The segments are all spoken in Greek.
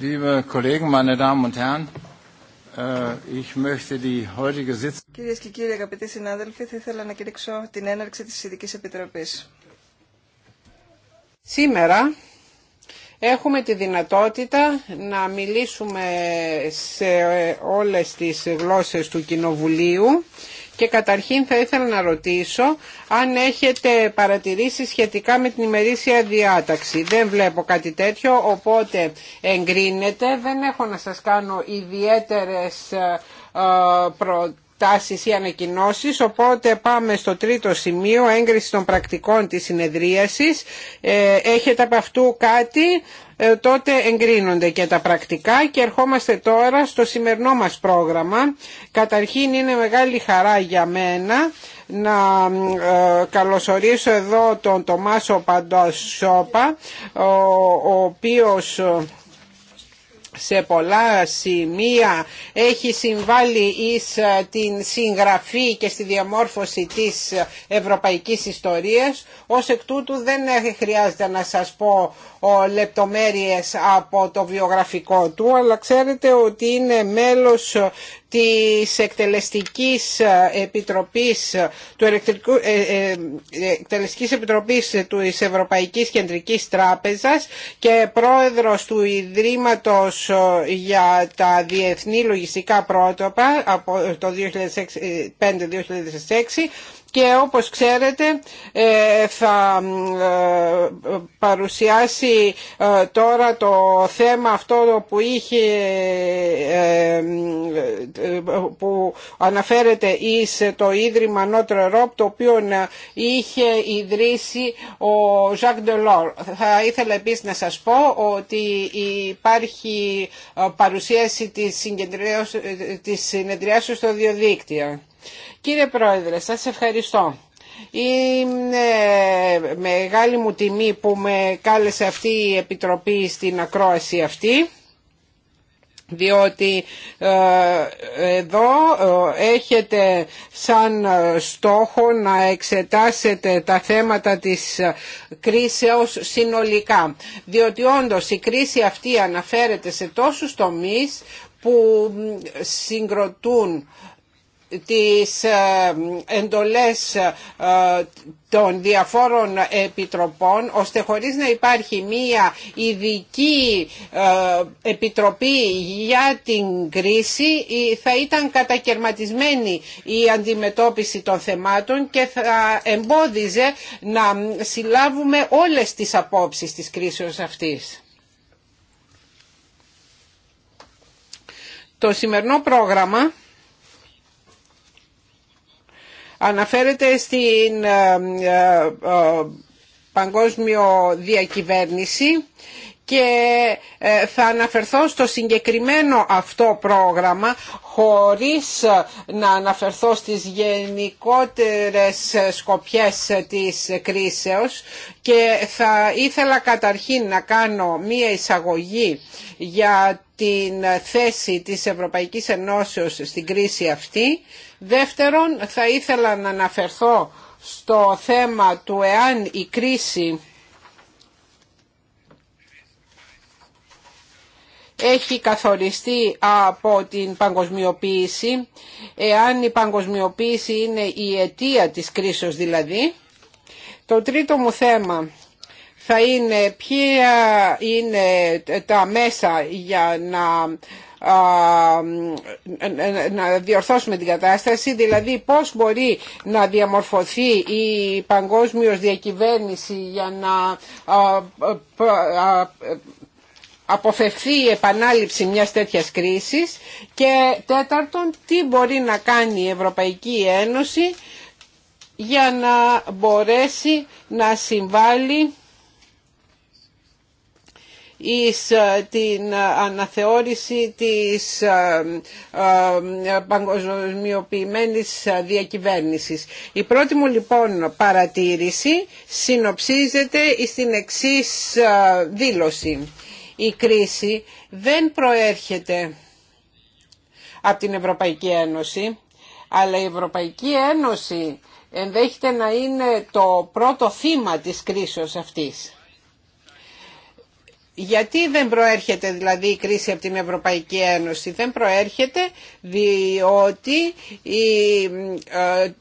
Liebe Kollegen, meine Damen und Herren, äh, ich möchte die heutige Sitzung. Κυρίες και κύριοι, αγαπητοί συνάδελφοι, θα ήθελα να κηρύξω την έναρξη τη ειδική επιτροπή. Σήμερα έχουμε τη δυνατότητα να μιλήσουμε σε όλες τις γλώσσες του Κοινοβουλίου και καταρχήν θα ήθελα να ρωτήσω αν έχετε παρατηρήσει σχετικά με την ημερήσια διάταξη. Δεν βλέπω κάτι τέτοιο, οπότε εγκρίνεται. Δεν έχω να σας κάνω ιδιαίτερες ε, ε, προτάσεις τάσεις ή ανακοινώσεις οπότε πάμε στο τρίτο σημείο έγκριση των πρακτικών της συνεδρίασης ε, έχετε από αυτού κάτι ε, τότε εγκρίνονται και τα πρακτικά και ερχόμαστε τώρα στο σημερινό μας πρόγραμμα καταρχήν είναι μεγάλη χαρά για μένα να ε, καλωσορίσω εδώ τον Τομάσο Παντοσόπα ο οποίος σε πολλά σημεία έχει συμβάλει εις ε, την συγγραφή και στη διαμόρφωση της ευρωπαϊκής ιστορίας. Ως εκ τούτου δεν ε, χρειάζεται να σας πω λεπτομέρειες από το βιογραφικό του, αλλά ξέρετε ότι είναι μέλος της Εκτελεστικής Επιτροπής, του Ελεκτρικού, ε, ε, ε Εκτελεστικής Επιτροπής του Ευρωπαϊκής Κεντρικής Τράπεζας και πρόεδρος του Ιδρύματος για τα Διεθνή Λογιστικά Πρότυπα από το 2005-2006 και όπως ξέρετε ε, θα ε, παρουσιάσει ε, τώρα το θέμα αυτό που είχε που αναφέρεται εις το Ίδρυμα Νότρο Ροπ το οποίο είχε ιδρύσει ο Ζακ Ντελόρ. Θα ήθελα επίσης να σας πω ότι υπάρχει παρουσίαση της, της συνεδριάσεως στο διαδίκτυο. Κύριε Πρόεδρε, σας ευχαριστώ. Είναι μεγάλη μου τιμή που με κάλεσε αυτή η Επιτροπή στην ακρόαση αυτή διότι ε, εδώ ε, έχετε σαν στόχο να εξετάσετε τα θέματα της κρίσεως συνολικά. Διότι όντως η κρίση αυτή αναφέρεται σε τόσους τομείς που συγκροτούν τις ε, εντολές ε, των διαφόρων επιτροπών ώστε χωρίς να υπάρχει μία ειδική ε, επιτροπή για την κρίση θα ήταν κατακαιρματισμένη η αντιμετώπιση των θεμάτων και θα εμπόδιζε να συλλάβουμε όλες τις απόψεις της κρίσεως αυτής. Το σημερινό πρόγραμμα Αναφέρεται στην ε, ε, ε, παγκόσμιο διακυβέρνηση και ε, θα αναφερθώ στο συγκεκριμένο αυτό πρόγραμμα χωρίς ε, να αναφερθώ στις γενικότερες ε, σκοπιές της κρίσεως και θα ήθελα καταρχήν να κάνω μία εισαγωγή για την θέση της Ευρωπαϊκής Ενώσεως στην κρίση αυτή. Δεύτερον, θα ήθελα να αναφερθώ στο θέμα του εάν η κρίση έχει καθοριστεί από την παγκοσμιοποίηση, εάν η παγκοσμιοποίηση είναι η αιτία της κρίσης δηλαδή. Το τρίτο μου θέμα θα είναι ποια είναι τα μέσα για να να διορθώσουμε την κατάσταση, δηλαδή πώς μπορεί να διαμορφωθεί η παγκόσμιος διακυβέρνηση για να αποφευθεί η επανάληψη μιας τέτοιας κρίσης και τέταρτον τι μπορεί να κάνει η Ευρωπαϊκή Ένωση για να μπορέσει να συμβάλλει εις ε, την ε, αναθεώρηση της ε, παγκοσμιοποιημένης διακυβέρνησης. Η πρώτη μου λοιπόν παρατήρηση συνοψίζεται στην εξής δήλωση η κρίση δεν προέρχεται από την Ευρωπαϊκή Ένωση, αλλά η Ευρωπαϊκή Ένωση ενδέχεται να είναι το πρώτο θύμα της κρίσεως αυτής. Γιατί δεν προέρχεται δηλαδή η κρίση από την Ευρωπαϊκή Ένωση. Δεν προέρχεται διότι οι ε,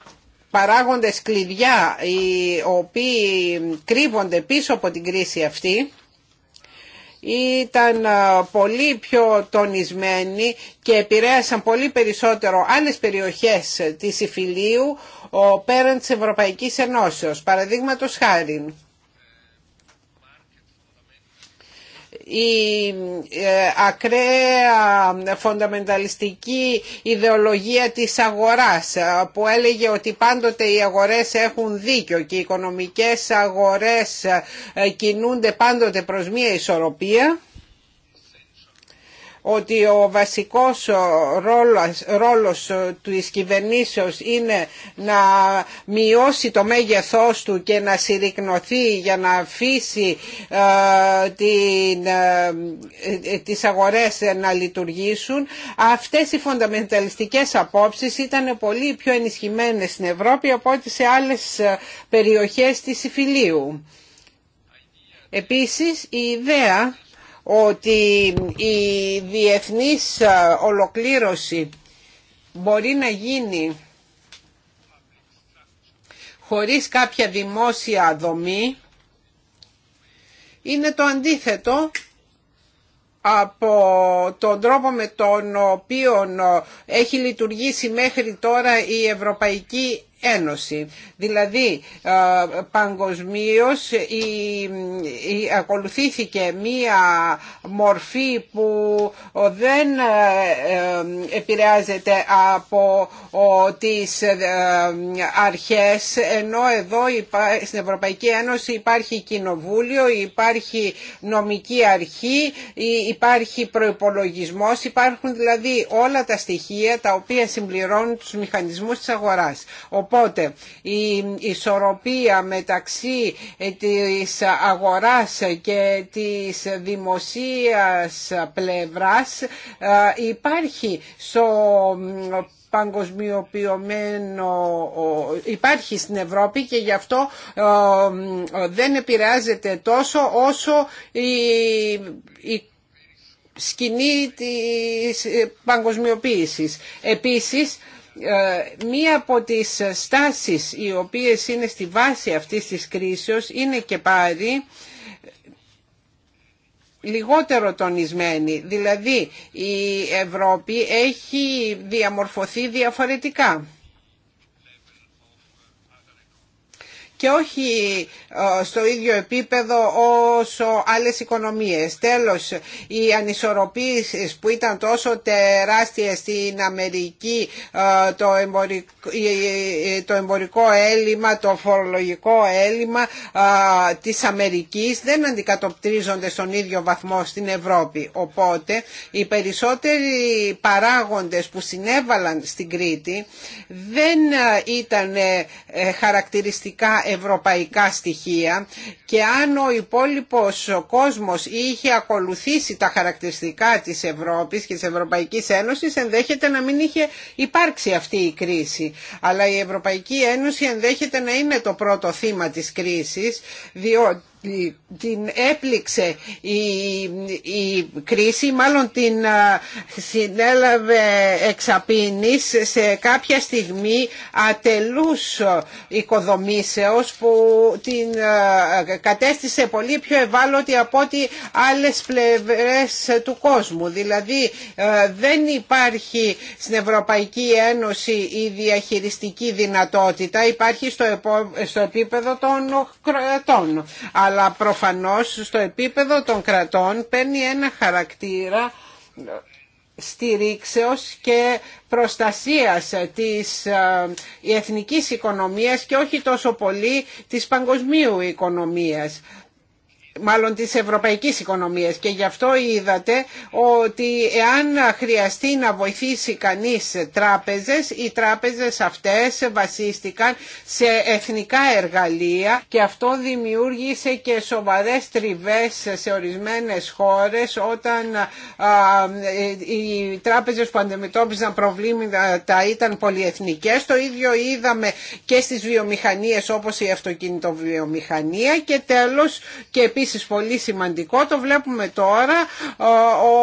παράγοντες κλειδιά οι οποίοι κρύβονται πίσω από την κρίση αυτή ήταν πολύ πιο τονισμένοι και επηρέασαν πολύ περισσότερο άλλες περιοχές της Ιφιλίου πέραν της Ευρωπαϊκής Ενώσεως. Παραδείγματος χάρη η ε, ακραία φονταμενταλιστική ιδεολογία της αγοράς ε, που έλεγε ότι πάντοτε οι αγορές έχουν δίκιο και οι οικονομικές αγορές ε, κινούνται πάντοτε προς μία ισορροπία ότι ο βασικός ρόλος, ρόλος του κυβερνήσεως είναι να μειώσει το μέγεθός του και να συρρυκνωθεί για να αφήσει ε, την, ε, ε, τις αγορές να λειτουργήσουν. Αυτές οι φονταμενταλιστικές απόψεις ήταν πολύ πιο ενισχυμένες στην Ευρώπη από ό,τι σε άλλες ε, περιοχές της Ιφιλίου. Επίσης η ιδέα ότι η διεθνής ολοκλήρωση μπορεί να γίνει χωρίς κάποια δημόσια δομή είναι το αντίθετο από τον τρόπο με τον οποίο έχει λειτουργήσει μέχρι τώρα η Ευρωπαϊκή Ένωση. Δηλαδή η ακολουθήθηκε μία μορφή που δεν ε, ε, επηρεάζεται από τις ε, αρχές ενώ εδώ στην Ευρωπαϊκή Ένωση υπάρχει κοινοβούλιο, υπάρχει νομική αρχή, υπάρχει προϋπολογισμός, υπάρχουν δηλαδή όλα τα στοιχεία τα οποία συμπληρώνουν τους μηχανισμούς της αγοράς. Οπότε η ισορροπία μεταξύ ε, της αγοράς και της δημοσίας πλευράς ε, υπάρχει στο παγκοσμιοποιημένο υπάρχει στην Ευρώπη και γι' αυτό ε, δεν επηρεάζεται τόσο όσο η σκηνή της παγκοσμιοποίησης. Επίσης, ε, μία από τις στάσεις οι οποίες είναι στη βάση αυτής της κρίσεως είναι και πάλι λιγότερο τονισμένη. Δηλαδή η Ευρώπη έχει διαμορφωθεί διαφορετικά. και όχι ε, στο ίδιο επίπεδο όσο άλλες οικονομίες. Τέλος, οι ανισορροπίες που ήταν τόσο τεράστιες στην Αμερική, ε, το εμπορικό, το εμπορικό έλλειμμα, το φορολογικό έλλειμμα ε, της Αμερικής δεν αντικατοπτρίζονται στον ίδιο βαθμό στην Ευρώπη. Οπότε οι περισσότεροι παράγοντες που συνέβαλαν στην Κρήτη δεν ήταν χαρακτηριστικά ευρωπαϊκά στοιχεία και αν ο υπόλοιπος κόσμος είχε ακολουθήσει τα χαρακτηριστικά της Ευρώπης και της Ευρωπαϊκής Ένωσης ενδέχεται να μην είχε υπάρξει αυτή η κρίση. Αλλά η Ευρωπαϊκή Ένωση ενδέχεται να είναι το πρώτο θύμα της κρίσης διότι την έπληξε η, η κρίση, μάλλον την συνέλαβε εξαπίνης σε κάποια στιγμή ατελούς οικοδομήσεως που την κατέστησε πολύ πιο ευάλωτη από ό,τι άλλες πλευρές του κόσμου. Δηλαδή δεν υπάρχει στην Ευρωπαϊκή Ένωση η διαχειριστική δυνατότητα, υπάρχει στο, επίπεδο των κρατών αλλά προφανώς στο επίπεδο των κρατών παίρνει ένα χαρακτήρα στηρίξεως και προστασίας της ε, εθνικής οικονομίας και όχι τόσο πολύ της παγκοσμίου οικονομίας μάλλον της ευρωπαϊκής οικονομίας και γι' αυτό είδατε ότι εάν χρειαστεί να βοηθήσει κανείς τράπεζες οι τράπεζες αυτές βασίστηκαν σε εθνικά εργαλεία και αυτό δημιούργησε και σοβαρές τριβές σε ορισμένες χώρες όταν οι τράπεζες που αντιμετώπιζαν προβλήματα ήταν πολυεθνικές το ίδιο είδαμε και στις βιομηχανίες όπως η αυτοκινητοβιομηχανία και τέλος και επίσης επίσης πολύ σημαντικό, το βλέπουμε τώρα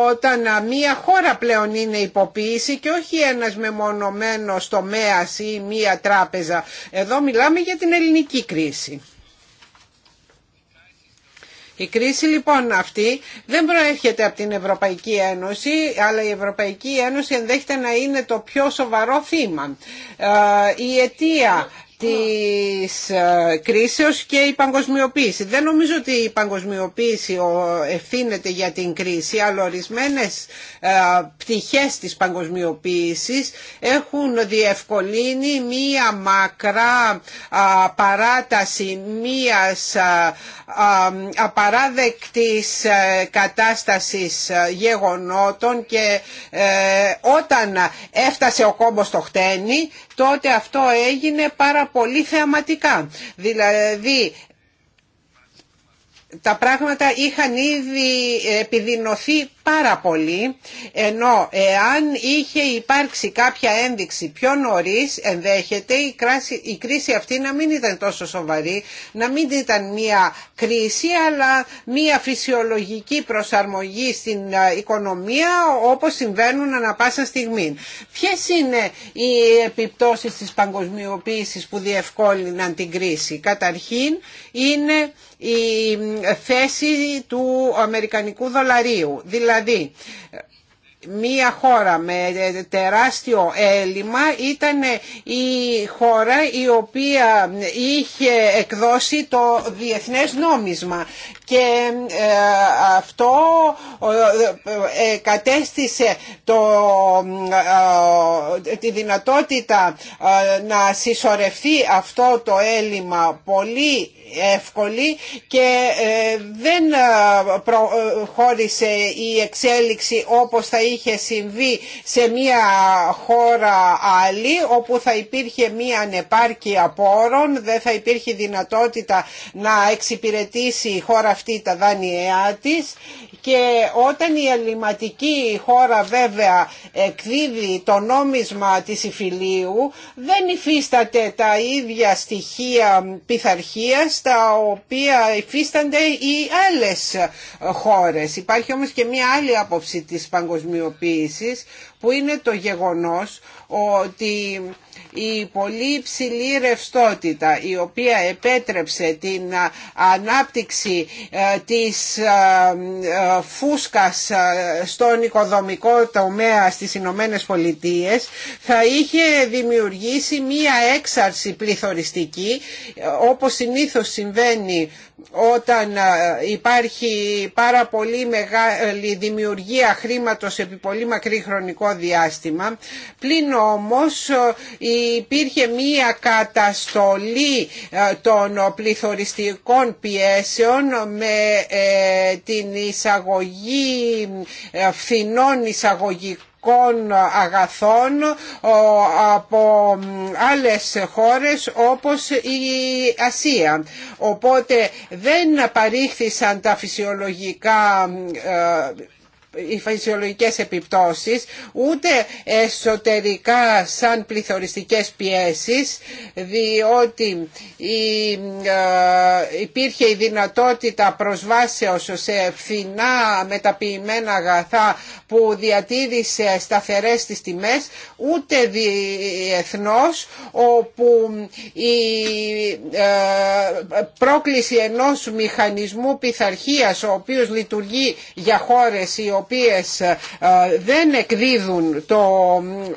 όταν μία χώρα πλέον είναι υποποίηση και όχι ένας μεμονωμένος τομέας ή μία τράπεζα. Εδώ μιλάμε για την ελληνική κρίση. Η κρίση λοιπόν αυτή δεν προέρχεται από την Ευρωπαϊκή Ένωση, αλλά η Ευρωπαϊκή Ένωση ενδέχεται να είναι το πιο σοβαρό θύμα. Ε, η αιτία της ε, κρίσεως και η παγκοσμιοποίηση. Δεν νομίζω ότι η παγκοσμιοποίηση ευθύνεται για την κρίση, αλλά ορισμένε ε, πτυχές της παγκοσμιοποίησης έχουν διευκολύνει μία μακρά παράταση μίας απαράδεκτης ε, κατάστασης γεγονότων και όταν έφτασε ο κόμπος στο χτένι τότε αυτό έγινε πάρα πολύ θεαματικά. Δηλαδή τα πράγματα είχαν ήδη επιδεινωθεί πάρα πολύ ενώ εάν είχε υπάρξει κάποια ένδειξη πιο νωρίς ενδέχεται η, η κρίση αυτή να μην ήταν τόσο σοβαρή να μην ήταν μια κρίση αλλά μια φυσιολογική προσαρμογή στην ε, οικονομία όπως συμβαίνουν ανα πάσα στιγμή. Ποιες είναι οι επιπτώσεις της παγκοσμιοποίησης που διευκόλυναν την κρίση. Καταρχήν είναι η θέση του αμερικανικού δολαρίου. Δηλαδή μία χώρα με τεράστιο έλλειμμα ήταν η χώρα η οποία είχε εκδώσει το διεθνές νόμισμα και ε, αυτό ε, κατέστησε το, ε, τη δυνατότητα να συσσωρευτεί αυτό το έλλειμμα πολύ εύκολη και δεν προχώρησε η εξέλιξη όπως θα είχε είχε συμβεί σε μια χώρα άλλη όπου θα υπήρχε μια ανεπάρκεια πόρων, δεν θα υπήρχε δυνατότητα να εξυπηρετήσει η χώρα αυτή τα δάνειά της και όταν η ελληματική χώρα βέβαια εκδίδει το νόμισμα της υφηλίου δεν υφίσταται τα ίδια στοιχεία πειθαρχία τα οποία υφίστανται οι άλλες χώρες. Υπάρχει όμως και μία άλλη άποψη της παγκοσμιοποίησης που είναι το γεγονός ότι η πολύ υψηλή ρευστότητα η οποία επέτρεψε την ε, ανάπτυξη ε, της ε, φούσκας στον οικοδομικό τομέα στις Ηνωμένε Πολιτείε θα είχε δημιουργήσει μία έξαρση πληθωριστική όπως συνήθως συμβαίνει όταν ε, υπάρχει πάρα πολύ μεγάλη δημιουργία χρήματος επί πολύ μακρύ χρονικό διάστημα. Πλην όμως ε, υπήρχε μία καταστολή ε, των πληθωριστικών πιέσεων με την εισαγωγή φθηνών εισαγωγικών αγαθών από άλλες χώρες όπως η Ασία. Οπότε δεν παρήχθησαν τα φυσιολογικά ε, οι φυσιολογικές επιπτώσεις ούτε εσωτερικά σαν πληθωριστικές πιέσεις διότι ε, υπήρχε η δυνατότητα προσβάσεως σε φθηνά μεταποιημένα αγαθά που διατήρησε σταθερές τις τιμές ούτε διεθνώς όπου η ε, πρόκληση ενός μηχανισμού πειθαρχίας ο οποίος λειτουργεί για χώρες οι οποίες ε, ε, δεν εκδίδουν το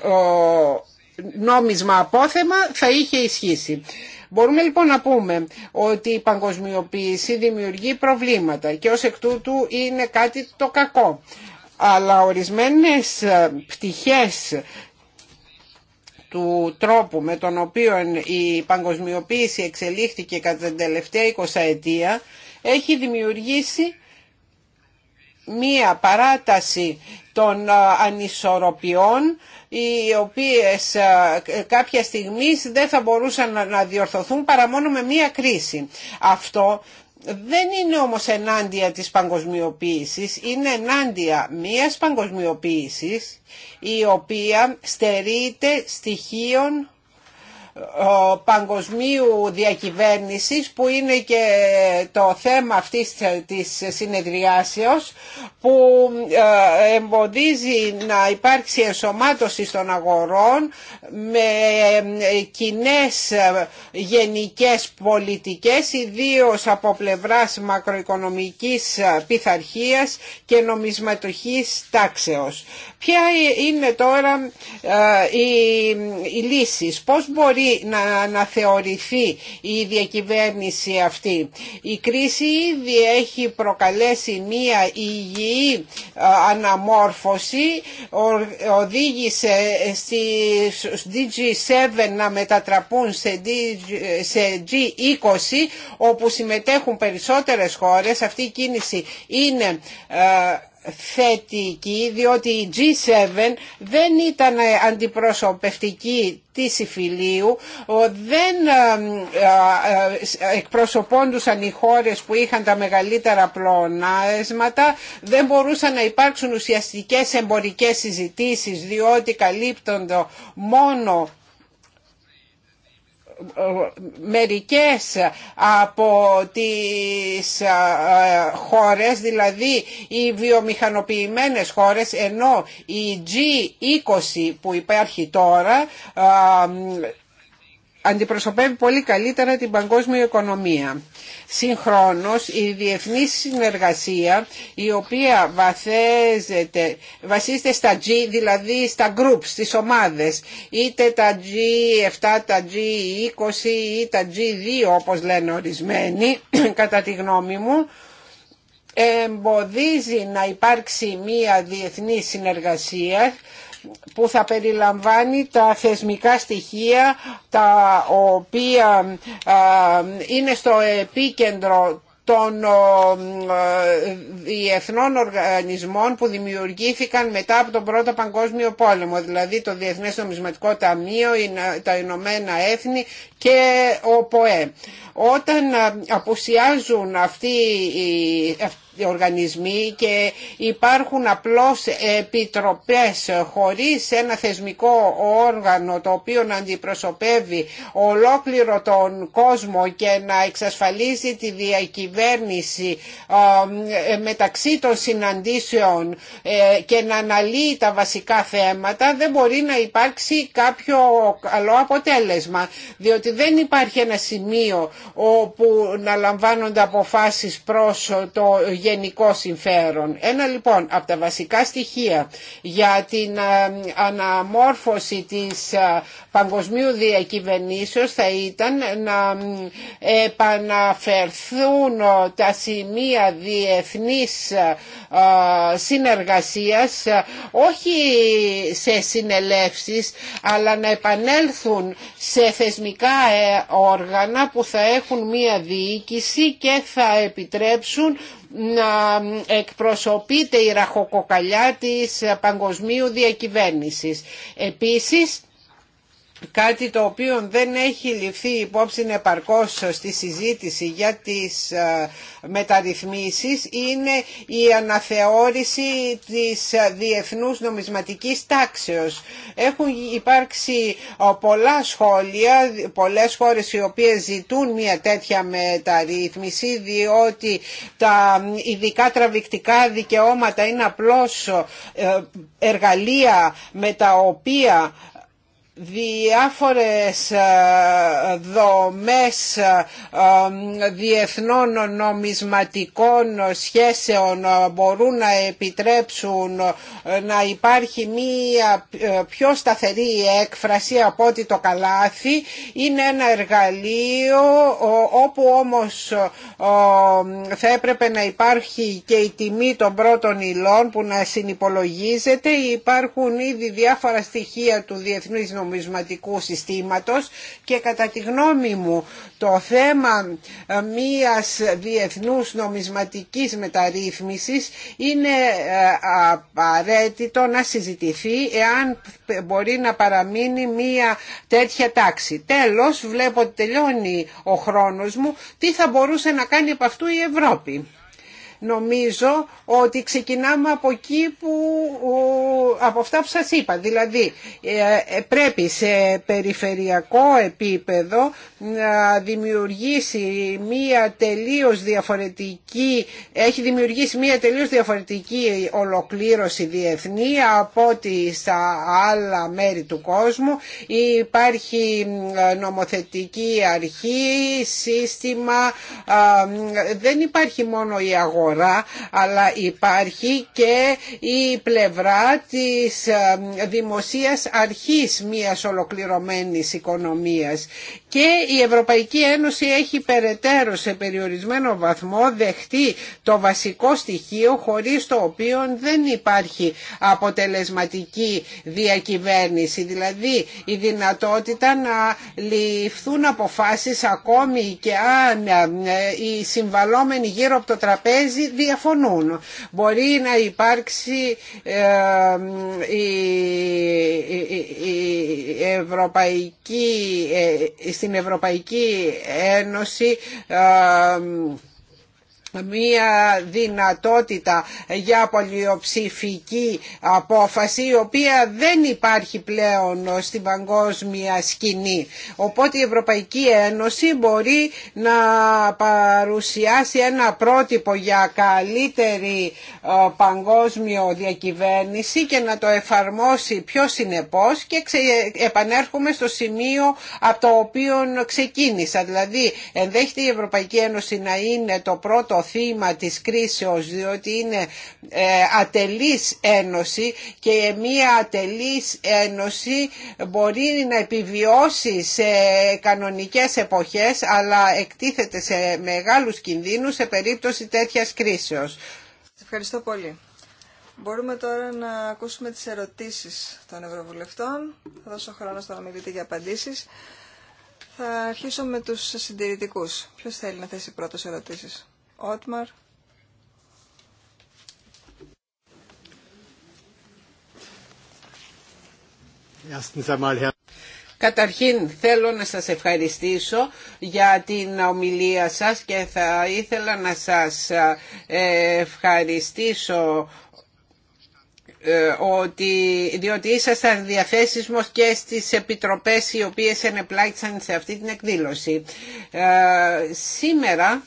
ε, νόμισμα απόθεμα θα είχε ισχύσει. Μπορούμε λοιπόν να πούμε ότι η παγκοσμιοποίηση δημιουργεί προβλήματα και ως εκ τούτου είναι κάτι το κακό. Αλλά ορισμένες πτυχές του τρόπου με τον οποίο η παγκοσμιοποίηση εξελίχθηκε κατά την τελευταία 20 ετία έχει δημιουργήσει μία παράταση των ε, ανισορροπιών οι οποίες ε, κάποια στιγμή δεν θα μπορούσαν να διορθωθούν παρά μόνο με μία κρίση. Αυτό δεν είναι όμως ενάντια της παγκοσμιοποίησης, είναι ενάντια μίας παγκοσμιοποίησης η οποία στερείται στοιχείων παγκοσμίου διακυβέρνησης που είναι και το θέμα αυτής της συνεδριάσεως που ε, εμποδίζει να υπάρξει ενσωμάτωση των αγορών με ε, κοινέ ε, γενικές πολιτικές ιδίως από πλευράς μακροοικονομικής πειθαρχίας και νομισματοχής τάξεως. Ποια είναι τώρα ε, η λύση, πώς μπορεί να αναθεωρηθεί η διακυβέρνηση αυτή. Η κρίση ήδη έχει προκαλέσει μία υγιή ε, αναμόρφωση, οδήγησε στις DG7 να μετατραπούν σε G20 όπου συμμετέχουν περισσότερες χώρες. Αυτή η κίνηση είναι ε, θετική διότι η G7 δεν ήταν ε, αντιπροσωπευτική της Ιφιλίου δεν ε, ε, εκπροσωπώντουσαν οι χώρες που είχαν τα μεγαλύτερα πλονάσματα δεν μπορούσαν να υπάρξουν ουσιαστικές εμπορικές συζητήσεις διότι καλύπτονται μόνο μερικές από τις ε, χώρες, δηλαδή οι βιομηχανοποιημένες χώρες, ενώ η G20 που υπάρχει τώρα ε, αντιπροσωπεύει πολύ καλύτερα την παγκόσμια οικονομία. Συγχρόνως η διεθνή συνεργασία η οποία βαθέζεται, βασίζεται στα G, δηλαδή στα groups, στις ομάδες, είτε τα G7, τα G20 ή τα G2 όπως λένε ορισμένοι, κατά τη γνώμη μου, εμποδίζει να υπάρξει μία διεθνή συνεργασία που θα περιλαμβάνει τα θεσμικά στοιχεία τα οποία είναι στο επίκεντρο των διεθνών οργανισμών που δημιουργήθηκαν μετά από τον Πρώτο Παγκόσμιο Πόλεμο, δηλαδή το Διεθνές Νομισματικό Ταμείο, τα Ηνωμένα Έθνη και ο ΠΟΕ. Όταν απουσιάζουν αυτοί οι οργανισμοί και υπάρχουν απλώς επιτροπές χωρίς ένα θεσμικό όργανο το οποίο να αντιπροσωπεύει ολόκληρο τον κόσμο και να εξασφαλίζει τη διακυβέρνηση μεταξύ των συναντήσεων ε, και να αναλύει τα βασικά θέματα δεν μπορεί να υπάρξει κάποιο καλό αποτέλεσμα διότι δεν υπάρχει ένα σημείο όπου να λαμβάνονται αποφάσεις προς το γενικό συμφέρον. Ένα λοιπόν από τα βασικά στοιχεία για την ε, αναμόρφωση της ε, παγκοσμίου διακυβερνήσεως θα ήταν να επαναφερθούν ε, τα σημεία διεθνής συνεργασίας όχι σε συνελεύσεις αλλά να επανέλθουν σε θεσμικά όργανα που θα έχουν μία διοίκηση και θα επιτρέψουν να εκπροσωπείται η ραχοκοκαλιά της παγκοσμίου διακυβέρνησης. Επίσης κάτι το οποίο δεν έχει ληφθεί υπόψη επαρκώς στη συζήτηση για τις ε, μεταρρυθμίσεις είναι η αναθεώρηση της διεθνούς νομισματικής τάξεως. Έχουν υπάρξει ε, πολλά σχόλια, πολλές χώρες οι οποίες ζητούν μια τέτοια μεταρρύθμιση διότι τα ειδικά τραβηκτικά δικαιώματα είναι απλώς ε, εργαλεία με τα οποία διάφορες ε, δομές ε, ε, διεθνών νομισματικών σχέσεων μπορούν να επιτρέψουν να υπάρχει μία πιο σταθερή έκφραση από ότι το καλάθι είναι ένα εργαλείο όπου όμως θα έπρεπε να υπάρχει και η τιμή των πρώτων υλών που να συνυπολογίζεται υπάρχουν ήδη διάφορα στοιχεία του διεθνούς νομισματικού νομισματικού συστήματος και κατά τη γνώμη μου το θέμα ε, μίας διεθνούς νομισματικής μεταρρύθμισης είναι ε, απαραίτητο να συζητηθεί εάν μπορεί να παραμείνει μία τέτοια τάξη. Τέλος, βλέπω ότι τελειώνει ο χρόνος μου, τι θα μπορούσε να κάνει από αυτού η Ευρώπη. Νομίζω ότι ξεκινάμε από εκεί που, από αυτά που σας είπα. Δηλαδή ε, ε, πρέπει σε περιφερειακό επίπεδο να δημιουργήσει μία τελείως διαφορετική, έχει δημιουργήσει μία τελείως διαφορετική ολοκλήρωση διεθνή από ό,τι στα άλλα μέρη του κόσμου. Υπάρχει νομοθετική αρχή, σύστημα, δεν υπάρχει μόνο η αγορά αλλά υπάρχει και η πλευρά της ε, δημοσίας αρχής μιας ολοκληρωμένης οικονομίας και η Ευρωπαϊκή Ένωση έχει περαιτέρω σε περιορισμένο βαθμό δεχτεί το βασικό στοιχείο χωρίς το οποίο δεν υπάρχει αποτελεσματική διακυβέρνηση δηλαδή η δυνατότητα να ληφθούν αποφάσεις ακόμη και αν ε, ε, οι συμβαλόμενοι γύρω από το τραπέζι διαφωνούν. Μπορεί να υπάρξει η Ευρωπαϊκή, ε, στην Ευρωπαϊκή Ένωση μία δυνατότητα για πολιοψηφική απόφαση η οποία δεν υπάρχει πλέον στην παγκόσμια σκηνή. Οπότε η Ευρωπαϊκή Ένωση μπορεί να παρουσιάσει ένα πρότυπο για καλύτερη ε, παγκόσμιο διακυβέρνηση και να το εφαρμόσει πιο συνεπώς και επανέρχομαι στο σημείο από το οποίο ξεκίνησα. Δηλαδή ενδέχεται η Ευρωπαϊκή Ένωση να είναι το πρώτο θύμα της κρίσεως διότι είναι ε, ατελής ένωση και μία ατελής ένωση μπορεί να επιβιώσει σε κανονικές εποχές αλλά εκτίθεται σε μεγάλους κινδύνους σε περίπτωση τέτοιας κρίσεως. Ευχαριστώ πολύ. Μπορούμε τώρα να ακούσουμε τις ερωτήσεις των Ευρωβουλευτών. Θα δώσω χρόνο να μιλείτε για απαντήσεις. Θα αρχίσω με τους συντηρητικούς. Ποιος θέλει να θέσει πρώτος ερωτήσεις. Καταρχήν θέλω να σας ευχαριστήσω για την ομιλία σας και θα ήθελα να σας ε, ευχαριστήσω ε, ότι, διότι ήσασταν διαθέσιμος και στις επιτροπές οι οποίες ενεπλάκησαν σε αυτή την εκδήλωση. Ε, σήμερα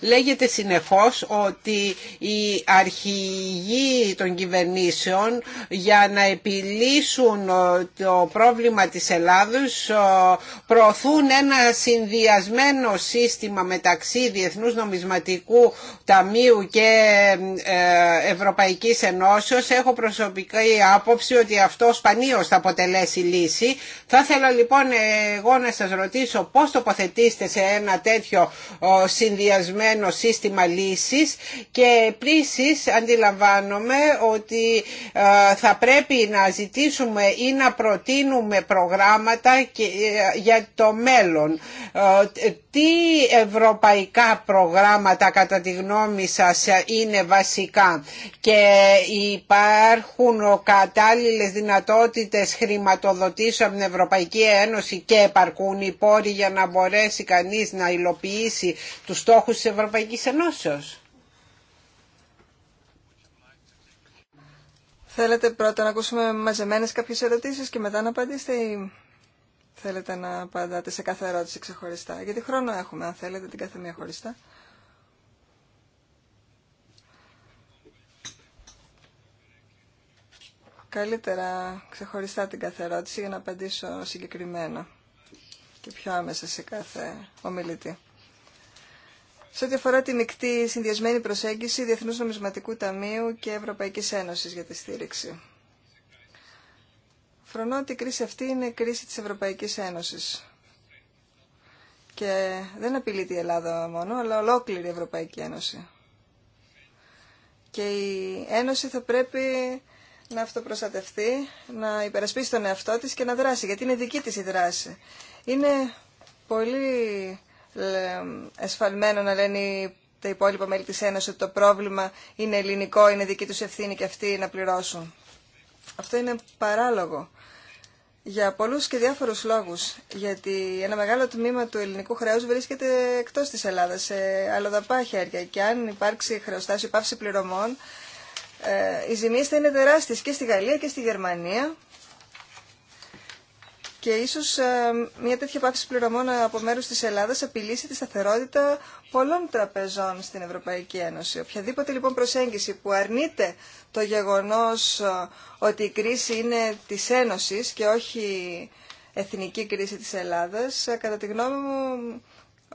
Λέγεται συνεχώς ότι οι αρχηγοί των κυβερνήσεων για να επιλύσουν ε, το πρόβλημα της Ελλάδος ε, προωθούν ένα συνδυασμένο σύστημα μεταξύ Διεθνούς Νομισματικού Ταμείου και ε, Ευρωπαϊκής Ενώσεως. Έχω προσωπική άποψη ότι αυτό σπανίως θα αποτελέσει λύση. Θα θέλω λοιπόν εγώ να σας ρωτήσω πώς τοποθετήσετε σε ένα τέτοιο συνδυασμένο συγκεκριμένο σύστημα λύσης και επίσης αντιλαμβάνομαι ότι ε, θα πρέπει να ζητήσουμε ή να προτείνουμε προγράμματα ε, για το μέλλον ε, τι ευρωπαϊκά προγράμματα κατά τη γνώμη σας είναι βασικά και υπάρχουν κατάλληλες δυνατότητες χρηματοδοτήσεων από την Ευρωπαϊκή Ένωση και επαρκούν οι πόροι για να μπορέσει κανείς να υλοποιήσει τους στόχους της Ευρωπαϊκής Ενώσεως. Θέλετε πρώτα να ακούσουμε μαζεμένες κάποιες ερωτήσεις και μετά να απαντήσετε θέλετε να απαντάτε σε κάθε ερώτηση ξεχωριστά. Γιατί χρόνο έχουμε, αν θέλετε, την κάθε μία χωριστά. Καλύτερα ξεχωριστά την κάθε ερώτηση για να απαντήσω συγκεκριμένα και πιο άμεσα σε κάθε ομιλητή. Σε ό,τι αφορά τη μεικτή συνδυασμένη προσέγγιση Διεθνούς Νομισματικού Ταμείου και Ευρωπαϊκής Ένωσης για τη στήριξη. Φρονώ ότι η κρίση αυτή είναι η κρίση της Ευρωπαϊκής Ένωσης. Και δεν απειλείται η Ελλάδα μόνο, αλλά ολόκληρη η Ευρωπαϊκή Ένωση. Και η Ένωση θα πρέπει να αυτοπροστατευτεί, να υπερασπίσει τον εαυτό της και να δράσει, γιατί είναι δική της η δράση. Είναι πολύ εσφαλμένο να λένε τα υπόλοιπα μέλη της Ένωσης ότι το πρόβλημα είναι ελληνικό, είναι δική τους ευθύνη και αυτοί να πληρώσουν. Αυτό είναι παράλογο για πολλούς και διάφορους λόγους, γιατί ένα μεγάλο τμήμα του ελληνικού χρέους βρίσκεται εκτός της Ελλάδας, σε αλλοδαπά χέρια και αν υπάρξει χρεοστάσιο πάυση πληρωμών, ε, οι ζημίες θα είναι τεράστιες και στη Γαλλία και στη Γερμανία και ίσως ε, μια τέτοια πάυση πληρωμών από μέρου της Ελλάδας απειλήσει τη σταθερότητα πολλών τραπεζών στην Ευρωπαϊκή Ένωση. Οποιαδήποτε λοιπόν προσέγγιση που αρνείται το γεγονός ε, ότι η κρίση είναι της Ένωσης και όχι εθνική κρίση της Ελλάδας, ε, κατά τη γνώμη μου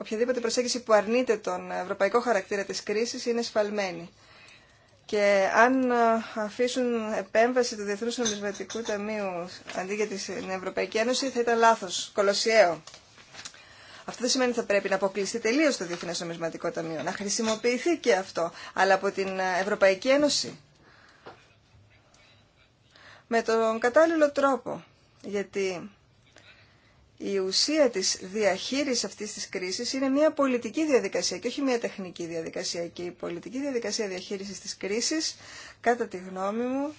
οποιαδήποτε προσέγγιση που αρνείται τον ευρωπαϊκό χαρακτήρα τη κρίση είναι σφαλμένη. Και αν ε, αφήσουν επέμβαση του Διεθνούς Νομισματικού Ταμείου αντί για την Ευρωπαϊκή Ένωση θα ήταν λάθος, κολοσιαίο. Αυτό δεν σημαίνει ότι θα πρέπει να αποκλειστεί τελείω το Διεθνέ Νομισματικό Ταμείο. Να χρησιμοποιηθεί και αυτό, αλλά από την Ευρωπαϊκή Ένωση. Με τον κατάλληλο τρόπο. Γιατί η ουσία της διαχείρισης αυτής της κρίσης είναι μια πολιτική διαδικασία και όχι μια τεχνική διαδικασία. Και η πολιτική διαδικασία διαχείρισης της κρίσης, κατά τη γνώμη μου,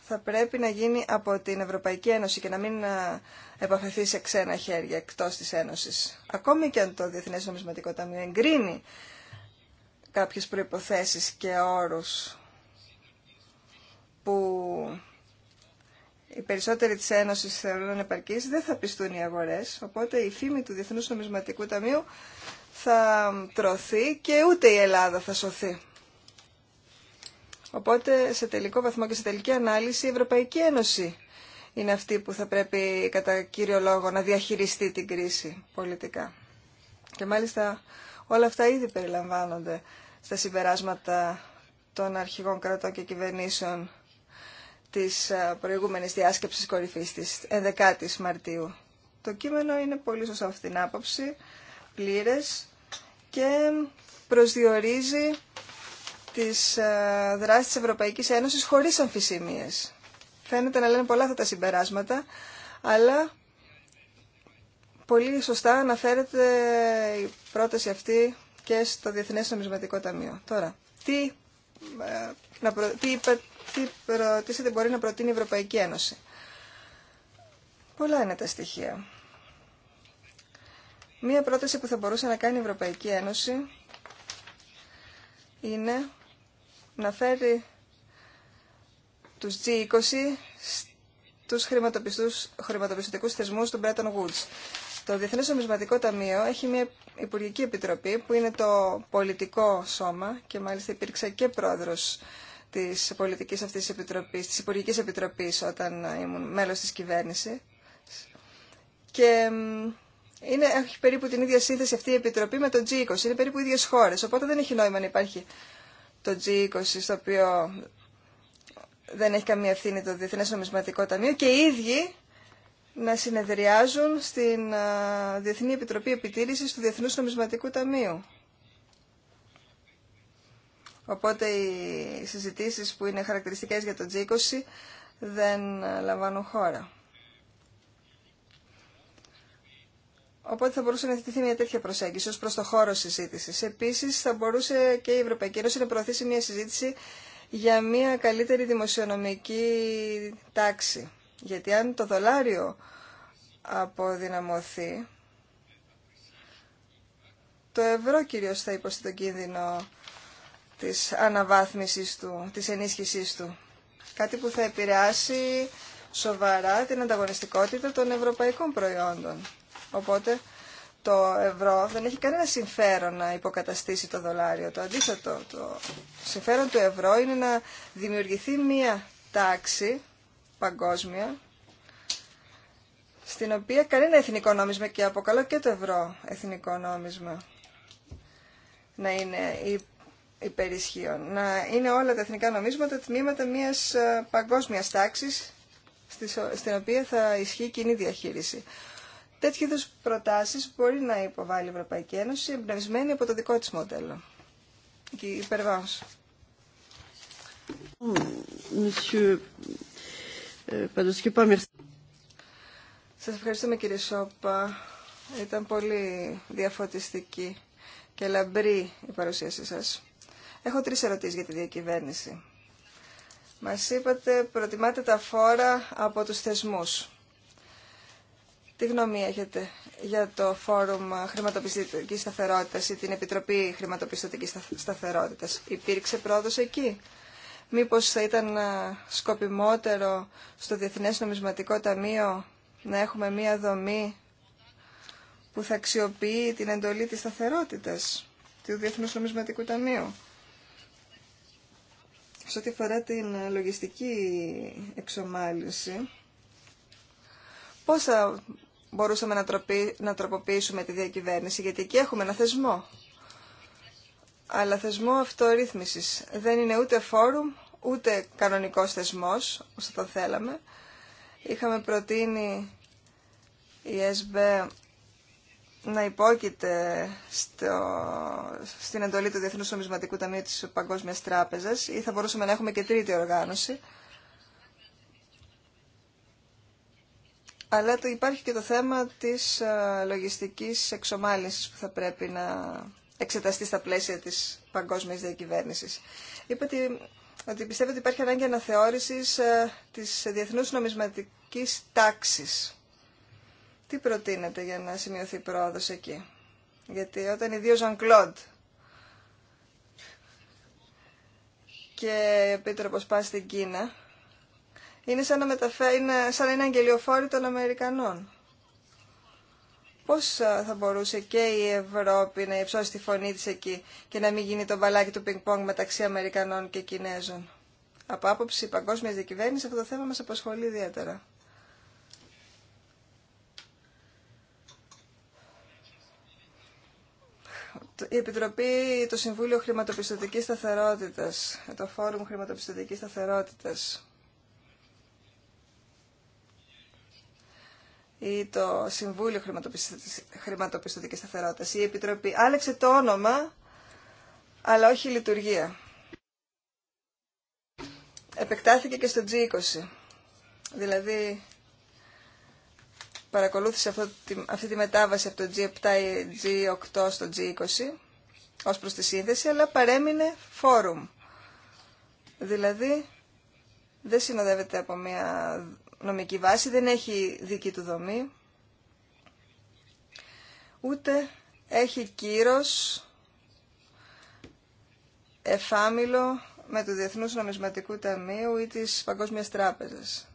θα πρέπει να γίνει από την Ευρωπαϊκή Ένωση και να μην ε, επαφεθεί σε ξένα χέρια εκτός της Ένωσης. Ακόμη και αν το Διεθνές Νομισματικό Ταμείο εγκρίνει κάποιες προϋποθέσεις και όρους που οι περισσότεροι της Ένωσης θεωρούν ανεπαρκείς, δεν θα πιστούν οι αγορές. Οπότε η φήμη του Διεθνούς Νομισματικού Ταμείου θα τρωθεί και ούτε η Ελλάδα θα σωθεί. Οπότε σε τελικό βαθμό και σε τελική ανάλυση η Ευρωπαϊκή Ένωση είναι αυτή που θα πρέπει κατά κύριο λόγο να διαχειριστεί την κρίση πολιτικά. Και μάλιστα όλα αυτά ήδη περιλαμβάνονται στα συμπεράσματα των αρχηγών κρατών και κυβερνήσεων της ε, προηγούμενης διάσκεψης κορυφής της 11ης Μαρτίου. Το κείμενο είναι πολύ σωστά αυτήν την άποψη, πλήρες και προσδιορίζει τις ε, δράσεις της Ευρωπαϊκής Ένωσης χωρίς αμφισημίες. Φαίνεται να λένε πολλά αυτά τα συμπεράσματα, αλλά πολύ σωστά αναφέρεται η πρόταση αυτή και στο Διεθνές Νομισματικό Ταμείο. Τώρα, τι, ε, να τι προτίθεται μπορεί να προτείνει η Ευρωπαϊκή Ένωση. Πολλά είναι τα στοιχεία. Μία πρόταση που θα μπορούσε να κάνει η Ευρωπαϊκή Ένωση είναι να φέρει τους G20 στους χρηματοπιστωτικούς θεσμούς του Bretton Woods. Το Διεθνές Ομισματικό Ταμείο έχει μια Υπουργική Επιτροπή που είναι το πολιτικό σώμα και μάλιστα υπήρξε και πρόεδρος της πολιτικής αυτής της επιτροπής, της Υπουργικής Επιτροπής όταν ήμουν μέλος της κυβέρνησης. Και είναι, έχει περίπου την ίδια σύνθεση αυτή η Επιτροπή με το G20. Είναι περίπου ίδιες χώρες, οπότε δεν έχει νόημα να υπάρχει το G20 στο οποίο δεν έχει καμία ευθύνη το Διεθνές Νομισματικό Ταμείο και οι ίδιοι να συνεδριάζουν στην Διεθνή Επιτροπή Επιτήρησης του Διεθνούς Νομισματικού Ταμείου. Οπότε οι συζητήσεις που είναι χαρακτηριστικές για το G20 δεν λαμβάνουν χώρα. Οπότε θα μπορούσε να θετηθεί μια τέτοια προσέγγιση ω προ το χώρο συζήτηση. Επίση, θα μπορούσε και η Ευρωπαϊκή Ένωση να προωθήσει μια συζήτηση για μια καλύτερη δημοσιονομική τάξη. Γιατί αν το δολάριο αποδυναμωθεί, το ευρώ κυρίως θα υποστεί τον κίνδυνο της αναβάθμισης του, της ενίσχυσής του. Κάτι που θα επηρεάσει σοβαρά την ανταγωνιστικότητα των ευρωπαϊκών προϊόντων. Οπότε το ευρώ δεν έχει κανένα συμφέρον να υποκαταστήσει το δολάριο. Το αντίθετο, το συμφέρον του ευρώ είναι να δημιουργηθεί μία τάξη παγκόσμια στην οποία κανένα εθνικό νόμισμα και αποκαλώ και το ευρώ εθνικό νόμισμα να είναι η υπερισχύων. Να είναι όλα τα εθνικά νομίσματα τμήματα μιας ε, παγκόσμιας τάξης στην οποία θα ισχύει κοινή διαχείριση. Τέτοιου είδου προτάσεις μπορεί να υποβάλει η Ευρωπαϊκή Ένωση εμπνευσμένη από το δικό της μοντέλο. Και υπερβάμως. Euh, σας ευχαριστούμε κύριε Σόπα. Ήταν πολύ διαφωτιστική και λαμπρή η παρουσίαση σας. Έχω τρεις ερωτήσεις για τη διακυβέρνηση. Μας είπατε προτιμάτε τα φόρα από τους θεσμούς. Τι γνώμη έχετε για το Φόρουμ Χρηματοπιστωτικής Σταθερότητας ή την Επιτροπή Χρηματοπιστωτικής Σταθερότητας. Υπήρξε πρόοδο εκεί. Μήπως θα ήταν ε, σκοπιμότερο στο Διεθνές Νομισματικό Ταμείο να έχουμε μία δομή που θα αξιοποιεί την εντολή τη σταθερότητας του Διεθνούς Νομισματικού Ταμείου. Σε ό,τι αφορά την ε, λογιστική εξομάλυνση, πώς θα μπορούσαμε να, τροπη, να τροποποιήσουμε τη διακυβέρνηση, γιατί εκεί έχουμε ένα θεσμό. Αλλά θεσμό αυτορύθμισης. Δεν είναι ούτε φόρουμ, ούτε κανονικός θεσμός, όσο το θέλαμε. Είχαμε προτείνει η ΕΣΒΕ να υπόκειται στο, στην εντολή του Διεθνούς Νομισματικού Ταμείου της Παγκόσμιας Τράπεζας ή θα μπορούσαμε να έχουμε και τρίτη οργάνωση. Αλλά το, υπάρχει και το θέμα της ε, λογιστικής εξομάλυνσης που θα πρέπει να εξεταστεί στα πλαίσια της παγκόσμιας διακυβέρνησης. Είπα ότι πιστεύω ότι υπάρχει ανάγκη αναθεώρησης ε, της διεθνούς νομισματικής τάξης. Τι προτείνετε για να σημειωθεί πρόοδος εκεί. Γιατί όταν οι δύο Ζαν Κλοντ και ο Επίτροπος πάει στην Κίνα, είναι σαν να, μεταφέρει, είναι, σαν να είναι αγγελιοφόροι των Αμερικανών. Πώς θα μπορούσε και η Ευρώπη να υψώσει τη φωνή της εκεί και να μην γίνει το μπαλάκι του πινκ-πονγκ μεταξύ Αμερικανών και Κινέζων. Από άποψη παγκόσμια δικυβέρνηση αυτό το θέμα μας απασχολεί ιδιαίτερα. η Επιτροπή, το Συμβούλιο Χρηματοπιστωτικής Σταθερότητας, το Φόρουμ Χρηματοπιστωτικής Σταθερότητας ή το Συμβούλιο Χρηματοπιστωτικής Σταθερότητας, η Επιτροπή άλλαξε το όνομα, αλλά όχι η λειτουργία. Επεκτάθηκε και στο G20, δηλαδή παρακολούθησε αυτή τη μετάβαση από το G7 ή G8 στο G20 ως προς τη σύνδεση, αλλά παρέμεινε φόρουμ. Δηλαδή, δεν συνοδεύεται από μια νομική βάση, δεν έχει δική του δομή, ούτε έχει κύρος εφάμιλο με του Διεθνούς Νομισματικού Ταμείου ή της Παγκόσμιας Τράπεζας.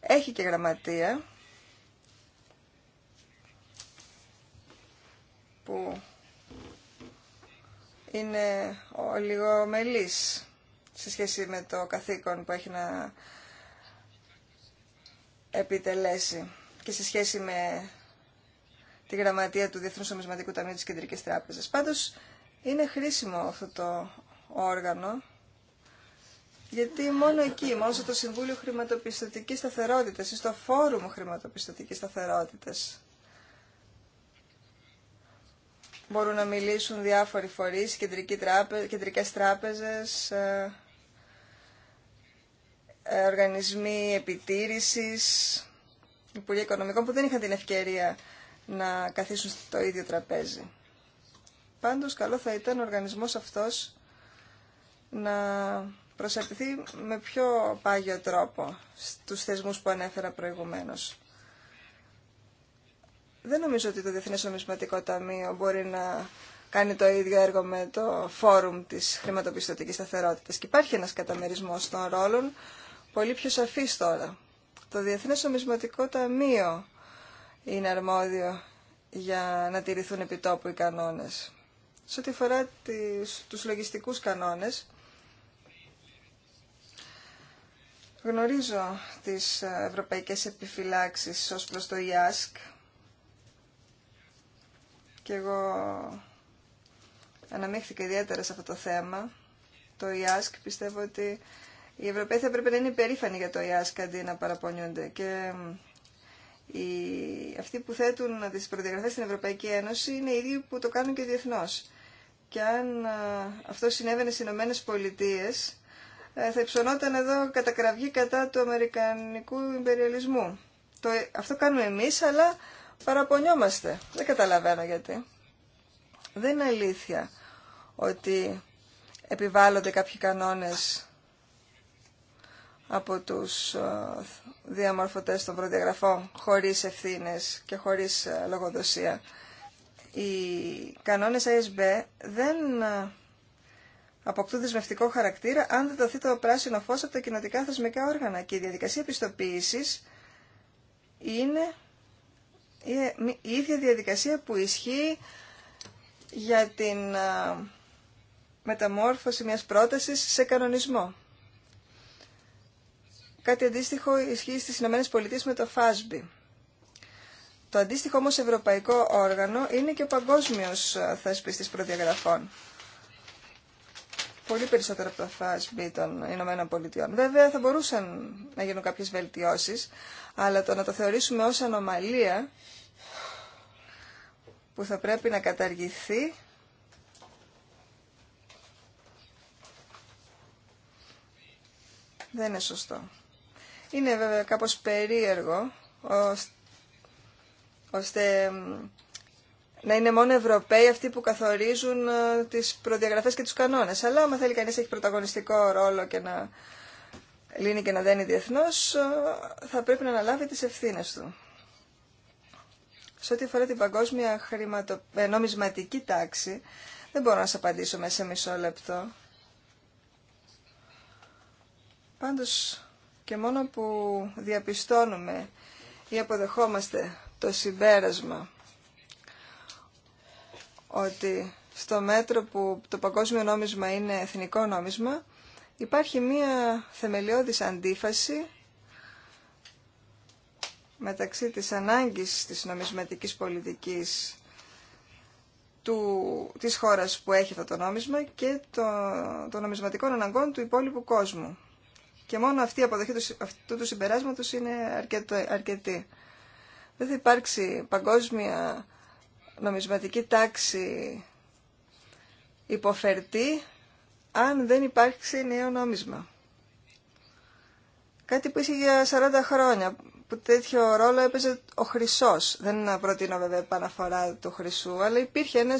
Έχει και γραμματεία, που είναι λίγο μελής σε σχέση με το καθήκον που έχει να επιτελέσει και σε σχέση με τη γραμματεία του Διεθνούς Ομισματικού Ταμείου της Κεντρικής Τράπεζας. Πάντως είναι χρήσιμο αυτό το όργανο γιατί μόνο εκεί, μόνο στο Συμβούλιο Χρηματοπιστωτικής Σταθερότητας ή στο Φόρουμ Χρηματοπιστωτικής Σταθερότητας μπορούν να μιλήσουν διάφοροι φορείς, κεντρικές τράπεζες, ε, ε, οργανισμοί επιτήρησης, υπουργοί Οικονομικών που δεν είχαν την ευκαιρία να καθίσουν στο ίδιο τραπέζι. Πάντως καλό θα ήταν ο οργανισμός αυτός να προσαρτηθεί με πιο πάγιο τρόπο στους θεσμούς που ανέφερα προηγουμένως. Δεν νομίζω ότι το Διεθνές Νομισματικό Ταμείο μπορεί να κάνει το ίδιο έργο με το φόρουμ της χρηματοπιστωτικής σταθερότητας. Και υπάρχει ένας καταμερισμός των ρόλων πολύ πιο σαφής τώρα. Το Διεθνές Ομισματικό Ταμείο είναι αρμόδιο για να τηρηθούν επιτόπου οι κανόνες. Σε ό,τι αφορά τις, τους λογιστικούς κανόνες, γνωρίζω τις ευρωπαϊκές επιφυλάξεις ως προς το ΙΑΣΚ, και εγώ αναμίχθηκα ιδιαίτερα σε αυτό το θέμα, το ΙΑΣΚ. Πιστεύω ότι οι Ευρωπαίοι θα πρέπει να είναι υπερήφανοι για το ΙΑΣΚ αντί να παραπονιούνται. Και οι... αυτοί που θέτουν τι προδιαγραφέ στην Ευρωπαϊκή Ένωση είναι οι ίδιοι που το κάνουν και διεθνώ. Και αν αυτό συνέβαινε στι Ηνωμένε Πολιτείε, ε, θα υψωνόταν εδώ κατακραυγή κατά του Αμερικανικού Ιμπεριαλισμού. Το, αυτό κάνουμε εμεί, αλλά παραπονιόμαστε. Δεν καταλαβαίνω γιατί. Δεν είναι αλήθεια ότι επιβάλλονται κάποιοι κανόνες από τους ε, διαμορφωτές των προδιαγραφών χωρίς ευθύνες και χωρίς ε, λογοδοσία. Οι κανόνες ISB δεν ε, αποκτούν δεσμευτικό χαρακτήρα αν δεν δοθεί το πράσινο φως από τα κοινοτικά θεσμικά όργανα και η διαδικασία επιστοποίησης είναι ε, η ίδια διαδικασία που ισχύει για την μεταμόρφωση μιας πρότασης σε κανονισμό. Κάτι αντίστοιχο ισχύει στις Ηνωμένες Πολιτείες με το FASB. Το αντίστοιχο όμως ευρωπαϊκό όργανο είναι και ο παγκόσμιος της προδιαγραφών. Πολύ περισσότερο από το FASB των Ηνωμένων Πολιτειών. Βέβαια θα μπορούσαν να γίνουν κάποιες βελτιώσεις, αλλά το να το θεωρήσουμε ως ανομαλία που θα πρέπει να καταργηθεί δεν είναι σωστό. Είναι βέβαια κάπως περίεργο ώστε να είναι μόνο Ευρωπαίοι αυτοί που καθορίζουν ε, τις προδιαγραφές και τους κανόνες. Αλλά άμα θέλει κανείς έχει πρωταγωνιστικό ρόλο και να λύνει και να δένει διεθνώς, ε, θα πρέπει να αναλάβει τις ευθύνες του. Σε ό,τι αφορά την παγκόσμια ε, νομισματική τάξη, δεν μπορώ να σας απαντήσω μέσα σε μισό λεπτό. Πάντως και μόνο που διαπιστώνουμε ή αποδεχόμαστε το συμπέρασμα ότι στο μέτρο που το παγκόσμιο νόμισμα είναι εθνικό νόμισμα, υπάρχει μία θεμελιώδης αντίφαση μεταξύ της ανάγκης της νομισματικής πολιτικής του, της χώρας που έχει αυτό το νόμισμα και των το, νομισματικών αναγκών του υπόλοιπου κόσμου. Και μόνο αυτή η αποδοχή του, αυτού του συμπεράσματος είναι αρκετό αρκετή. Δεν θα υπάρξει παγκόσμια νομισματική τάξη υποφερτή αν δεν υπάρξει νέο νόμισμα. Κάτι που είχε για 40 χρόνια που τέτοιο ρόλο έπαιζε ο Χρυσό. Δεν προτείνω βέβαια επαναφορά του χρυσού, αλλά υπήρχε ένα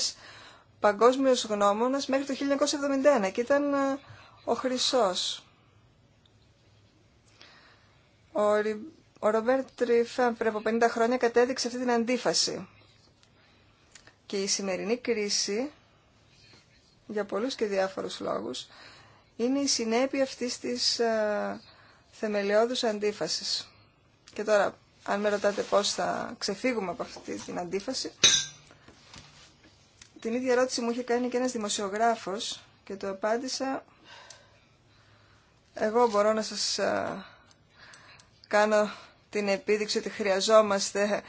παγκόσμιο γνώμονα μέχρι το 1971 και ήταν ε, ο Χρυσό. Ο, Ρι... ο Ρομπέρτ Τριφέν πριν από 50 χρόνια κατέδειξε αυτή την αντίφαση. Και η σημερινή κρίση, για πολλούς και διάφορους λόγους, είναι η συνέπεια αυτής της α, ε, θεμελιώδους αντίφασης. Και τώρα, αν με ρωτάτε πώς θα ξεφύγουμε από αυτή την αντίφαση, την ίδια ερώτηση μου είχε κάνει και ένας δημοσιογράφος και το απάντησα εγώ μπορώ να σας κάνω την επίδειξη ότι χρειαζόμαστε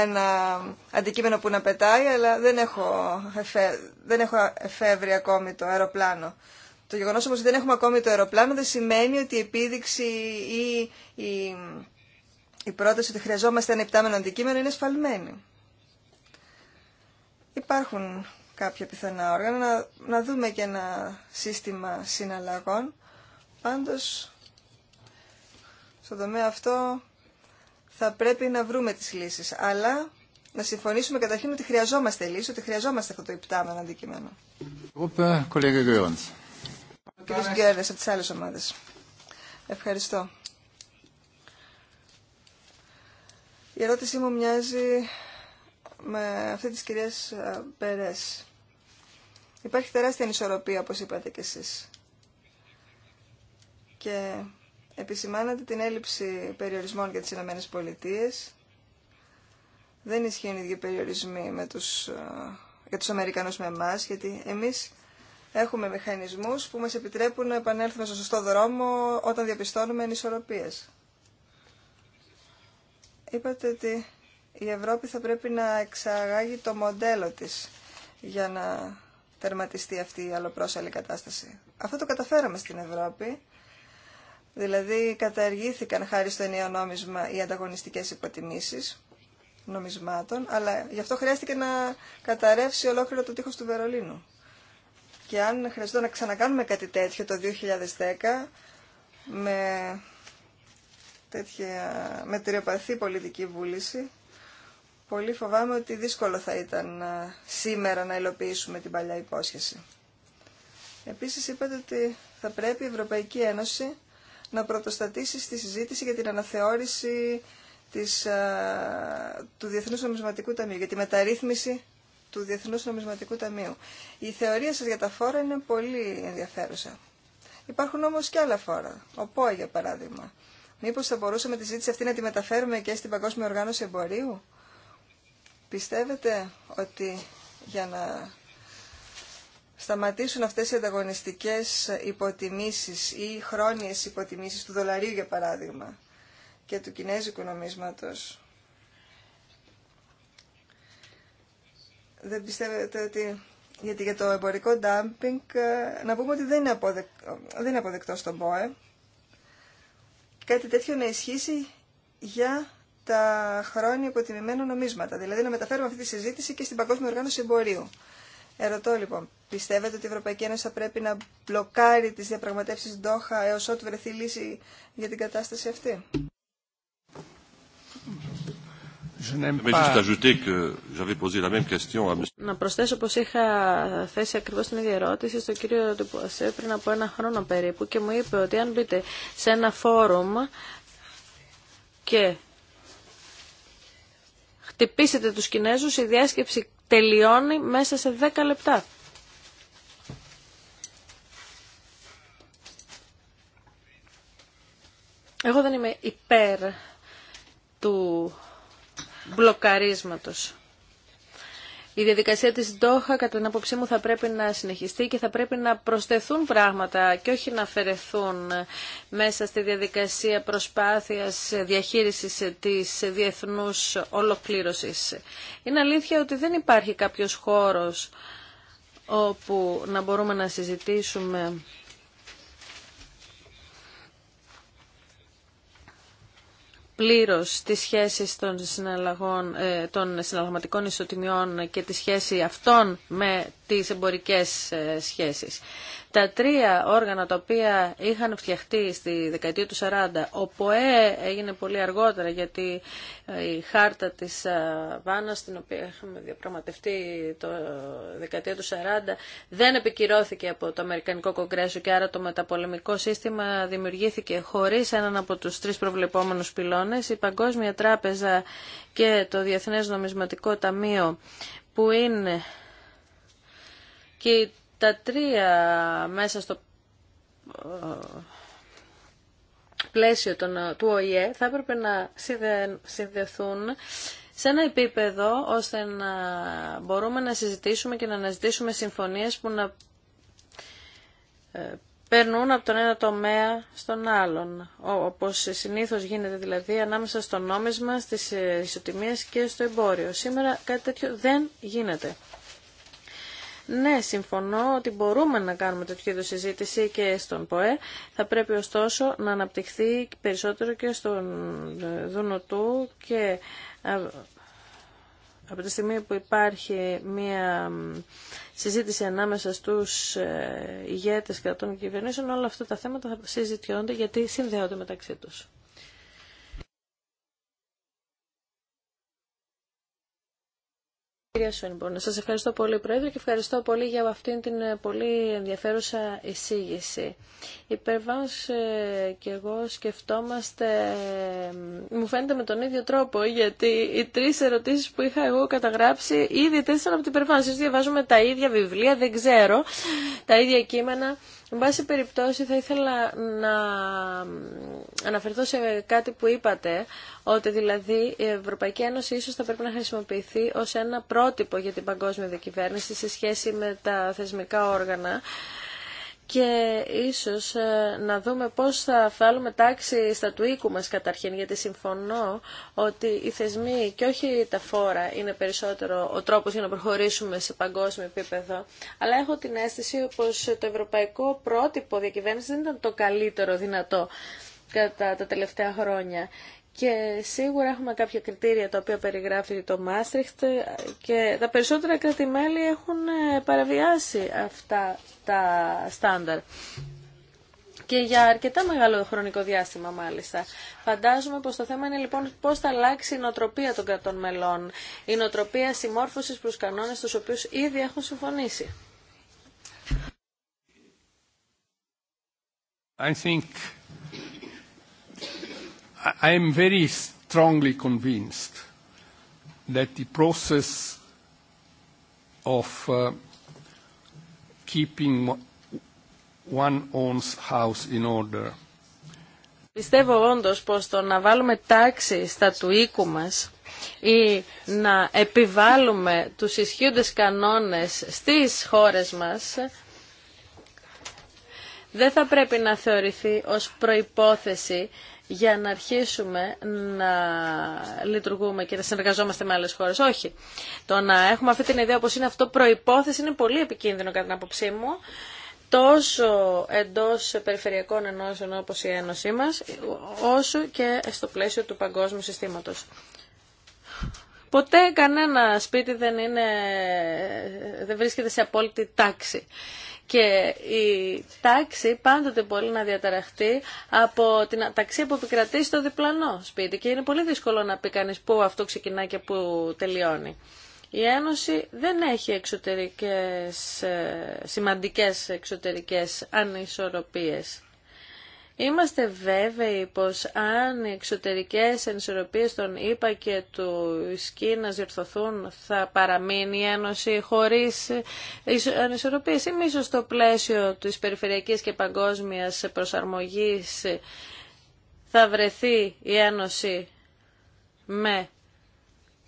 ένα αντικείμενο που να πετάει, αλλά δεν έχω, δεν έχω εφεύρει ακόμη το αεροπλάνο. Το γεγονός όμως ότι δεν έχουμε ακόμη το αεροπλάνο δεν σημαίνει ότι η επίδειξη ή η η πρόταση ότι χρειαζόμαστε ένα υπτάμενο αντικείμενο είναι σφαλμένη. Υπάρχουν κάποια πιθανά όργανα, να, δούμε και ένα σύστημα συναλλαγών. Πάντως, στον τομέα αυτό θα πρέπει να βρούμε τις λύσεις. Αλλά να συμφωνήσουμε καταρχήν ότι χρειαζόμαστε λύση, ότι χρειαζόμαστε αυτό το υπτάμενο αντικείμενο. από τις Ευχαριστώ. Η ερώτησή μου μοιάζει με αυτή της κυρίας Περές. Υπάρχει τεράστια ανισορροπία, όπως είπατε κι εσείς. Και επισημάνατε την έλλειψη περιορισμών για τις ΗΠΑ. Δεν ισχύουν οι ίδιοι περιορισμοί με τους, για τους Αμερικανούς με εμά, γιατί εμείς έχουμε μηχανισμούς που μας επιτρέπουν να επανέλθουμε στο σωστό δρόμο όταν διαπιστώνουμε ανισορροπίες. Είπατε ότι η Ευρώπη θα πρέπει να εξαγάγει το μοντέλο της για να τερματιστεί αυτή η αλλοπρόσαλη κατάσταση. Αυτό το καταφέραμε στην Ευρώπη. Δηλαδή καταργήθηκαν χάρη στο ενιαίο νόμισμα οι ανταγωνιστικές υποτιμήσεις νομισμάτων, αλλά γι' αυτό χρειάστηκε να καταρρεύσει ολόκληρο το τείχος του Βερολίνου. Και αν χρειαζόταν να ξανακάνουμε κάτι τέτοιο το 2010, με τέτοια μετριοπαθή πολιτική βούληση. Πολύ φοβάμαι ότι δύσκολο θα ήταν ε, σήμερα να υλοποιήσουμε την παλιά υπόσχεση. Επίσης είπατε ότι θα πρέπει η Ευρωπαϊκή Ένωση να πρωτοστατήσει στη συζήτηση για την αναθεώρηση της, ε, του Διεθνούς Νομισματικού Ταμείου, για τη μεταρρύθμιση του Διεθνούς Νομισματικού Ταμείου. Η θεωρία σας για τα φόρα είναι πολύ ενδιαφέρουσα. Υπάρχουν όμως και άλλα φόρα, ο για παράδειγμα, Μήπως θα μπορούσαμε τη ζήτηση αυτή να τη μεταφέρουμε και στην Παγκόσμια Οργάνωση Εμπορίου. Πιστεύετε ότι για να σταματήσουν αυτές οι ανταγωνιστικές υποτιμήσεις ή χρόνιες υποτιμήσεις του δολαρίου για παράδειγμα και του κινέζικου νομίσματος. Δεν πιστεύετε ότι... Γιατί για το εμπορικό dumping ε, να πούμε ότι δεν είναι, δεν είναι αποδεκτό στον ΠΟΕ κάτι τέτοιο να ισχύσει για τα χρόνια υποτιμημένα νομίσματα. Δηλαδή να μεταφέρουμε αυτή τη συζήτηση και στην Παγκόσμια Οργάνωση Εμπορίου. Ερωτώ λοιπόν, πιστεύετε ότι η Ευρωπαϊκή Ένωση θα πρέπει να μπλοκάρει τις διαπραγματεύσεις Ντόχα έως ότου βρεθεί λύση για την κατάσταση αυτή. Να προσθέσω πως είχα θέσει ακριβώς την ίδια ερώτηση στον κύριο Τουπουασέ πριν από ένα χρόνο περίπου και μου είπε ότι αν μπείτε σε ένα φόρουμ και χτυπήσετε τους Κινέζους η διάσκεψη τελειώνει μέσα σε 10 λεπτά. Εγώ δεν είμαι υπέρ του μπλοκαρίσματος. Η διαδικασία της Ντόχα, κατά την άποψή μου, θα πρέπει να συνεχιστεί και θα πρέπει να προσθεθούν πράγματα και όχι να αφαιρεθούν μέσα στη διαδικασία προσπάθειας διαχείρισης της διεθνούς ολοκλήρωσης. Είναι αλήθεια ότι δεν υπάρχει κάποιος χώρος όπου να μπορούμε να συζητήσουμε πλήρως τις σχέσεις των, ε, των συναλλαγματικών ισοτιμιών και τη σχέση αυτών με τις εμπορικές ε, σχέσεις. Τα τρία όργανα τα οποία είχαν φτιαχτεί στη δεκαετία του 40, ο ΠΟΕ έγινε πολύ αργότερα γιατί ε, η χάρτα της ε, Βάνας, την οποία είχαμε διαπραγματευτεί το δεκαετία του 40, δεν επικυρώθηκε από το Αμερικανικό Κογκρέσο και άρα το μεταπολεμικό σύστημα δημιουργήθηκε χωρίς έναν από τους τρεις προβλεπόμενους πυλώνες. Η Παγκόσμια Τράπεζα και το Διεθνές Νομισματικό Ταμείο που είναι και τα τρία μέσα στο ε, πλαίσιο ε, του ΟΗΕ θα έπρεπε να συνδεθούν σε ένα επίπεδο ώστε να μπορούμε να συζητήσουμε και να αναζητήσουμε συμφωνίες που να ε, περνούν από τον ένα τομέα στον άλλον, όπως συνήθως γίνεται δηλαδή ανάμεσα στο νόμισμα, στις ισοτιμίες και στο εμπόριο. Σήμερα κάτι τέτοιο δεν γίνεται. Ναι, συμφωνώ ότι μπορούμε να κάνουμε τέτοιου είδου συζήτηση και στον ΠΟΕ. Θα πρέπει ωστόσο να αναπτυχθεί περισσότερο και στον Δούνο και από τη στιγμή που υπάρχει μια συζήτηση ανάμεσα στους ε, ηγέτες κρατών και κυβερνήσεων, όλα αυτά τα θέματα θα συζητιώνται γιατί συνδέονται μεταξύ τους. Κυρία να σας ευχαριστώ πολύ Πρόεδρε και ευχαριστώ πολύ για αυτήν την ε, πολύ ενδιαφέρουσα εισήγηση. Η ε, και εγώ σκεφτόμαστε, ε, μου φαίνεται με τον ίδιο τρόπο, γιατί οι τρεις ερωτήσεις που είχα εγώ καταγράψει ήδη τέσσερα από την υπερβάνωση, διαβάζουμε τα ίδια βιβλία, δεν ξέρω, τα ίδια κείμενα. Εν πάση περιπτώσει θα ήθελα να αναφερθώ σε κάτι που είπατε, ότι δηλαδή η Ευρωπαϊκή Ένωση ίσως θα πρέπει να χρησιμοποιηθεί ως ένα πρότυπο για την παγκόσμια διακυβέρνηση σε σχέση με τα θεσμικά όργανα και ίσως ε, να δούμε πώς θα φάλουμε τάξη στα του οίκου μας καταρχήν, γιατί συμφωνώ ότι οι θεσμοί και όχι τα φόρα είναι περισσότερο ο τρόπος για να προχωρήσουμε σε παγκόσμιο επίπεδο, αλλά έχω την αίσθηση πως το ευρωπαϊκό πρότυπο διακυβέρνηση δεν ήταν το καλύτερο δυνατό κατά τα τελευταία χρόνια. Και σίγουρα έχουμε κάποια κριτήρια τα οποία περιγράφει το Μάστριχτ και τα περισσότερα κρατημέλη έχουν ε, παραβιάσει αυτά τα στάνταρ. Και για αρκετά μεγάλο χρονικό διάστημα μάλιστα. Φαντάζομαι πως το θέμα είναι λοιπόν πώς θα αλλάξει η νοοτροπία των κρατών μελών. Η νοοτροπία συμμόρφωσης προς κανόνες τους οποίους ήδη έχουν συμφωνήσει. I I am very strongly convinced that the process of uh, keeping one owns house in order. Πιστεύω όντως πως το να βάλουμε τάξη στα του οίκου μας ή να επιβάλλουμε τους ισχύοντες κανόνες στις χώρες μας δεν θα πρέπει να θεωρηθεί ως προϋπόθεση για να αρχίσουμε να λειτουργούμε και να συνεργαζόμαστε με άλλες χώρες. Όχι. Το να έχουμε αυτή την ιδέα όπως είναι αυτό προϋπόθεση είναι πολύ επικίνδυνο κατά την άποψή μου τόσο εντός περιφερειακών ενώσεων όπως η Ένωσή μας, όσο και στο πλαίσιο του παγκόσμιου συστήματος. Ποτέ κανένα σπίτι δεν, είναι, δεν βρίσκεται σε απόλυτη τάξη. Και η τάξη πάντοτε μπορεί να διαταραχτεί από την ταξί που επικρατεί στο διπλανό σπίτι και είναι πολύ δύσκολο να πει κανεί πού αυτό ξεκινά και πού τελειώνει. Η Ένωση δεν έχει εξωτερικές, ε, σημαντικές εξωτερικές ανισορροπίες. Είμαστε βέβαιοι πως αν οι εξωτερικές ενισορροπίες των ΙΠΑ και του να διορθωθούν θα παραμείνει η Ένωση χωρίς ανισορροπίες ή μίσως στο πλαίσιο της περιφερειακής και παγκόσμιας προσαρμογής θα βρεθεί η Ένωση με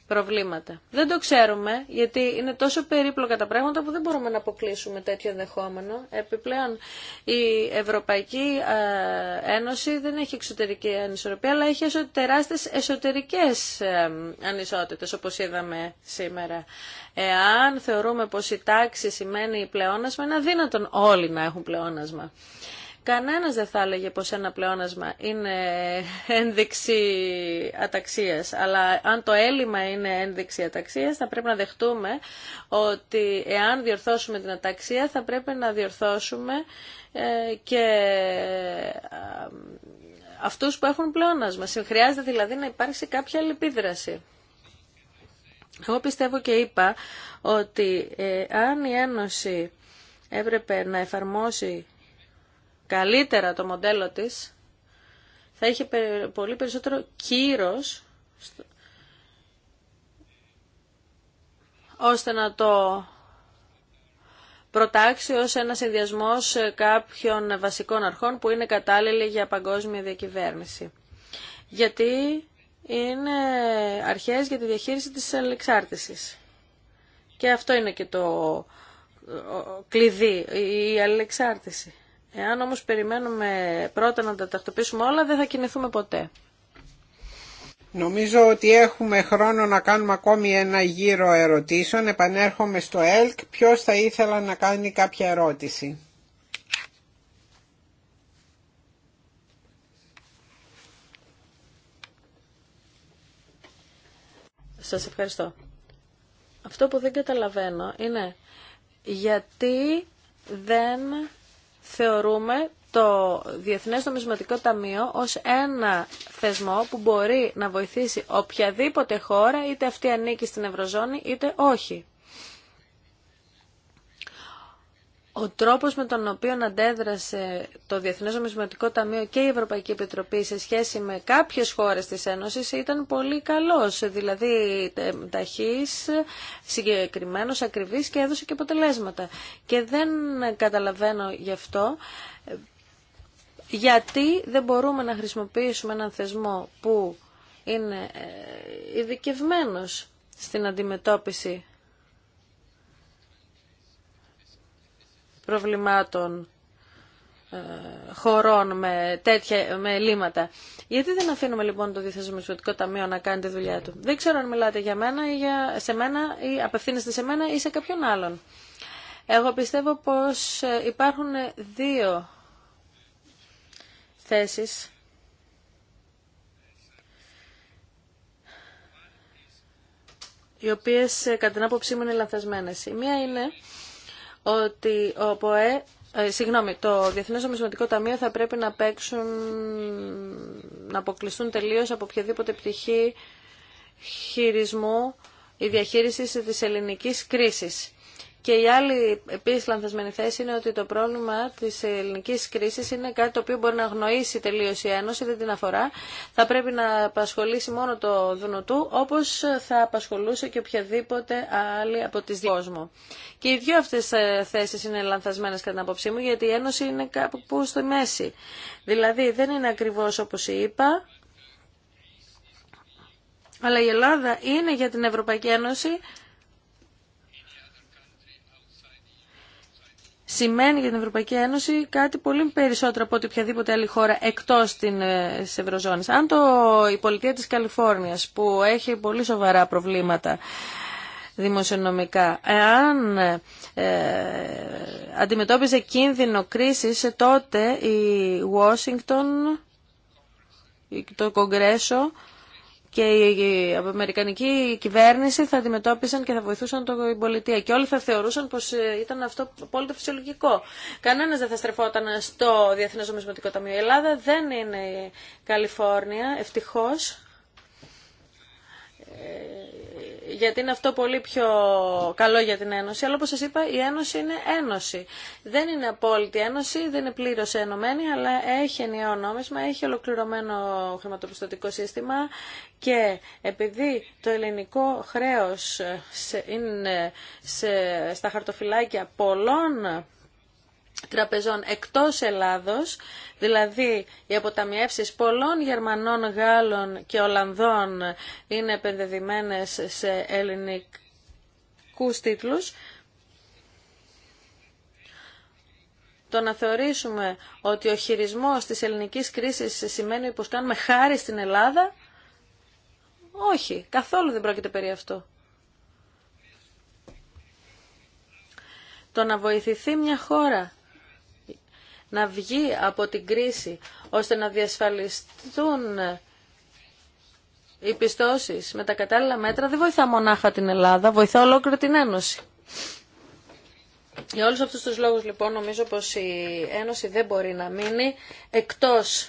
προβλήματα. Δεν το ξέρουμε, γιατί είναι τόσο περίπλοκα τα πράγματα που δεν μπορούμε να αποκλείσουμε τέτοιο δεχόμενο. Επιπλέον, η Ευρωπαϊκή Ένωση δεν έχει εξωτερική ανισορροπία, αλλά έχει τεράστιες εσωτερικές ε, ανισότητες, όπως είδαμε σήμερα. Εάν θεωρούμε πως η τάξη σημαίνει πλεόνασμα, είναι αδύνατον όλοι να έχουν πλεόνασμα. Κανένας δεν θα έλεγε πως ένα πλεόνασμα είναι ένδειξη αταξίας, αλλά αν το έλλειμμα είναι ένδειξη αταξίας θα πρέπει να δεχτούμε ότι εάν διορθώσουμε την αταξία θα πρέπει να διορθώσουμε ε, και ε, αυτούς που έχουν πλεόνασμα. Χρειάζεται δηλαδή να υπάρξει κάποια αλληλεπίδραση. Εγώ πιστεύω και είπα ότι ε, αν η Ένωση έπρεπε να εφαρμόσει καλύτερα το μοντέλο της, θα είχε πολύ περισσότερο κύρος ώστε να το προτάξει ως ένα συνδυασμό κάποιων βασικών αρχών που είναι κατάλληλοι για παγκόσμια διακυβέρνηση. Γιατί είναι αρχές για τη διαχείριση της αλληλεξάρτησης. Και αυτό είναι και το κλειδί, η αλληλεξάρτηση. Εάν όμως περιμένουμε πρώτα να τα τακτοποιήσουμε όλα, δεν θα κινηθούμε ποτέ. Νομίζω ότι έχουμε χρόνο να κάνουμε ακόμη ένα γύρο ερωτήσεων. Επανέρχομαι στο ΕΛΚ. Ποιος θα ήθελα να κάνει κάποια ερώτηση. Σας ευχαριστώ. Αυτό που δεν καταλαβαίνω είναι γιατί δεν θεωρούμε το Διεθνές Νομισματικό Ταμείο ως ένα θεσμό που μπορεί να βοηθήσει οποιαδήποτε χώρα, είτε αυτή ανήκει στην Ευρωζώνη είτε όχι. ο τρόπος με τον οποίο αντέδρασε το Διεθνές Νομισματικό Ταμείο και η Ευρωπαϊκή Επιτροπή σε σχέση με κάποιες χώρες της Ένωσης ήταν πολύ καλός, δηλαδή ταχύς, συγκεκριμένος, ακριβής και έδωσε και αποτελέσματα. Και δεν καταλαβαίνω γι' αυτό γιατί δεν μπορούμε να χρησιμοποιήσουμε έναν θεσμό που είναι ε, ειδικευμένος στην αντιμετώπιση προβλημάτων ε, χωρών με τέτοια με ελλείμματα. Γιατί δεν αφήνουμε λοιπόν το Διεθνέ Μησοδοτικό Ταμείο να κάνει τη δουλειά του. Δεν ξέρω αν μιλάτε για μένα ή για, σε μένα ή απευθύνεστε σε μένα ή σε κάποιον άλλον. Εγώ πιστεύω πως ε, υπάρχουν δύο θέσεις οι οποίες ε, κατά την άποψή μου είναι λανθασμένες. Η μία είναι ότι ο ΠΟΕ ε, το Διεθνές Νομισματικό Ταμείο θα πρέπει να παίξουν, να αποκλειστούν τελείως από οποιαδήποτε πτυχή χειρισμού ή διαχείριση της ελληνικής κρίσης. Και η άλλη επίση λανθασμένη θέση είναι ότι το πρόβλημα τη ελληνική κρίση είναι κάτι το οποίο μπορεί να αγνοήσει τελείω η Ένωση, δεν την αφορά. Θα πρέπει να απασχολήσει μόνο το Δουνουτού, όπω θα απασχολούσε και οποιαδήποτε άλλη από τι κόσμο. Και οι δύο αυτέ ε, θέσει είναι λανθασμένε κατά την άποψή μου, γιατί η Ένωση είναι κάπου στο μέση. Δηλαδή δεν είναι ακριβώ όπω είπα. Αλλά η Ελλάδα είναι για την Ευρωπαϊκή Ένωση σημαίνει για την Ευρωπαϊκή Ένωση κάτι πολύ περισσότερο από ό,τι οποιαδήποτε άλλη χώρα εκτός ε, της Ευρωζώνης. Αν το, η πολιτεία της Καλιφόρνιας που έχει πολύ σοβαρά προβλήματα δημοσιονομικά. Εάν ε, ε, αντιμετώπιζε κίνδυνο κρίσης, τότε η Ουάσιγκτον, το Κογκρέσο, και η Αμερικανική κυβέρνηση θα αντιμετώπισαν και θα βοηθούσαν τον πολιτεία. Και όλοι θα θεωρούσαν πω ε, ήταν αυτό απόλυτα φυσιολογικό. Κανένα δεν θα στρεφόταν στο Διεθνέ Νομισματικό Ταμείο. Η Ελλάδα δεν είναι η Καλιφόρνια, ευτυχώ. Ε, γιατί είναι αυτό πολύ πιο καλό για την Ένωση. Αλλά όπως σας είπα, η Ένωση είναι Ένωση. Δεν είναι απόλυτη Ένωση, δεν είναι πλήρως ενωμένη, αλλά έχει ενιαίο νόμισμα, έχει ολοκληρωμένο χρηματοπιστωτικό σύστημα και επειδή το ελληνικό χρέος είναι στα χαρτοφυλάκια πολλών τραπεζών εκτός Ελλάδος, δηλαδή οι αποταμιεύσεις πολλών Γερμανών, Γάλλων και Ολλανδών είναι επενδεδημένες σε ελληνικούς τίτλους, το να θεωρήσουμε ότι ο χειρισμός της ελληνικής κρίσης σημαίνει πως κάνουμε χάρη στην Ελλάδα, όχι, καθόλου δεν πρόκειται περί αυτό. Το να βοηθηθεί μια χώρα να βγει από την κρίση ώστε να διασφαλιστούν οι πιστώσεις με τα κατάλληλα μέτρα δεν βοηθά μονάχα την Ελλάδα, βοηθά ολόκληρη την Ένωση. Για όλους αυτούς τους λόγους λοιπόν νομίζω πως η Ένωση δεν μπορεί να μείνει εκτός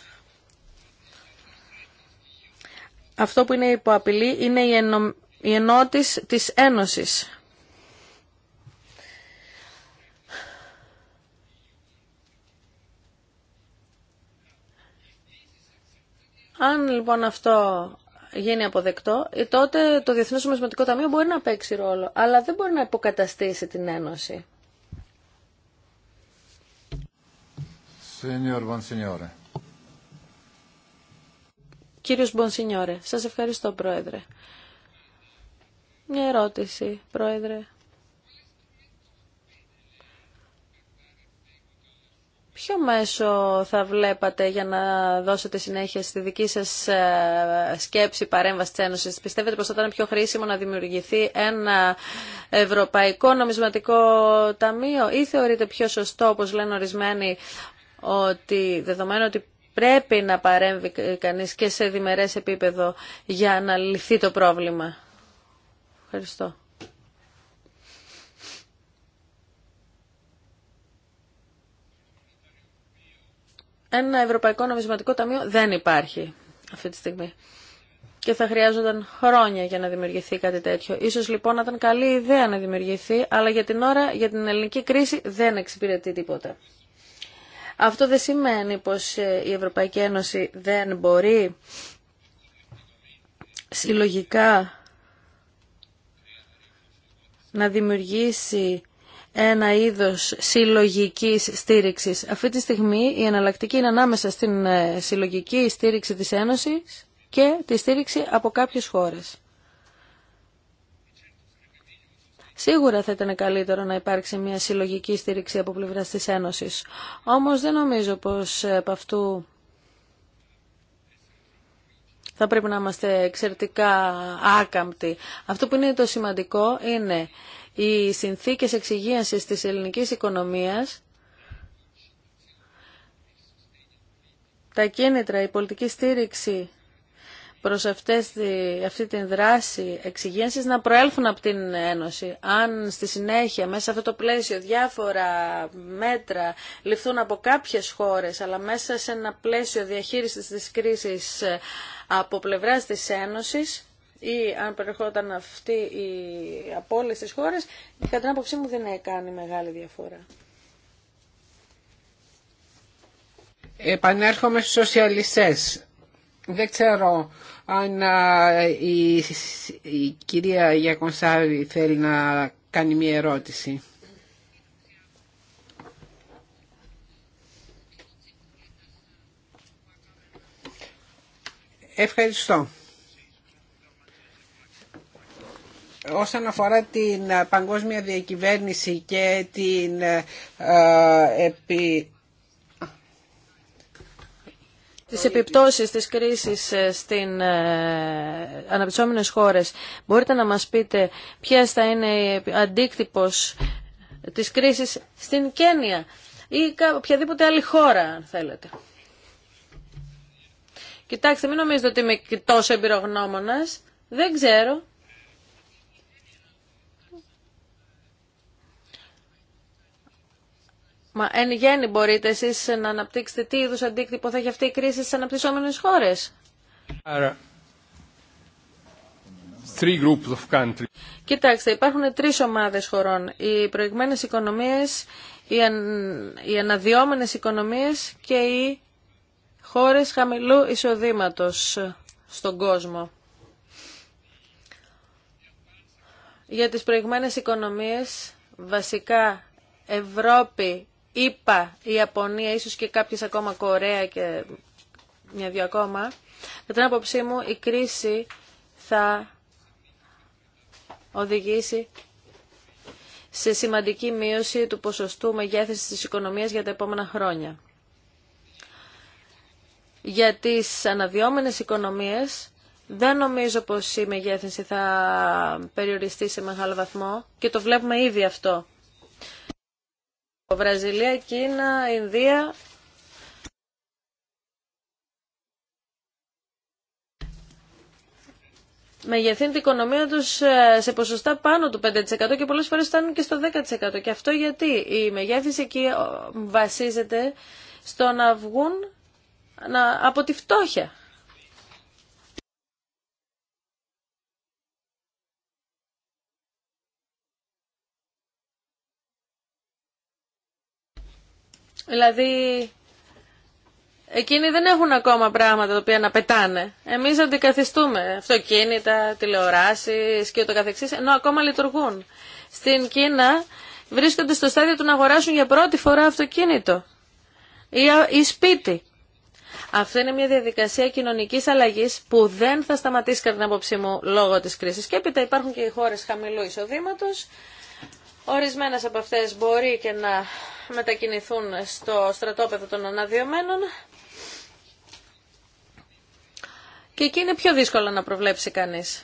αυτό που είναι υποαπειλή είναι η, ενο... η ενότης της Ένωσης. Αν λοιπόν αυτό γίνει αποδεκτό, ε, τότε το Διεθνές Ομισματικό Ταμείο μπορεί να παίξει ρόλο, αλλά δεν μπορεί να υποκαταστήσει την Ένωση. Κύριος Μπονσινιόρε, σας ευχαριστώ Πρόεδρε. Μια ερώτηση, Πρόεδρε. ποιο μέσο θα βλέπατε για να δώσετε συνέχεια στη δική σας ε, σκέψη παρέμβαση της Ένωσης. Πιστεύετε πως θα ήταν πιο χρήσιμο να δημιουργηθεί ένα ευρωπαϊκό νομισματικό ταμείο ή θεωρείτε πιο σωστό, όπως λένε ορισμένοι, ότι δεδομένου ότι πρέπει να παρέμβει κανείς και σε διμερές επίπεδο για να λυθεί το πρόβλημα. Ευχαριστώ. ένα Ευρωπαϊκό Νομισματικό Ταμείο δεν υπάρχει αυτή τη στιγμή. Και θα χρειάζονταν χρόνια για να δημιουργηθεί κάτι τέτοιο. Ίσως λοιπόν να ήταν καλή ιδέα να δημιουργηθεί, αλλά για την ώρα, για την ελληνική κρίση δεν εξυπηρετεί τίποτα. Αυτό δεν σημαίνει πως ε, η Ευρωπαϊκή Ένωση δεν μπορεί συλλογικά να δημιουργήσει ένα είδος συλλογικής στήριξης. Αυτή τη στιγμή η εναλλακτική είναι ανάμεσα στην ε, συλλογική στήριξη της Ένωσης και τη στήριξη από κάποιες χώρες. Σίγουρα θα ήταν καλύτερο να υπάρξει μια συλλογική στήριξη από πλευρά της Ένωσης. Όμως δεν νομίζω πως από αυτού θα πρέπει να είμαστε εξαιρετικά άκαμπτοι. Αυτό που είναι το σημαντικό είναι οι συνθήκες εξυγίανσης της ελληνικής οικονομίας, τα κίνητρα, η πολιτική στήριξη προς αυτές τη, αυτή την δράση εξυγένσης να προέλθουν από την Ένωση. Αν στη συνέχεια μέσα σε αυτό το πλαίσιο διάφορα μέτρα ληφθούν από κάποιες χώρες αλλά μέσα σε ένα πλαίσιο διαχείρισης της κρίσης από πλευράς της Ένωσης ή αν προερχόταν αυτή η, από όλε τι χώρε, κατά την άποψή μου δεν έκανε μεγάλη διαφορά. Επανέρχομαι στους σοσιαλιστές. Δεν ξέρω αν η, η κυρία Γιακονσάβη θέλει να κάνει μία ερώτηση. Ευχαριστώ. όσον αφορά την ε, παγκόσμια διακυβέρνηση και την ε, ε, επί τις επιπτώσεις της κρίσης στην αναπτυσσόμενες χώρες. Μπορείτε να μας πείτε ποια θα είναι η αντίκτυπος της κρίσης στην Κένια ή οποιαδήποτε άλλη χώρα, αν θέλετε. Κοιτάξτε, μην νομίζετε ότι είμαι τόσο εμπειρογνώμονας. Δεν ξέρω. Μα εν γέννη μπορείτε εσεί να αναπτύξετε τι είδους αντίκτυπο θα έχει αυτή η κρίση στι αναπτυσσόμενες χώρες. Κοιτάξτε, υπάρχουν τρεις ομάδες χωρών. Οι προηγμένες οικονομίες, οι, αν, οι οικονομίες και οι χώρες χαμηλού εισοδήματος στον κόσμο. Για τις προηγμένες οικονομίες, βασικά Ευρώπη, είπα η Ιαπωνία, ίσως και κάποιες ακόμα Κορέα και μια-δυο ακόμα, κατά την άποψή μου η κρίση θα οδηγήσει σε σημαντική μείωση του ποσοστού μεγέθυνσης της οικονομίας για τα επόμενα χρόνια. Για τις αναδυόμενες οικονομίες δεν νομίζω πως η μεγέθυνση θα περιοριστεί σε μεγάλο βαθμό και το βλέπουμε ήδη αυτό. Βραζιλία, Κίνα, Ινδία. Μεγεθύνει την οικονομία τους ε, σε ποσοστά πάνω του 5% και πολλέ φορέ φτάνουν και στο 10%. Και αυτό γιατί η μεγέθυνση εκεί ε, βασίζεται στο να βγουν από τη φτώχεια. Δηλαδή, εκείνοι δεν έχουν ακόμα πράγματα τα οποία να πετάνε. Εμείς αντικαθιστούμε αυτοκίνητα, τηλεοράσεις και ούτω καθεξής, ενώ ακόμα λειτουργούν. Στην Κίνα βρίσκονται στο στάδιο του να αγοράσουν για πρώτη φορά αυτοκίνητο ή, ή σπίτι. Αυτό είναι μια διαδικασία κοινωνική αλλαγή που δεν θα σταματήσει κατά την άποψή μου λόγω τη κρίση. Και έπειτα υπάρχουν και οι χώρε χαμηλού εισοδήματο Ορισμένες από αυτές μπορεί και να μετακινηθούν στο στρατόπεδο των αναδειωμένων και εκεί είναι πιο δύσκολο να προβλέψει κανείς.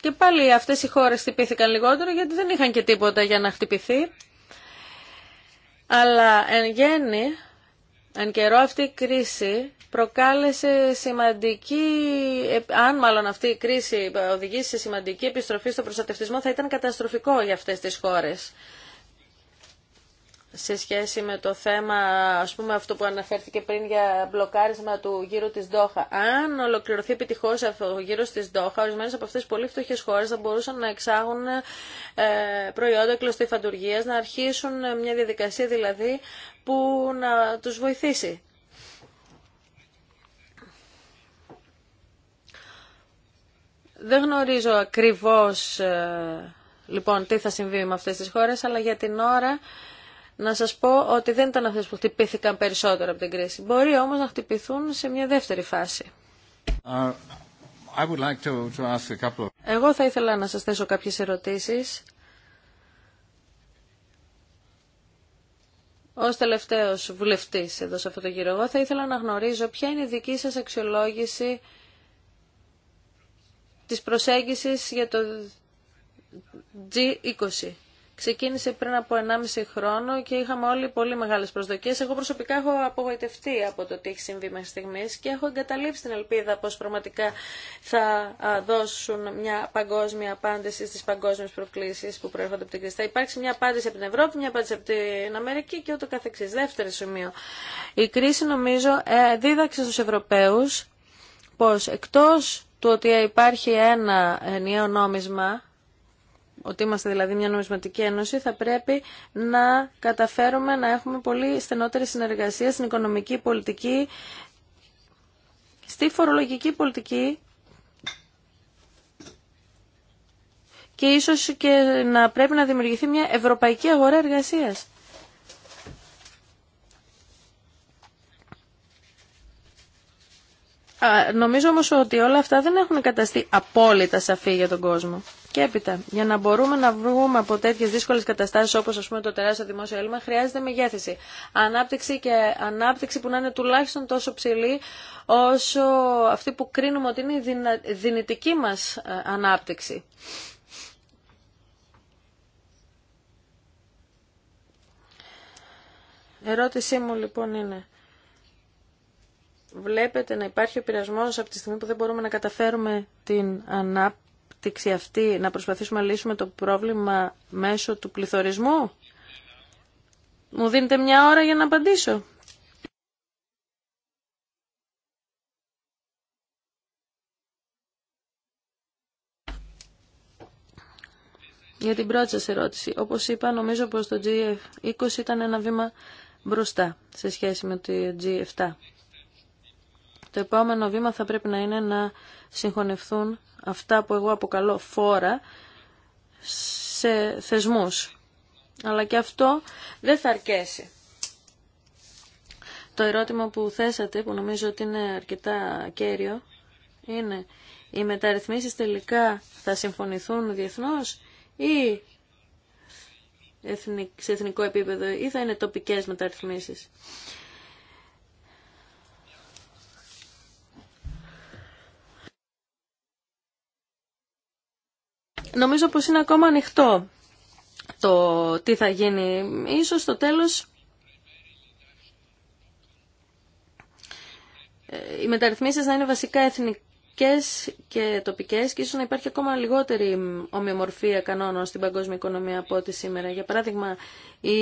Και πάλι αυτές οι χώρες χτυπήθηκαν λιγότερο γιατί δεν είχαν και τίποτα για να χτυπηθεί. Αλλά εν αν καιρό αυτή η κρίση προκάλεσε σημαντική, αν μάλλον αυτή η κρίση οδηγήσει σε σημαντική επιστροφή στο προστατευτισμό, θα ήταν καταστροφικό για αυτές τις χώρες σε σχέση με το θέμα, ας πούμε αυτό που αναφέρθηκε πριν για μπλοκάρισμα του γύρου της Δόχα. Αν ολοκληρωθεί επιτυχώς ο γύρος της Δόχα, ορισμένε από αυτές τις πολύ φτωχές χώρες θα μπορούσαν να εξάγουν ε, προϊόντα κλωστηφαντουργίας, να αρχίσουν μια διαδικασία δηλαδή που να τους βοηθήσει. Δεν γνωρίζω ακριβώς ε, λοιπόν τι θα συμβεί με αυτές τις χώρες, αλλά για την ώρα να σας πω ότι δεν ήταν αυτές που χτυπήθηκαν περισσότερο από την κρίση. Μπορεί όμως να χτυπηθούν σε μια δεύτερη φάση. Uh, εγώ θα ήθελα να σας θέσω κάποιες ερωτήσεις. Ω τελευταίο βουλευτή εδώ σε αυτό το γύρο, εγώ θα ήθελα να γνωρίζω ποια είναι η δική σα αξιολόγηση της προσέγγισης για το G20 ξεκίνησε πριν από 1,5 χρόνο και είχαμε όλοι πολύ μεγάλες προσδοκίες. Εγώ προσωπικά έχω απογοητευτεί από το τι έχει συμβεί μέχρι στιγμή και έχω εγκαταλείψει την ελπίδα πως πραγματικά θα δώσουν μια παγκόσμια απάντηση στις παγκόσμιες προκλήσεις που προέρχονται από την κρίση. Θα υπάρξει μια απάντηση από την Ευρώπη, μια απάντηση από την Αμερική και ούτω καθεξής. Δεύτερο σημείο. Η κρίση νομίζω ε, δίδαξε στους Ευρωπαίους πως εκτός του ότι υπάρχει ένα ενιαίο νόμισμα ότι είμαστε δηλαδή μια νομισματική ένωση, θα πρέπει να καταφέρουμε να έχουμε πολύ στενότερη συνεργασία στην οικονομική πολιτική, στη φορολογική πολιτική και ίσως και να πρέπει να δημιουργηθεί μια ευρωπαϊκή αγορά εργασίας. νομίζω όμως ότι όλα αυτά δεν έχουν καταστεί απόλυτα σαφή για τον κόσμο. Και έπειτα, για να μπορούμε να βγούμε από τέτοιε δύσκολε καταστάσει όπω το τεράστιο δημόσιο έλλειμμα, χρειάζεται μεγέθυνση. Ανάπτυξη και ανάπτυξη που να είναι τουλάχιστον τόσο ψηλή όσο αυτή που κρίνουμε ότι είναι η δυνητική μα ε, ανάπτυξη. Ερώτησή μου λοιπόν είναι, βλέπετε να υπάρχει ο πειρασμός από τη στιγμή που δεν μπορούμε να καταφέρουμε την ανάπτυξη ανάπτυξη αυτή να προσπαθήσουμε να λύσουμε το πρόβλημα μέσω του πληθωρισμού. Μου δίνετε μια ώρα για να απαντήσω. Για την πρώτη σας ερώτηση. Όπως είπα, νομίζω πως το G20 ήταν ένα βήμα μπροστά σε σχέση με το G7. Το επόμενο βήμα θα πρέπει να είναι να συγχωνευτούν αυτά που εγώ αποκαλώ φόρα σε θεσμούς. Αλλά και αυτό δεν θα αρκέσει. Το ερώτημα που θέσατε, που νομίζω ότι είναι αρκετά κέριο, είναι οι μεταρρυθμίσεις τελικά θα συμφωνηθούν διεθνώς ή σε εθνικό επίπεδο ή θα είναι τοπικές μεταρρυθμίσεις. Νομίζω πως είναι ακόμα ανοιχτό το τι θα γίνει. Ίσως στο τέλος ε, οι μεταρρυθμίσεις να είναι βασικά εθνικές και τοπικές και ίσως να υπάρχει ακόμα λιγότερη ομοιομορφία κανόνων στην παγκόσμια οικονομία από ό,τι σήμερα. Για παράδειγμα, η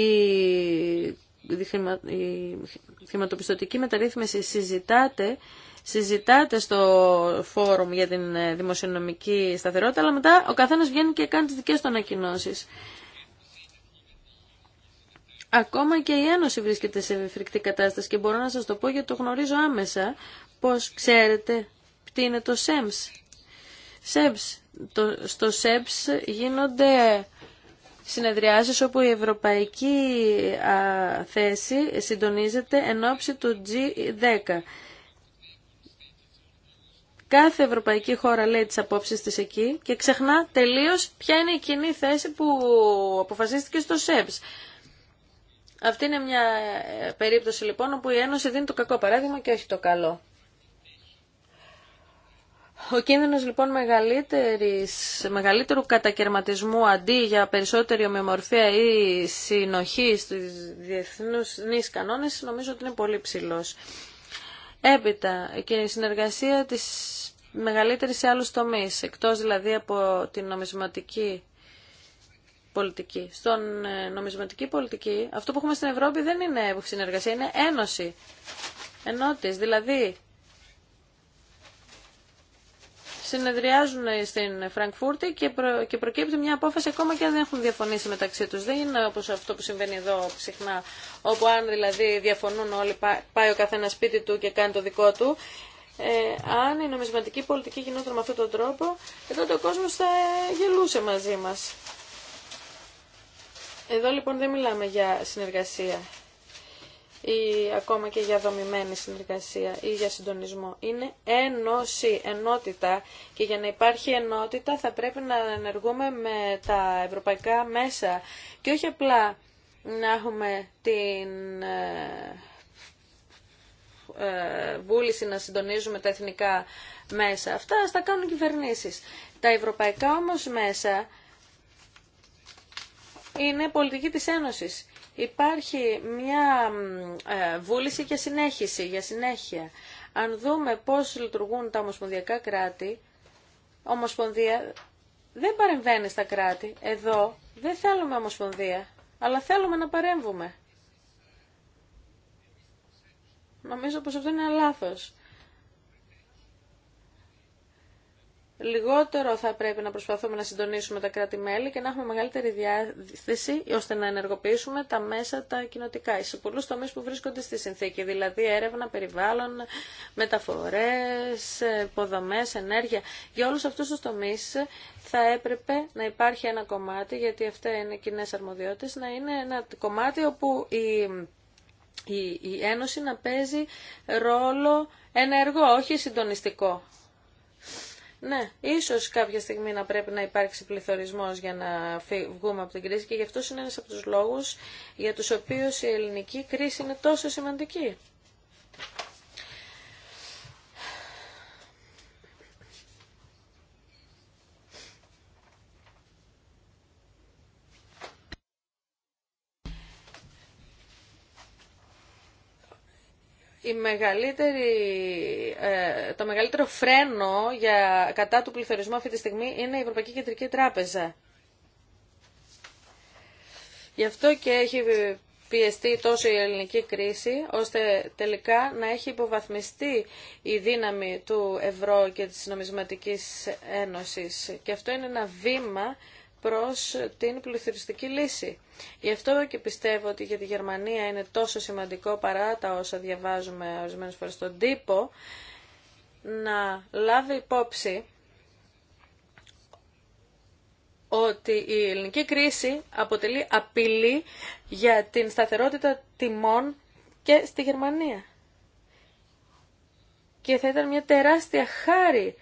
η χρηματοπιστωτική μεταρρύθμιση συζητάται συζητάτε στο φόρουμ για την ε, δημοσιονομική σταθερότητα, αλλά μετά ο καθένας βγαίνει και κάνει τις δικές του ανακοινώσεις. Ακόμα και η Ένωση βρίσκεται σε φρικτή κατάσταση και μπορώ να σας το πω γιατί το γνωρίζω άμεσα πως ξέρετε τι είναι το ΣΕΜΣ. ΣΕΜΣ. Το, στο ΣΕΜΣ γίνονται συνεδριάσεις όπου η ευρωπαϊκή α, θέση συντονίζεται εν ώψη του G10. Κάθε ευρωπαϊκή χώρα λέει τις απόψεις της εκεί και ξεχνά τελείως ποια είναι η κοινή θέση που αποφασίστηκε στο ΣΕΠΣ. Αυτή είναι μια ε, περίπτωση λοιπόν όπου η Ένωση δίνει το κακό παράδειγμα και όχι το καλό. Ο κίνδυνος λοιπόν μεγαλύτερου κατακαιρματισμού αντί για περισσότερη ομοιομορφία ή συνοχή στους διεθνούς κανόνες νομίζω ότι είναι πολύ ψηλός. Έπειτα και η συνεργασία της μεγαλύτερη σε άλλους τομείς, εκτός δηλαδή από την νομισματική πολιτική. Στον ε, νομισματική πολιτική, αυτό που έχουμε στην Ευρώπη δεν είναι συνεργασία, είναι ένωση. ενώτης. δηλαδή συνεδριάζουν στην Φραγκφούρτη και, και προκύπτει μια απόφαση ακόμα και αν δεν έχουν διαφωνήσει μεταξύ τους. Δεν είναι όπως αυτό που συμβαίνει εδώ συχνά, όπου αν δηλαδή διαφωνούν όλοι πάει ο καθένα σπίτι του και κάνει το δικό του. Ε, αν η νομισματική πολιτική γινόταν με αυτόν τον τρόπο, τότε ο κόσμος θα γελούσε μαζί μας. Εδώ λοιπόν δεν μιλάμε για συνεργασία ή ακόμα και για δομημένη συνεργασία ή για συντονισμό. Είναι ένωση, ενότητα και για να υπάρχει ενότητα θα πρέπει να ενεργούμε με τα ευρωπαϊκά μέσα και όχι απλά να έχουμε την ε, ε, βούληση να συντονίζουμε τα εθνικά μέσα. Αυτά τα κάνουν κυβερνήσεις. Τα ευρωπαϊκά όμως μέσα είναι πολιτική της Ένωσης υπάρχει μια ε, βούληση για συνέχιση, για συνέχεια. Αν δούμε πώς λειτουργούν τα ομοσπονδιακά κράτη, ομοσπονδία δεν παρεμβαίνει στα κράτη. Εδώ δεν θέλουμε ομοσπονδία, αλλά θέλουμε να παρέμβουμε. Νομίζω πως αυτό είναι λάθος. λιγότερο θα πρέπει να προσπαθούμε να συντονίσουμε τα κράτη-μέλη και να έχουμε μεγαλύτερη διάθεση ώστε να ενεργοποιήσουμε τα μέσα τα κοινοτικά σε πολλού τομεί που βρίσκονται στη συνθήκη, δηλαδή έρευνα, περιβάλλον, μεταφορέ, υποδομέ, ενέργεια. Για όλου αυτού του τομεί θα έπρεπε να υπάρχει ένα κομμάτι, γιατί αυτά είναι κοινέ αρμοδιότητε, να είναι ένα κομμάτι όπου η η, η Ένωση να παίζει ρόλο ενεργό, όχι συντονιστικό. Ναι, ίσως κάποια στιγμή να πρέπει να υπάρξει πληθωρισμός για να βγούμε από την κρίση και γι' αυτό είναι ένας από τους λόγους για τους οποίους η ελληνική κρίση είναι τόσο σημαντική. η μεγαλύτερη, ε, το μεγαλύτερο φρένο για, κατά του πληθωρισμού αυτή τη στιγμή είναι η Ευρωπαϊκή Κεντρική Τράπεζα. Γι' αυτό και έχει πιεστεί τόσο η ελληνική κρίση, ώστε τελικά να έχει υποβαθμιστεί η δύναμη του ευρώ και της νομισματικής ένωσης. Και αυτό είναι ένα βήμα προς την πληθυριστική λύση. Γι' αυτό και πιστεύω ότι για τη Γερμανία είναι τόσο σημαντικό παρά τα όσα διαβάζουμε ορισμένες φορές στον τύπο να λάβει υπόψη ότι η ελληνική κρίση αποτελεί απειλή για την σταθερότητα τιμών και στη Γερμανία. Και θα ήταν μια τεράστια χάρη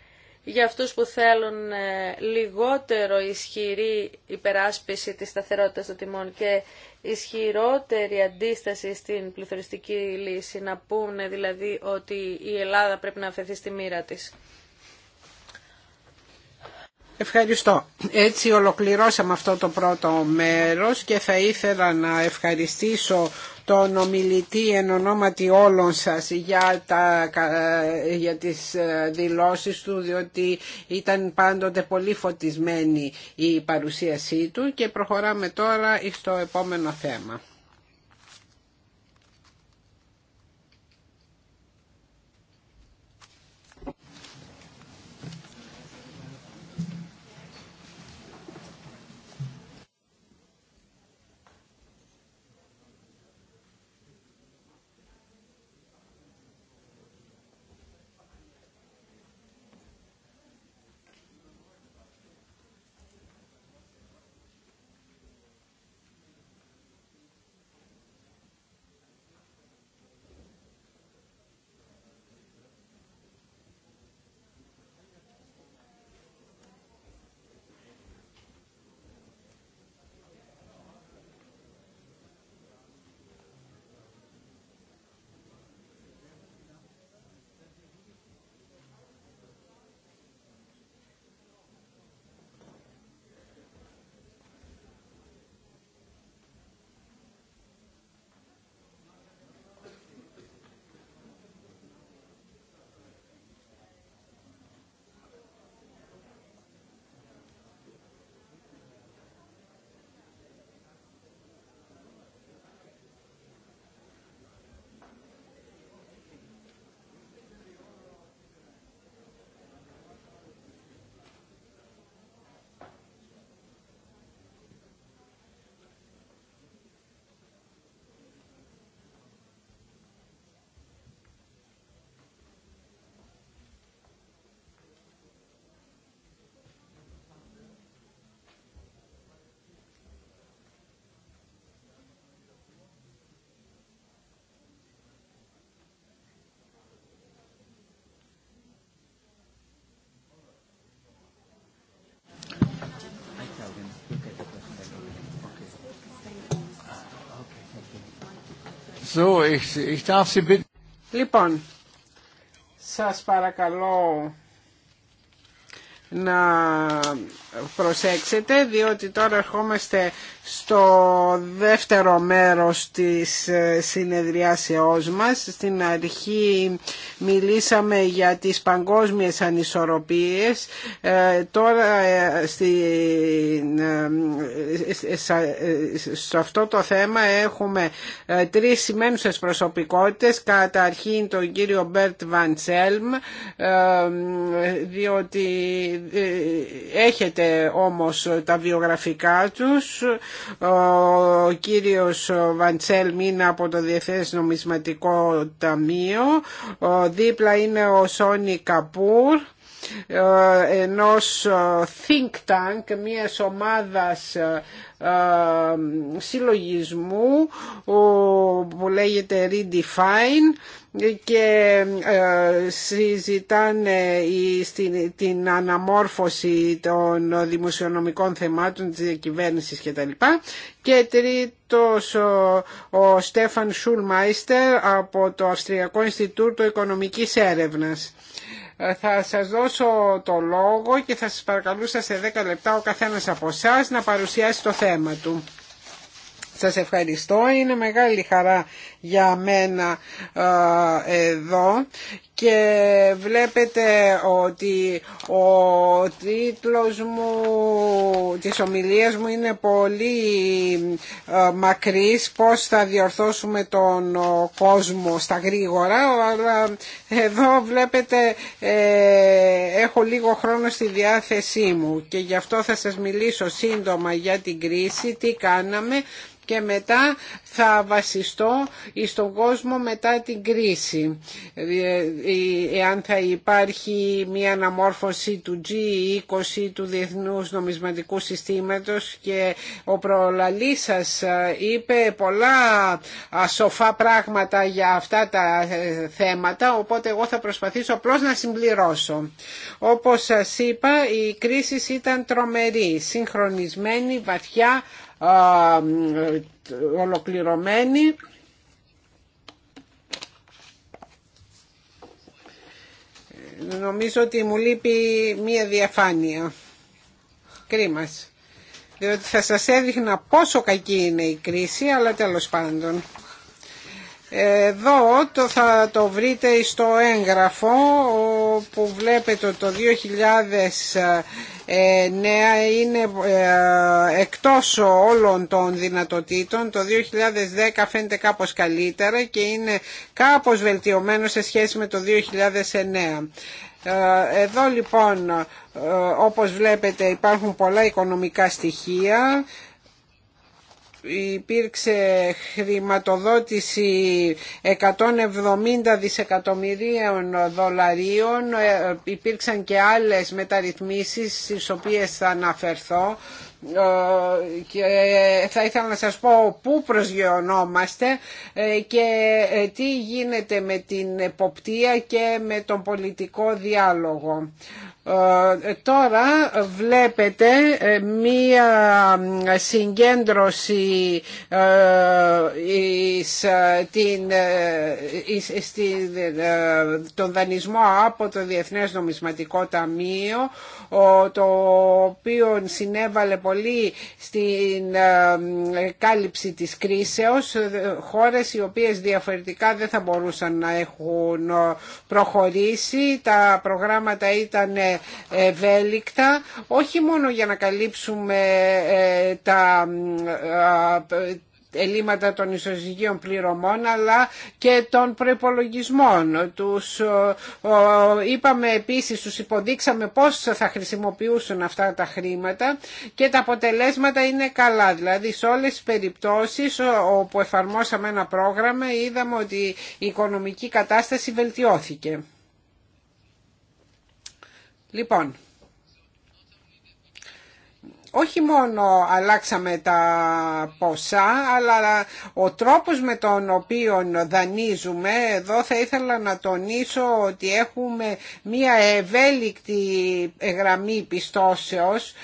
για αυτούς που θέλουν ε, λιγότερο ισχυρή υπεράσπιση της σταθερότητας των τιμών και ισχυρότερη αντίσταση στην πληθωριστική λύση, να πούνε δηλαδή ότι η Ελλάδα πρέπει να αφαιθεί στη μοίρα της. Ευχαριστώ. Έτσι ολοκληρώσαμε αυτό το πρώτο μέρος και θα ήθελα να ευχαριστήσω τον ομιλητή εν ονόματι όλων σας για, τα, για τις ε, δηλώσεις του διότι ήταν πάντοτε πολύ φωτισμένη η παρουσίασή του και προχωράμε τώρα στο επόμενο θέμα. So, ich, ich darf Sie bitten. Λοιπόν, σας παρακαλώ να προσέξετε διότι τώρα ερχόμαστε στο δεύτερο μέρος της ε, συνεδριάσεώς μας. Στην αρχή μιλήσαμε για τις παγκόσμιες ανισορροπίες. Ε, τώρα ε, σε αυτό το θέμα έχουμε τρεις σημαίνουσες προσωπικότητες. Καταρχήν τον κύριο Μπέρτ Βαντσέλμ διότι έχετε όμως τα βιογραφικά τους. Ο κύριος Βαντσέλ είναι από το Διεθνές Νομισματικό Ταμείο. Δίπλα είναι ο Σόνι Καπούρ ενός think tank, μία ομάδας συλλογισμού που λέγεται Redefine και ε, συζητάνε την αναμόρφωση των δημοσιονομικών θεμάτων της διακυβέρνηση κτλ. Και τρίτος ο Στέφαν Σουλμάιστερ από το Αυστριακό Ινστιτούτο Οικονομικής Έρευνας. Ε, θα σας δώσω το λόγο και θα σας παρακαλούσα σε 10 λεπτά ο καθένας από εσά να παρουσιάσει το θέμα του. Σας ευχαριστώ. Είναι μεγάλη χαρά για μένα εδώ και βλέπετε ότι ο τίτλος μου της ομιλίας μου είναι πολύ μακρύς πώς θα διορθώσουμε τον κόσμο στα γρήγορα αλλά εδώ βλέπετε ε, έχω λίγο χρόνο στη διάθεσή μου και γι' αυτό θα σας μιλήσω σύντομα για την κρίση, τι κάναμε και μετά θα βασιστώ στον κόσμο μετά την κρίση. Ε, ε, εάν θα υπάρχει μια αναμόρφωση του G20 του Διεθνούς Νομισματικού Συστήματος και ο προλαλής σας ε, είπε πολλά σοφά πράγματα για αυτά τα θέματα οπότε εγώ θα προσπαθήσω απλώ να συμπληρώσω. Όπως σας είπα η κρίση ήταν τρομερή, συγχρονισμένη, βαθιά, ολοκληρωμένη νομίζω ότι μου λείπει μία διαφάνεια. Κρίμας. Διότι θα σας έδειχνα πόσο κακή είναι η κρίση, αλλά τέλος πάντων. Εδώ το, θα το βρείτε στο έγγραφο που βλέπετε το 2009 είναι ε, εκτός όλων των δυνατοτήτων. Το 2010 φαίνεται κάπως καλύτερα και είναι κάπως βελτιωμένο σε σχέση με το 2009. Ε, εδώ λοιπόν ε, όπως βλέπετε υπάρχουν πολλά οικονομικά στοιχεία υπήρξε χρηματοδότηση 170 δισεκατομμυρίων δολαρίων, ε, υπήρξαν και άλλες μεταρρυθμίσεις στις οποίες θα αναφερθώ ε, και θα ήθελα να σας πω πού προσγειωνόμαστε ε, και τι γίνεται με την εποπτεία και με τον πολιτικό διάλογο. Ε, τώρα βλέπετε ε, μία συγκέντρωση ε, τον δανεισμό από το Διεθνές Νομισματικό Ταμείο το οποίο συνέβαλε πολύ στην κάλυψη της κρίσεως χώρες οι οποίες διαφορετικά δεν θα μπορούσαν να έχουν προχωρήσει τα προγράμματα ήταν ευέλικτα όχι μόνο για να καλύψουμε ε, τα ε, ελλείμματα των ισοζυγίων πληρωμών αλλά και των προϋπολογισμών. Τους είπαμε επίσης, τους υποδείξαμε πώς θα χρησιμοποιούσαν αυτά τα χρήματα και τα αποτελέσματα είναι καλά. Δηλαδή σε όλες τις περιπτώσεις όπου εφαρμόσαμε ένα πρόγραμμα είδαμε ότι η οικονομική κατάσταση βελτιώθηκε. Λοιπόν, όχι μόνο αλλάξαμε τα ποσά, αλλά ο τρόπος με τον οποίο δανείζουμε, εδώ θα ήθελα να τονίσω ότι έχουμε μία ευέλικτη γραμμή πιστώσεως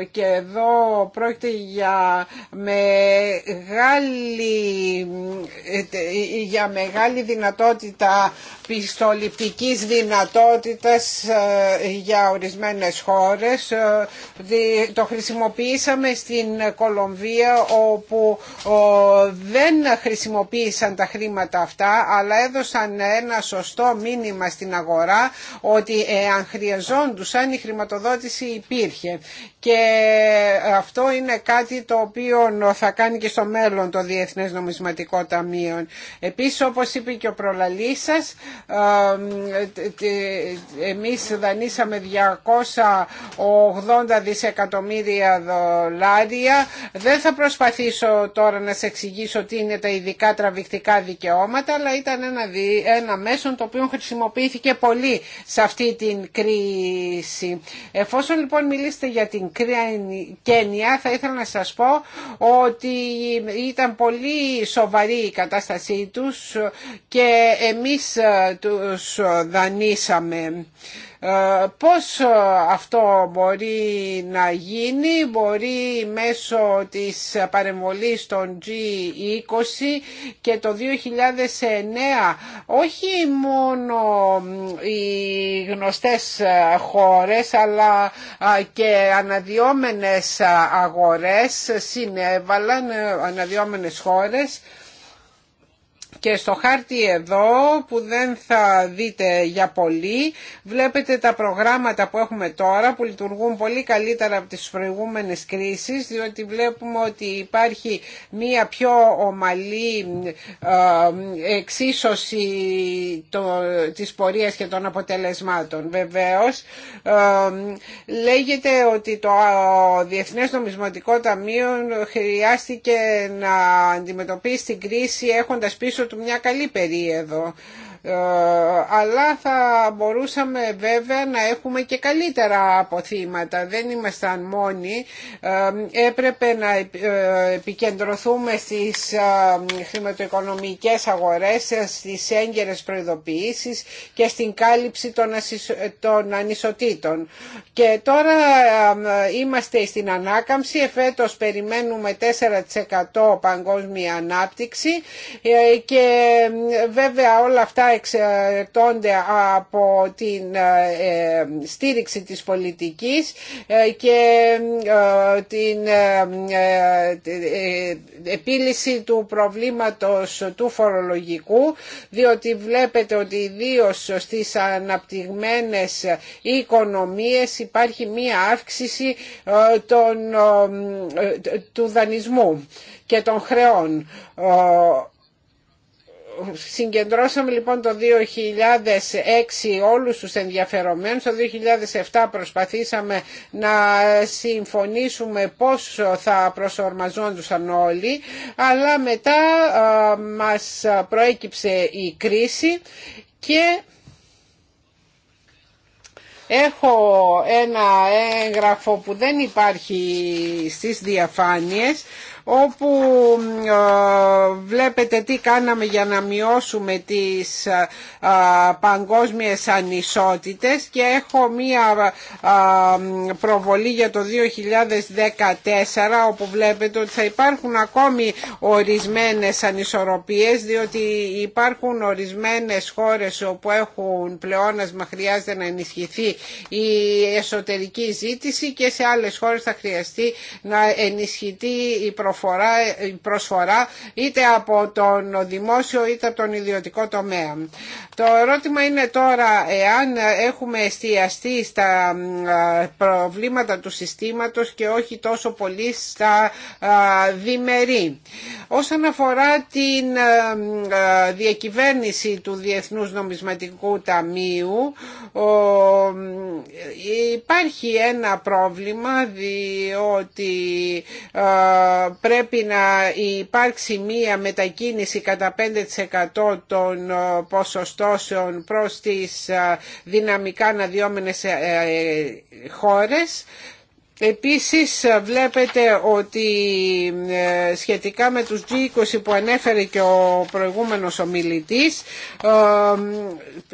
ε, και εδώ πρόκειται για μεγάλη, για μεγάλη δυνατότητα πιστοληπτικής δυνατότητας ε, για ορισμένες χώρες ε, το χρησιμοποιήσαμε στην Κολομβία όπου δεν χρησιμοποίησαν τα χρήματα αυτά αλλά έδωσαν ένα σωστό μήνυμα στην αγορά ότι ε, αν χρειαζόντουσαν η χρηματοδότηση υπήρχε και αυτό είναι κάτι το οποίο θα κάνει και στο μέλλον το Διεθνές Νομισματικό Ταμείο. Επίσης όπως είπε και ο προλαλής σας, εμείς δανείσαμε 280 δισεκατομμύρια εκατομμύρια δολάρια. Δεν θα προσπαθήσω τώρα να σε εξηγήσω τι είναι τα ειδικά τραβηκτικά δικαιώματα, αλλά ήταν ένα, ένα μέσο το οποίο χρησιμοποιήθηκε πολύ σε αυτή την κρίση. Εφόσον λοιπόν μιλήσετε για την Κένια, θα ήθελα να σας πω ότι ήταν πολύ σοβαρή η κατάστασή τους και εμείς ε, τους δανείσαμε. Ε, πώς ε, αυτό μπορεί να γίνει, μπορεί μέσω της παρεμβολής των G20 και το 2009 όχι μόνο οι γνωστές ε, χώρες αλλά και αναδιόμενες αγορές συνέβαλαν, αναδιόμενες χώρες και στο χάρτη εδώ που δεν θα δείτε για πολύ βλέπετε τα προγράμματα που έχουμε τώρα που λειτουργούν πολύ καλύτερα από τις προηγούμενες κρίσεις διότι βλέπουμε ότι υπάρχει μία πιο ομαλή ε, εξίσωση της πορείας και των αποτελεσμάτων. Βεβαίως ε, λέγεται ότι το ε, Διεθνές Νομισματικό Ταμείο χρειάστηκε να αντιμετωπίσει την κρίση έχοντας πίσω του μια καλή περίοδο ε, αλλά θα μπορούσαμε βέβαια να έχουμε και καλύτερα αποθήματα. Δεν ήμασταν μόνοι. Ε, έπρεπε να ε, επικεντρωθούμε στις χρηματοοικονομικές αγορές, στις έγκαιρες προειδοποιήσεις και στην κάλυψη των ανισοτήτων. Και τώρα είμαστε στην ανάκαμψη. Εφέτος περιμένουμε 4% παγκόσμια ανάπτυξη και βέβαια όλα αυτά εξαρτώνται από την ε, ε, στήριξη της πολιτικής ε, και την επίλυση του προβλήματος του φορολογικού διότι βλέπετε ότι ιδίω στις αναπτυγμένες οικονομίες υπάρχει μία αύξηση του δανεισμού και των χρεών συγκεντρώσαμε λοιπόν το 2006 όλους τους ενδιαφερομένους. Το 2007 προσπαθήσαμε να συμφωνήσουμε πώς θα προσορμαζόντουσαν όλοι, αλλά μετά μας προέκυψε η κρίση και Έχω ένα έγγραφο που δεν υπάρχει στις διαφάνειες όπου βλέπετε τι κάναμε για να μειώσουμε τις παγκόσμιες ανισότητες και έχω μία προβολή για το 2014 όπου βλέπετε ότι θα υπάρχουν ακόμη ορισμένες ανισορροπίες διότι υπάρχουν ορισμένες χώρες όπου έχουν πλεόνασμα χρειάζεται να ενισχυθεί η εσωτερική ζήτηση και σε άλλες χώρες θα χρειαστεί να ενισχυθεί η προβολή προφορά, προσφορά είτε από τον δημόσιο είτε από τον ιδιωτικό τομέα. Το ερώτημα είναι τώρα εάν έχουμε εστιαστεί στα προβλήματα του συστήματος και όχι τόσο πολύ στα διμερεί. Όσον αφορά την διακυβέρνηση του Διεθνούς Νομισματικού Ταμείου υπάρχει ένα πρόβλημα διότι πρέπει να υπάρξει μία μετακίνηση κατά 5% των ε, ποσοστώσεων προς τις ε, δυναμικά αναδυόμενες ε, χώρες Επίσης ε, βλέπετε ότι ε, σχετικά με τους G20 που ανέφερε και ο προηγούμενος ομιλητής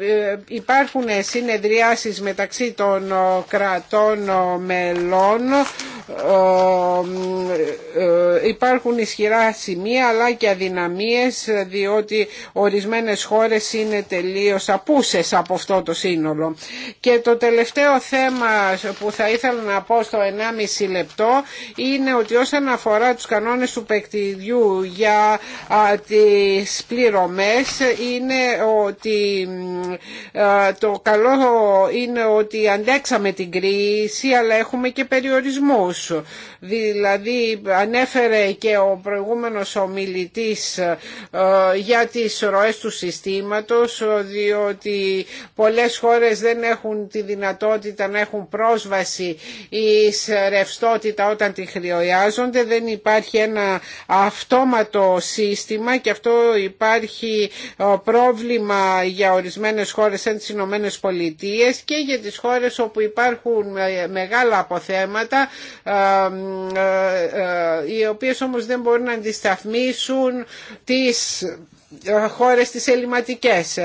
ε, υπάρχουν συνεδριάσεις μεταξύ των κρατών μελών υπάρχουν ισχυρά σημεία αλλά και αδυναμίες διότι ορισμένες χώρες είναι τελείως απούσες από αυτό το σύνολο. Και το τελευταίο θέμα που θα ήθελα να πω στο 1,5 λεπτό είναι ότι όσον αφορά τους κανόνες του παικτηριού για τις πληρωμές είναι ότι το καλό είναι ότι αντέξαμε την κρίση αλλά έχουμε και περιορισμούς. Δηλαδή ανέφερε και ο προηγούμενος ομιλητής για τις ροές του συστήματος διότι πολλές χώρες δεν έχουν τη δυνατότητα να έχουν πρόσβαση της ρευστότητα όταν τη χρειάζονται, δεν υπάρχει ένα αυτόματο σύστημα και αυτό υπάρχει ε, πρόβλημα για ορισμένες χώρες σαν τις Ηνωμένες Πολιτείες και για τις χώρες όπου υπάρχουν ε, μεγάλα αποθέματα ε, οι οποίες όμως δεν μπορούν να αντισταθμίσουν τις χώρες τις ελληματικές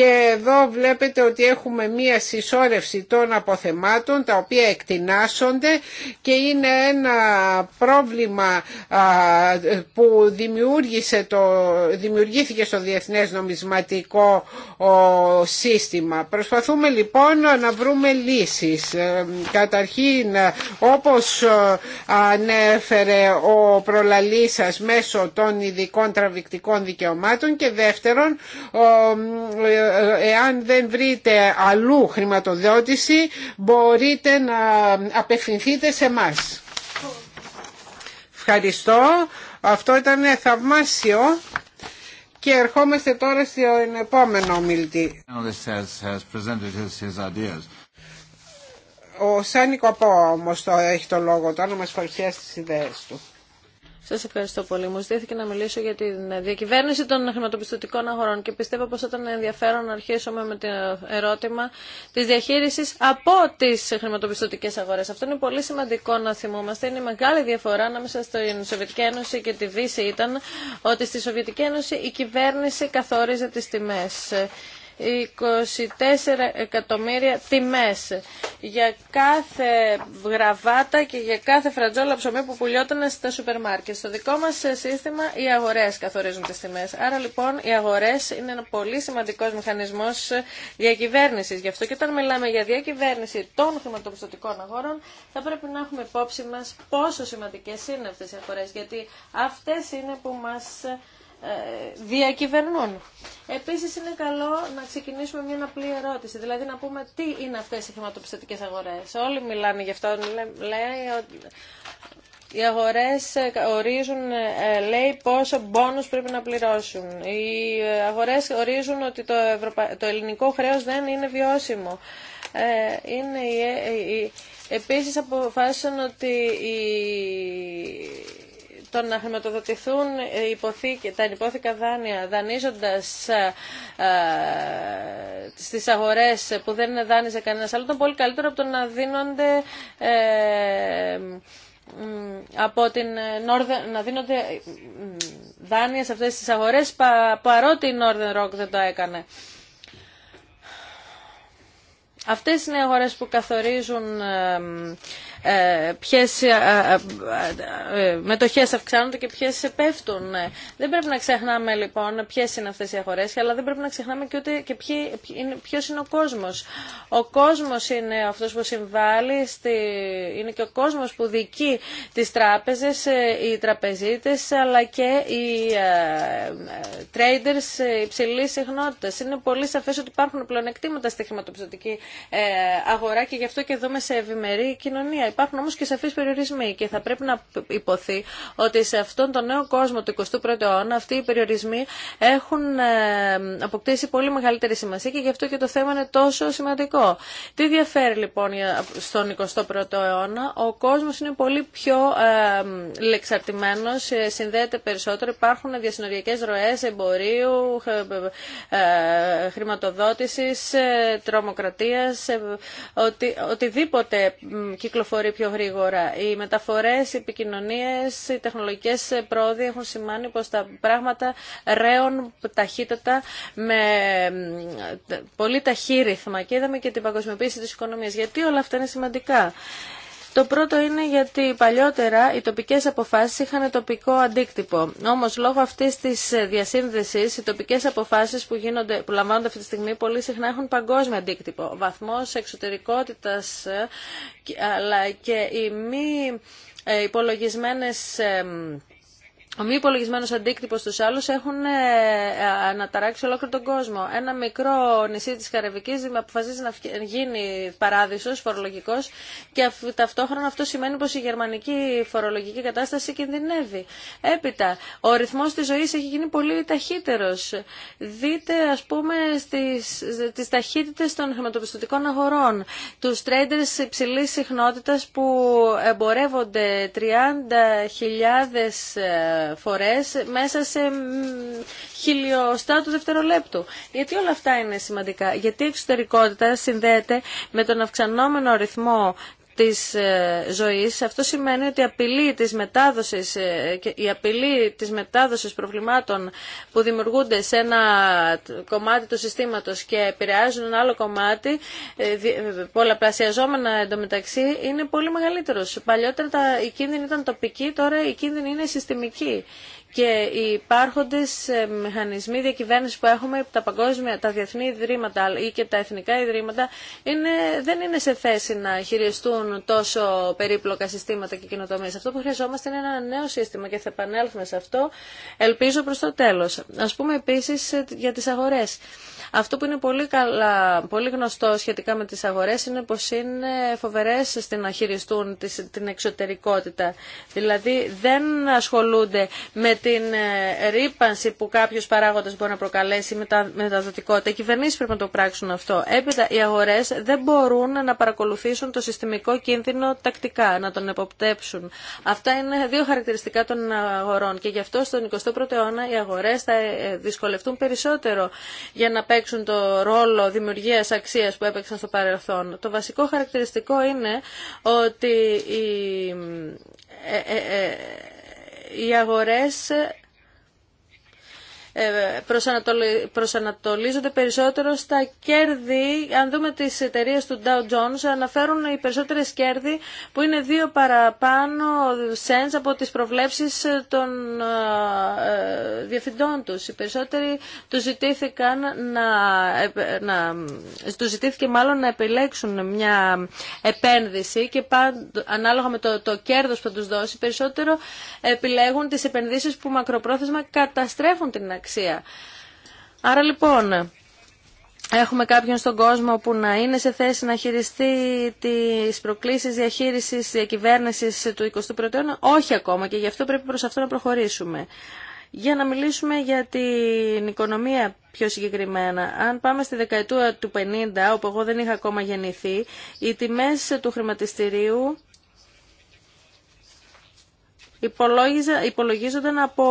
και εδώ βλέπετε ότι έχουμε μία συσσόρευση των αποθεμάτων τα οποία εκτινάσσονται και είναι ένα πρόβλημα που δημιούργησε το, δημιουργήθηκε στο Διεθνές Νομισματικό Σύστημα. Προσπαθούμε λοιπόν να βρούμε λύσεις. Ε, καταρχήν όπως ε, ανέφερε ο προλαλής μέσω των ειδικών τραβηκτικών δικαιωμάτων και δεύτερον ε, εάν δεν βρείτε αλλού χρηματοδότηση μπορείτε να απευθυνθείτε σε μας. Ευχαριστώ. Αυτό ήταν θαυμάσιο. Και ερχόμαστε τώρα στον επόμενο ομιλητή. Ο Σάνικο Πό όμως το έχει το λόγο τώρα να μας παρουσιάσει τις ιδέες του. Σα ευχαριστώ πολύ. Μου ζητήθηκε να μιλήσω για τη διακυβέρνηση των χρηματοπιστωτικών αγορών και πιστεύω πως ήταν ενδιαφέρον να αρχίσουμε με το ερώτημα της διαχείρισης από τις χρηματοπιστωτικέ αγορές. Αυτό είναι πολύ σημαντικό να θυμόμαστε. Είναι μεγάλη διαφορά ανάμεσα στην Σοβιετική Ένωση και τη Δύση ήταν ότι στη Σοβιετική Ένωση η κυβέρνηση καθόριζε τις τιμές. 24 εκατομμύρια τιμές για κάθε γραβάτα και για κάθε φρατζόλα ψωμί που πουλιόταν στα σούπερ μάρκετ. Στο δικό μας σύστημα οι αγορές καθορίζουν τις τιμές. Άρα λοιπόν οι αγορές είναι ένα πολύ σημαντικός μηχανισμός διακυβέρνησης. Γι' αυτό και όταν μιλάμε για διακυβέρνηση των χρηματοπιστωτικών αγορών θα πρέπει να έχουμε υπόψη μας πόσο σημαντικές είναι αυτές οι αγορές γιατί αυτές είναι που μας ε, διακυβερνούν. Επίσης είναι καλό να ξεκινήσουμε μια απλή ερώτηση, δηλαδή να πούμε τι είναι αυτές οι χρηματοπιστωτικές αγορές. Όλοι μιλάνε γι' αυτό, λέει ότι οι αγορέ ε, ορίζουν, ε, λέει πόσο μπόνους πρέπει να πληρώσουν. Οι αγορές ορίζουν ότι το, το ελληνικό χρέος δεν είναι βιώσιμο. είναι Επίσης αποφάσισαν ότι η το να χρηματοδοτηθούν υποθήκε, τα υπόθηκα δάνεια δανείζοντας ε, ε, στις αγορές που δεν δάνειζε κανένας άλλο ήταν πολύ καλύτερο από το να δίνονται ε, από την Northern, να δίνονται δάνεια σε αυτές τις αγορές παρότι η Northern Rock δεν το έκανε. Αυτές είναι οι αγορές που καθορίζουν ε, ποιες ε, ε, μετοχές αυξάνονται και ποιες πέφτουν. Δεν πρέπει να ξεχνάμε λοιπόν ποιες είναι αυτές οι αγορές, αλλά δεν πρέπει να ξεχνάμε και ούτε και ποιος είναι ο κόσμος. Ο κόσμος είναι αυτός που συμβάλλει, στη... είναι και ο κόσμος που δικεί τις τράπεζες, οι τραπεζίτες, αλλά και οι traders υψηλή συχνότητα. Είναι πολύ σαφές ότι υπάρχουν πλονεκτήματα στη χρηματοπιστωτική αγορά και γι' αυτό και δούμε σε ευημερή κοινωνία υπάρχουν όμω και σαφεί περιορισμοί και θα πρέπει να υποθεί ότι σε αυτόν τον νέο κόσμο του 21ου αιώνα αυτοί οι περιορισμοί έχουν ε, αποκτήσει πολύ μεγαλύτερη σημασία και γι' αυτό και το θέμα είναι τόσο σημαντικό. Τι διαφέρει λοιπόν στον 21ο αιώνα. Ο κόσμος είναι πολύ πιο ε, λεξαρτημένο, ε, συνδέεται περισσότερο, υπάρχουν διασυνοριακέ ροέ εμπορίου, χρηματοδότηση, τρομοκρατία, οτι, οτιδήποτε κυκλοφορεί πιο γρήγορα. Οι μεταφορές, οι επικοινωνίες, οι τεχνολογικές πρόοδοι έχουν σημάνει πως τα πράγματα ρέουν ταχύτατα με πολύ ταχύ ρυθμα και είδαμε και την παγκοσμιοποίηση της οικονομίας. Γιατί όλα αυτά είναι σημαντικά. Το πρώτο είναι γιατί παλιότερα οι τοπικές αποφάσεις είχαν τοπικό αντίκτυπο. Όμως λόγω αυτής της ε, διασύνδεσης οι τοπικές αποφάσεις που, γίνονται, που λαμβάνονται αυτή τη στιγμή πολύ συχνά έχουν παγκόσμιο αντίκτυπο. Ο βαθμός εξωτερικότητας ε, αλλά και οι μη ε, υπολογισμένες ο μη υπολογισμένο αντίκτυπο του άλλου έχουν ε, ε, αναταράξει ολόκληρο τον κόσμο. Ένα μικρό νησί τη Καραβική αποφασίζει να γίνει παράδεισο φορολογικό και ταυτόχρονα αυτό σημαίνει πω η γερμανική φορολογική κατάσταση κινδυνεύει. Έπειτα, ο ρυθμό τη ζωή έχει γίνει πολύ ταχύτερο. Δείτε, α πούμε, τι ταχύτητε των χρηματοπιστωτικών αγορών. Του τρέντερ υψηλή συχνότητα που εμπορεύονται 30.000 φορές μέσα σε χιλιοστά του δευτερολέπτου. Γιατί όλα αυτά είναι σημαντικά. Γιατί η εξωτερικότητα συνδέεται με τον αυξανόμενο ρυθμό της ε, ζωής. Αυτό σημαίνει ότι η απειλή της μετάδοσης, ε, η απειλή της μετάδοσης προβλημάτων που δημιουργούνται σε ένα κομμάτι του συστήματος και επηρεάζουν ένα άλλο κομμάτι, ε, πολλαπλασιαζόμενα εντωμεταξύ, είναι πολύ μεγαλύτερος. Παλιότερα η κίνδυνη ήταν τοπική, τώρα η κίνδυνη είναι συστημική και οι υπάρχοντες ε, μηχανισμοί διακυβέρνηση που έχουμε, τα παγκόσμια, τα διεθνή ιδρύματα ή και τα εθνικά ιδρύματα, είναι, δεν είναι σε θέση να χειριστούν τόσο περίπλοκα συστήματα και κοινοτομίες. Αυτό που χρειαζόμαστε είναι ένα νέο σύστημα και θα επανέλθουμε σε αυτό, ελπίζω προς το τέλος. Ας πούμε επίσης ε, για τις αγορές. Αυτό που είναι πολύ, καλά, πολύ γνωστό σχετικά με τις αγορές είναι πως είναι φοβερές στην να χειριστούν την εξωτερικότητα. Δηλαδή δεν ασχολούνται με την ε, ρήπανση που κάποιο παράγοντας μπορεί να προκαλέσει με τα μεταδοτικότητα. Οι κυβερνήσει πρέπει να το πράξουν αυτό. Έπειτα οι αγορέ δεν μπορούν να παρακολουθήσουν το συστημικό κίνδυνο τακτικά, να τον εποπτέψουν. Αυτά είναι δύο χαρακτηριστικά των αγορών και γι' αυτό στον 21ο αιώνα οι αγορέ θα ε, δυσκολευτούν περισσότερο για να παίξουν το ρόλο δημιουργία αξία που έπαιξαν στο παρελθόν. Το βασικό χαρακτηριστικό είναι ότι η ε, οι αγορές ε, προσανατολίζονται περισσότερο στα κέρδη. Αν δούμε τις εταιρείες του Dow Jones, αναφέρουν οι περισσότερες κέρδη που είναι δύο παραπάνω cents από τις προβλέψεις των ε, διευθυντών τους. Οι περισσότεροι τους ζητήθηκαν να, ε, να τους ζητήθηκε μάλλον να επιλέξουν μια επένδυση και ανάλογα με το, το κέρδος που τους δώσει, περισσότερο επιλέγουν τις επενδύσεις που μακροπρόθεσμα καταστρέφουν την αξία. Άρα λοιπόν, Έχουμε κάποιον στον κόσμο που να είναι σε θέση να χειριστεί τις προκλήσεις διαχείρισης διακυβέρνησης του 21ου αιώνα. Όχι ακόμα και γι' αυτό πρέπει προς αυτό να προχωρήσουμε. Για να μιλήσουμε για την οικονομία πιο συγκεκριμένα. Αν πάμε στη δεκαετία του 50, όπου εγώ δεν είχα ακόμα γεννηθεί, οι τιμές του χρηματιστηρίου υπολογίζονταν από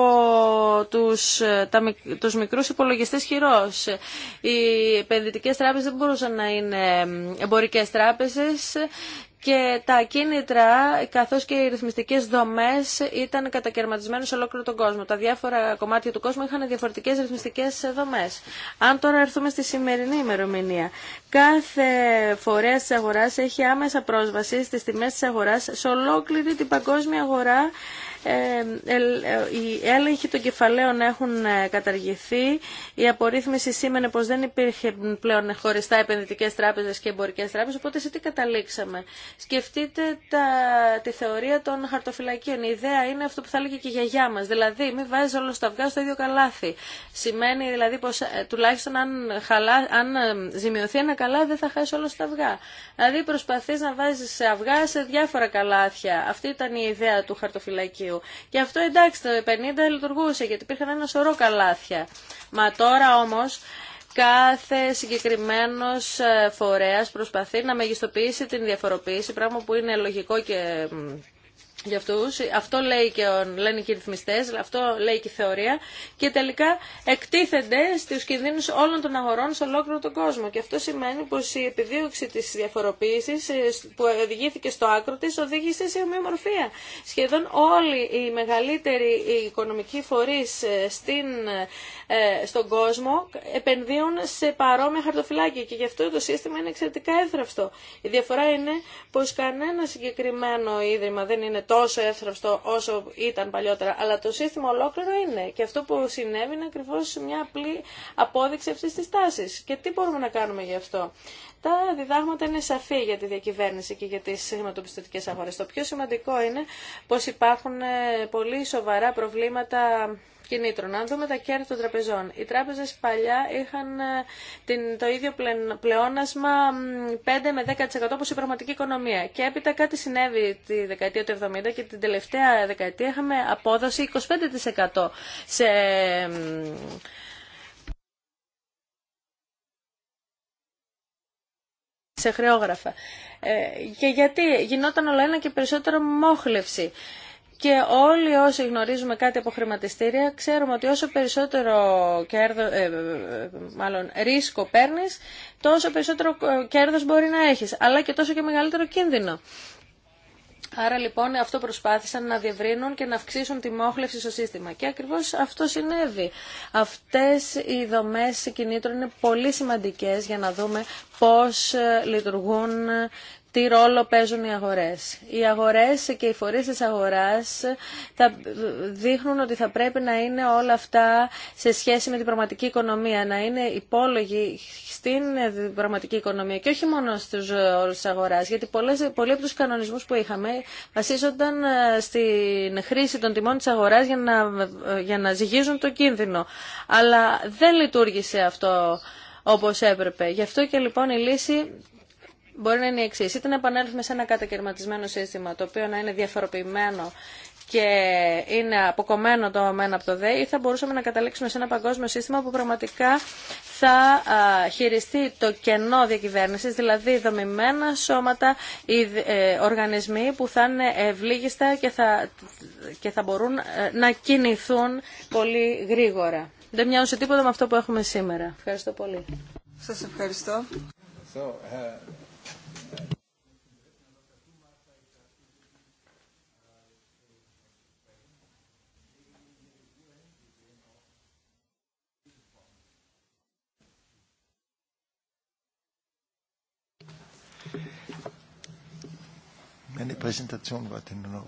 τους, τα, τους μικρούς υπολογιστές χειρός. Οι επενδυτικές τράπεζες δεν μπορούσαν να είναι εμπορικές τράπεζες και τα κίνητρα καθώς και οι ρυθμιστικές δομές ήταν κατακαιρματισμένες σε ολόκληρο τον κόσμο. Τα διάφορα κομμάτια του κόσμου είχαν διαφορετικές ρυθμιστικές δομές. Αν τώρα έρθουμε στη σημερινή ημερομηνία, κάθε φορέα της αγοράς έχει άμεσα πρόσβαση στις τιμές της αγοράς σε ολόκληρη την παγκόσμια αγορά ε, ε, οι έλεγχοι των κεφαλαίων έχουν ε, καταργηθεί, η απορρίθμιση σήμαινε πως δεν υπήρχε πλέον χωριστά επενδυτικές τράπεζες και εμπορικές τράπεζες, οπότε σε τι καταλήξαμε. Σκεφτείτε τα, τη θεωρία των χαρτοφυλακίων. Η ιδέα είναι αυτό που θα έλεγε και η γιαγιά μας, δηλαδή μην βάζεις όλο το αυγά στο ίδιο καλάθι. Σημαίνει δηλαδή πως τουλάχιστον αν, χαλά, αν ζημιωθεί ένα καλά δεν θα χάσει όλο το αυγά. Δηλαδή προσπαθείς να βάζεις αυγά σε διάφορα καλάθια. Αυτή ήταν η ιδέα του χαρτοφυλακίου. Και αυτό εντάξει το 50 λειτουργούσε γιατί υπήρχαν ένα σωρό καλάθια. Μα τώρα όμως κάθε συγκεκριμένος ε, φορέας προσπαθεί να μεγιστοποιήσει την διαφοροποίηση, πράγμα που είναι λογικό και για αυτούς. Αυτό λέει και ο, λένε και οι ρυθμιστές, αυτό λέει και η θεωρία και τελικά εκτίθενται στους κινδύνους όλων των αγορών σε ολόκληρο τον κόσμο. Και αυτό σημαίνει πως η επιδίωξη της διαφοροποίησης ε, που οδηγήθηκε στο άκρο της οδήγησε σε ομοιομορφία. Σχεδόν όλοι οι μεγαλύτεροι οικονομικοί φορείς ε, στην, ε, στον κόσμο επενδύουν σε παρόμοια χαρτοφυλάκια και γι' αυτό το σύστημα είναι εξαιρετικά έθραυστο. Η διαφορά είναι πως κανένα συγκεκριμένο ίδρυμα δεν είναι τόσο εύθραυστο όσο ήταν παλιότερα, αλλά το σύστημα ολόκληρο είναι. Και αυτό που συνέβη είναι ακριβώ μια απλή απόδειξη αυτή τη τάση. Και τι μπορούμε να κάνουμε γι' αυτό. Τα διδάγματα είναι σαφή για τη διακυβέρνηση και για τις χρηματοπιστωτικές αγορές. Το πιο σημαντικό είναι πως υπάρχουν ε, πολύ σοβαρά προβλήματα κινήτρων. Αν δούμε τα κέρδη των τραπεζών, οι τράπεζες παλιά είχαν ε, την, το ίδιο πλεόνασμα 5 με 10% όπως η πραγματική οικονομία. Και έπειτα κάτι συνέβη τη δεκαετία του 70 και την τελευταία δεκαετία είχαμε απόδοση 25% σε σε χρεόγραφα. Ε, και γιατί γινόταν όλο ένα και περισσότερο μόχλευση. Και όλοι όσοι γνωρίζουμε κάτι από χρηματιστήρια ξέρουμε ότι όσο περισσότερο κέρδο, ε, ε μάλλον ρίσκο παίρνεις, τόσο περισσότερο κέρδος μπορεί να έχεις, αλλά και τόσο και μεγαλύτερο κίνδυνο. Άρα λοιπόν αυτό προσπάθησαν να διευρύνουν και να αυξήσουν τη μόχλευση στο σύστημα. Και ακριβώς αυτό συνέβη. Αυτές οι δομές κινήτρων είναι πολύ σημαντικές για να δούμε πώς ε, λειτουργούν τι ρόλο παίζουν οι αγορές. Οι αγορές και οι φορείς της αγοράς θα δείχνουν ότι θα πρέπει να είναι όλα αυτά σε σχέση με την πραγματική οικονομία, να είναι υπόλογοι στην πραγματική οικονομία και όχι μόνο στους όρους της αγοράς, γιατί πολλές, πολλοί από τους κανονισμούς που είχαμε βασίζονταν ε, στην χρήση των τιμών της αγοράς για να, για να ζυγίζουν το κίνδυνο. Αλλά δεν λειτουργήσε αυτό όπως έπρεπε. Γι' αυτό και λοιπόν η λύση μπορεί να είναι η εξή. Είτε να επανέλθουμε σε ένα κατακαιρματισμένο σύστημα το οποίο να είναι διαφοροποιημένο και είναι αποκομμένο το ένα από το ΔΕΗ ή θα μπορούσαμε να καταλήξουμε σε ένα παγκόσμιο σύστημα που πραγματικά θα χειριστεί το κενό διακυβέρνησης, δηλαδή δομημένα σώματα, ή ε, οργανισμοί που θα είναι ευλίγιστα και θα, και θα μπορούν ε, να κινηθούν πολύ γρήγορα. Δεν μοιάζουν τίποτα με αυτό που έχουμε σήμερα. Ευχαριστώ πολύ. Σας ευχαριστώ. Uh, Meine Präsentation war denn nur noch.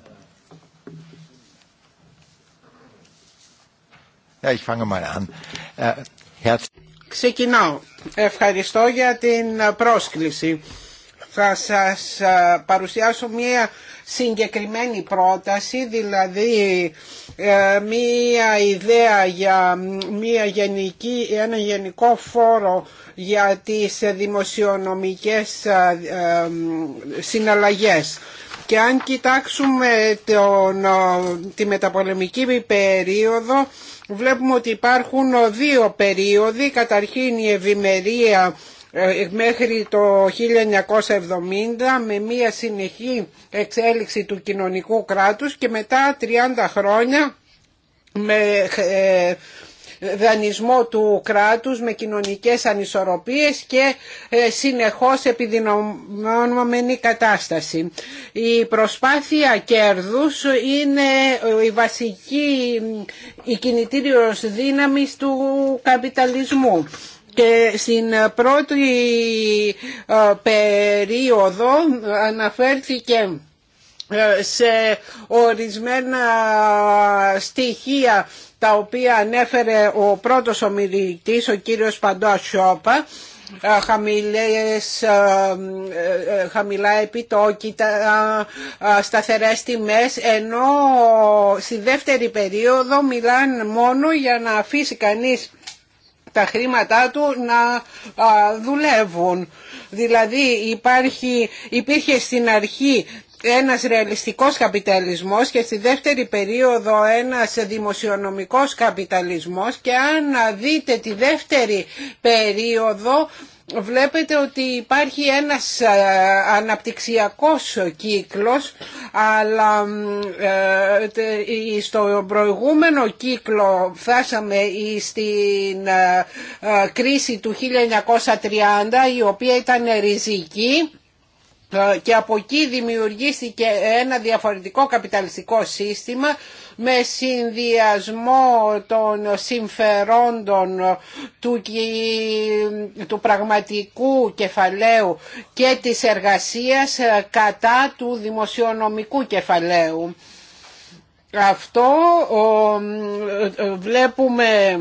Ja, ich fange mal an. Äh, Herzlichen Ξεκινάω. Ευχαριστώ για την πρόσκληση. Θα σας ε, παρουσιάσω μία συγκεκριμένη πρόταση, δηλαδή ε, μία ιδέα για μία γενική, ένα γενικό φόρο για τις δημοσιονομικές ε, συναλλαγές. Και αν κοιτάξουμε τον, τη μεταπολεμική περίοδο, βλέπουμε ότι υπάρχουν δύο περίοδοι. Καταρχήν η ευημερία ε, μέχρι το 1970 με μία συνεχή εξέλιξη του κοινωνικού κράτους και μετά 30 χρόνια με ε, δανεισμό του κράτους με κοινωνικές ανισορροπίες και ε, συνεχώς επιδεινωμένη κατάσταση. Η προσπάθεια κέρδους είναι η βασική η κινητήριος δύναμης του καπιταλισμού και στην πρώτη ε, περίοδο αναφέρθηκε ε, σε ορισμένα στοιχεία τα οποία ανέφερε ο πρώτος ομιλητής, ο κύριος Παντώα Σιώπα, ε, χαμηλές, χαμηλά επιτόκητα, σταθερές τιμές, ενώ στη δεύτερη περίοδο μιλάνε μόνο για να αφήσει κανείς τα χρήματά του να δουλεύουν. Δηλαδή υπάρχει, υπήρχε στην αρχή ένας ρεαλιστικός καπιταλισμός και στη δεύτερη περίοδο ένας δημοσιονομικός καπιταλισμός και αν δείτε τη δεύτερη περίοδο βλέπετε ότι υπάρχει ένας ε, αναπτυξιακός κύκλος αλλά ε, στο προηγούμενο κύκλο φτάσαμε στην ε, κρίση του 1930 η οποία ήταν ριζική ε, και από εκεί δημιουργήθηκε ένα διαφορετικό καπιταλιστικό σύστημα με συνδυασμό των συμφερόντων του, του πραγματικού κεφαλαίου και της εργασίας ε, κατά του δημοσιονομικού κεφαλαίου. Αυτό ε, βλέπουμε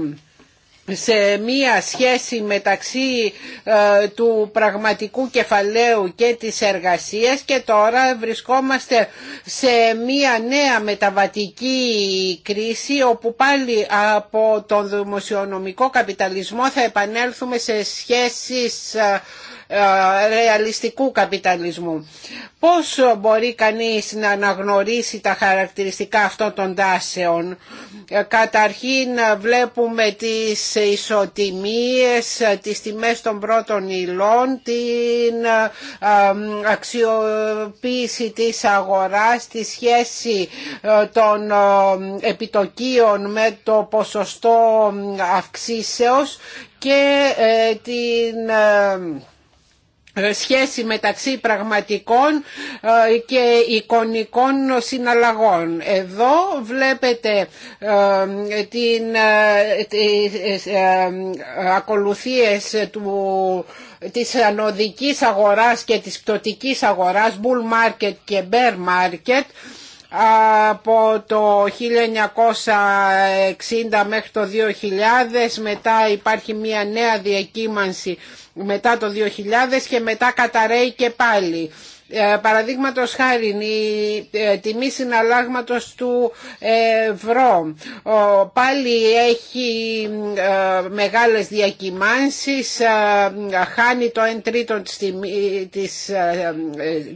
σε μία σχέση μεταξύ ε, του πραγματικού κεφαλαίου και της εργασίας και τώρα βρισκόμαστε σε μία νέα μεταβατική κρίση όπου πάλι από τον δημοσιονομικό καπιταλισμό θα επανέλθουμε σε σχέσεις ε, ε, ρεαλιστικού καπιταλισμού. Πώς μπορεί κανείς να αναγνωρίσει τα χαρακτηριστικά αυτών των τάσεων. Ε, καταρχήν βλέπουμε τις ισοτιμίες, τις τιμές των πρώτων υλών, την ε, αξιοποίηση της αγοράς, τη σχέση των επιτοκίων με το ποσοστό αυξήσεως και την ε, σχέση μεταξύ πραγματικών ε, και εικονικών συναλλαγών. Εδώ βλέπετε ε, την ακολουθίες του της ανωδικής αγοράς και της πτωτικής αγοράς, bull market και bear market, από το 1960 μέχρι το 2000 μετά υπάρχει μια νέα διακύμανση μετά το 2000 και μετά καταραίει και πάλι. Ε, παραδείγματος χάρη η ε, τιμή συναλλάγματος του ευρώ πάλι έχει ε, μεγάλες διακυμάνσεις, χάνει το 1 τρίτο της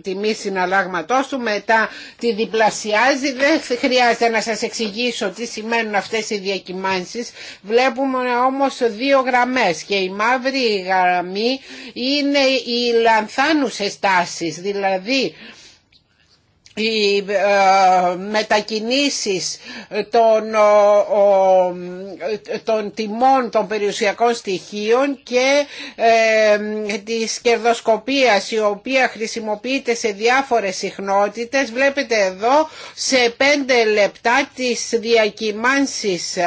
τιμής συναλλάγματός του, μετά τη διπλασιάζει. Δεν χρειάζεται να σας εξηγήσω τι σημαίνουν αυτές οι διακυμάνσεις. Βλέπουμε όμως δύο γραμμές και η μαύρη γραμμή είναι οι λανθάνουσες τάσεις, δηλαδή δηλαδή οι ε, μετακινήσεις των, των τιμών των περιουσιακών στοιχείων και ε, της κερδοσκοπίας η οποία χρησιμοποιείται σε διάφορες συχνότητες βλέπετε εδώ σε πέντε λεπτά τις διακυμάνσεις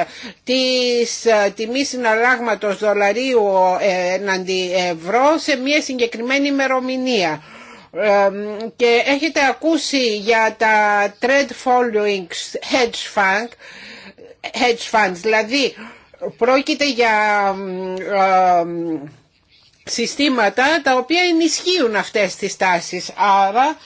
της ε, τιμής συναλλάγματος δολαρίου ε, εναντί ευρώ σε μια συγκεκριμένη ημερομηνία και έχετε ακούσει για τα trade following hedge fund, hedge funds, δηλαδή πρόκειται για συστήματα τα οποία ενισχύουν αυτές τις τάσεις. Άρα,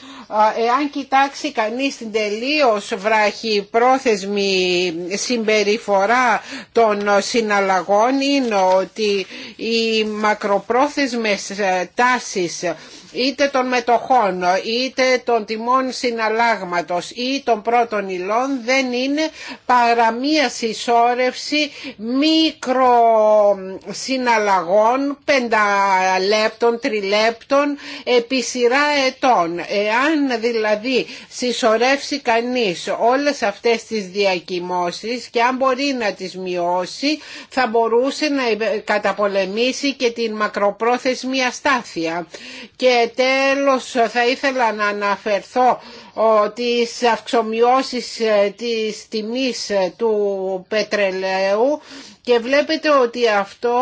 εάν κοιτάξει κανείς την τελείως βράχη πρόθεσμη συμπεριφορά των συναλλαγών είναι ότι οι μακροπρόθεσμες ε, τάσεις είτε των μετοχών, είτε των τιμών συναλλάγματος ή των πρώτων υλών δεν είναι παρά μία συσσόρευση μικροσυναλλαγών πενταλέπτων, τριλέπτων επί σειρά ετών. Εάν δηλαδή συσσωρεύσει κανείς όλες αυτές τις διακοιμώσεις και αν μπορεί να τις μειώσει θα μπορούσε να καταπολεμήσει και την μακροπρόθεσμη αστάθεια και και τέλος θα ήθελα να αναφερθώ τις αυξομοιώσεις ε, της τιμής ε, του πετρελαίου και βλέπετε ότι αυτό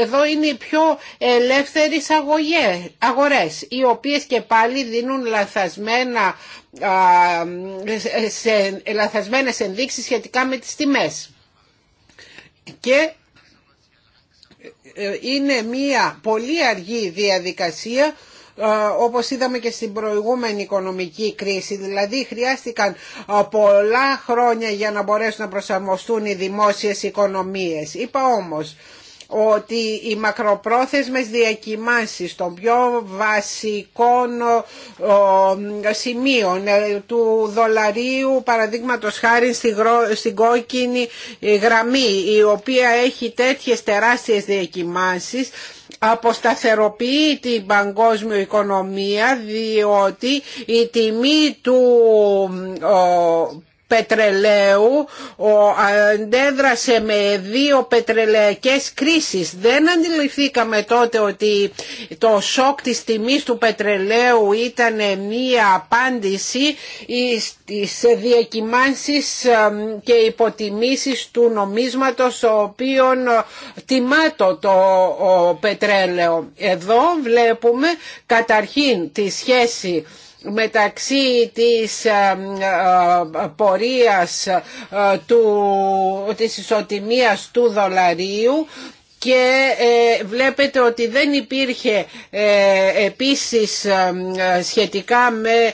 εδώ είναι οι πιο ελεύθερες αγορές οι οποίες και πάλι δίνουν λαθασμένα, λαθασμένες ενδείξεις σχετικά με τις τιμές. Και ε, είναι μία πολύ αργή διαδικασία ε, όπως είδαμε και στην προηγούμενη οικονομική κρίση. Δηλαδή χρειάστηκαν ε, πολλά χρόνια για να μπορέσουν να προσαρμοστούν οι δημόσιες οικονομίες. Είπα όμως ότι οι μακροπρόθεσμες διακοιμάνσεις των πιο βασικών ε, σημείων του δολαρίου παραδείγματος χάρη στην κόκκινη γραμμή η οποία έχει τέτοιες τεράστιες διακοιμάνσεις αποσταθεροποιεί την παγκόσμια οικονομία διότι η τιμή του πετρελαίου αντέδρασε με δύο πετρελαϊκές κρίσεις. Δεν αντιληφθήκαμε τότε ότι το σοκ της τιμής του πετρελαίου ήταν μία απάντηση στις διακυμάνσεις και υποτιμήσεις του νομίσματος το οποίο ε, τιμάτο το πετρέλαιο. Εδώ βλέπουμε καταρχήν τη σχέση μεταξύ της ε, ε, πορείας ε, του, της ισοτιμίας του δολαρίου και ε, βλέπετε ότι δεν υπήρχε ε, επίσης ε, σχετικά με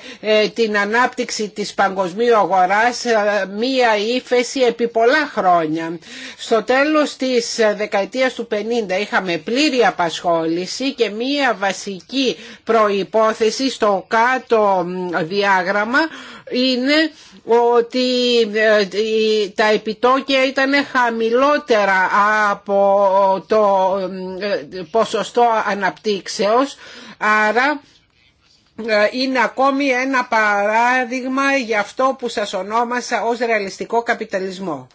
την ανάπτυξη της παγκοσμίου αγοράς μία ύφεση επί πολλά χρόνια. Στο τέλος της δεκαετίας του 50 είχαμε πλήρη απασχόληση και μία βασική προϋπόθεση στο κάτω διάγραμμα είναι ότι ε, τα επιτόκια ήταν χαμηλότερα από το ε, ποσοστό αναπτύξεως, άρα ε, είναι ακόμη ένα παράδειγμα για αυτό που σας ονόμασα ως ρεαλιστικό καπιταλισμό.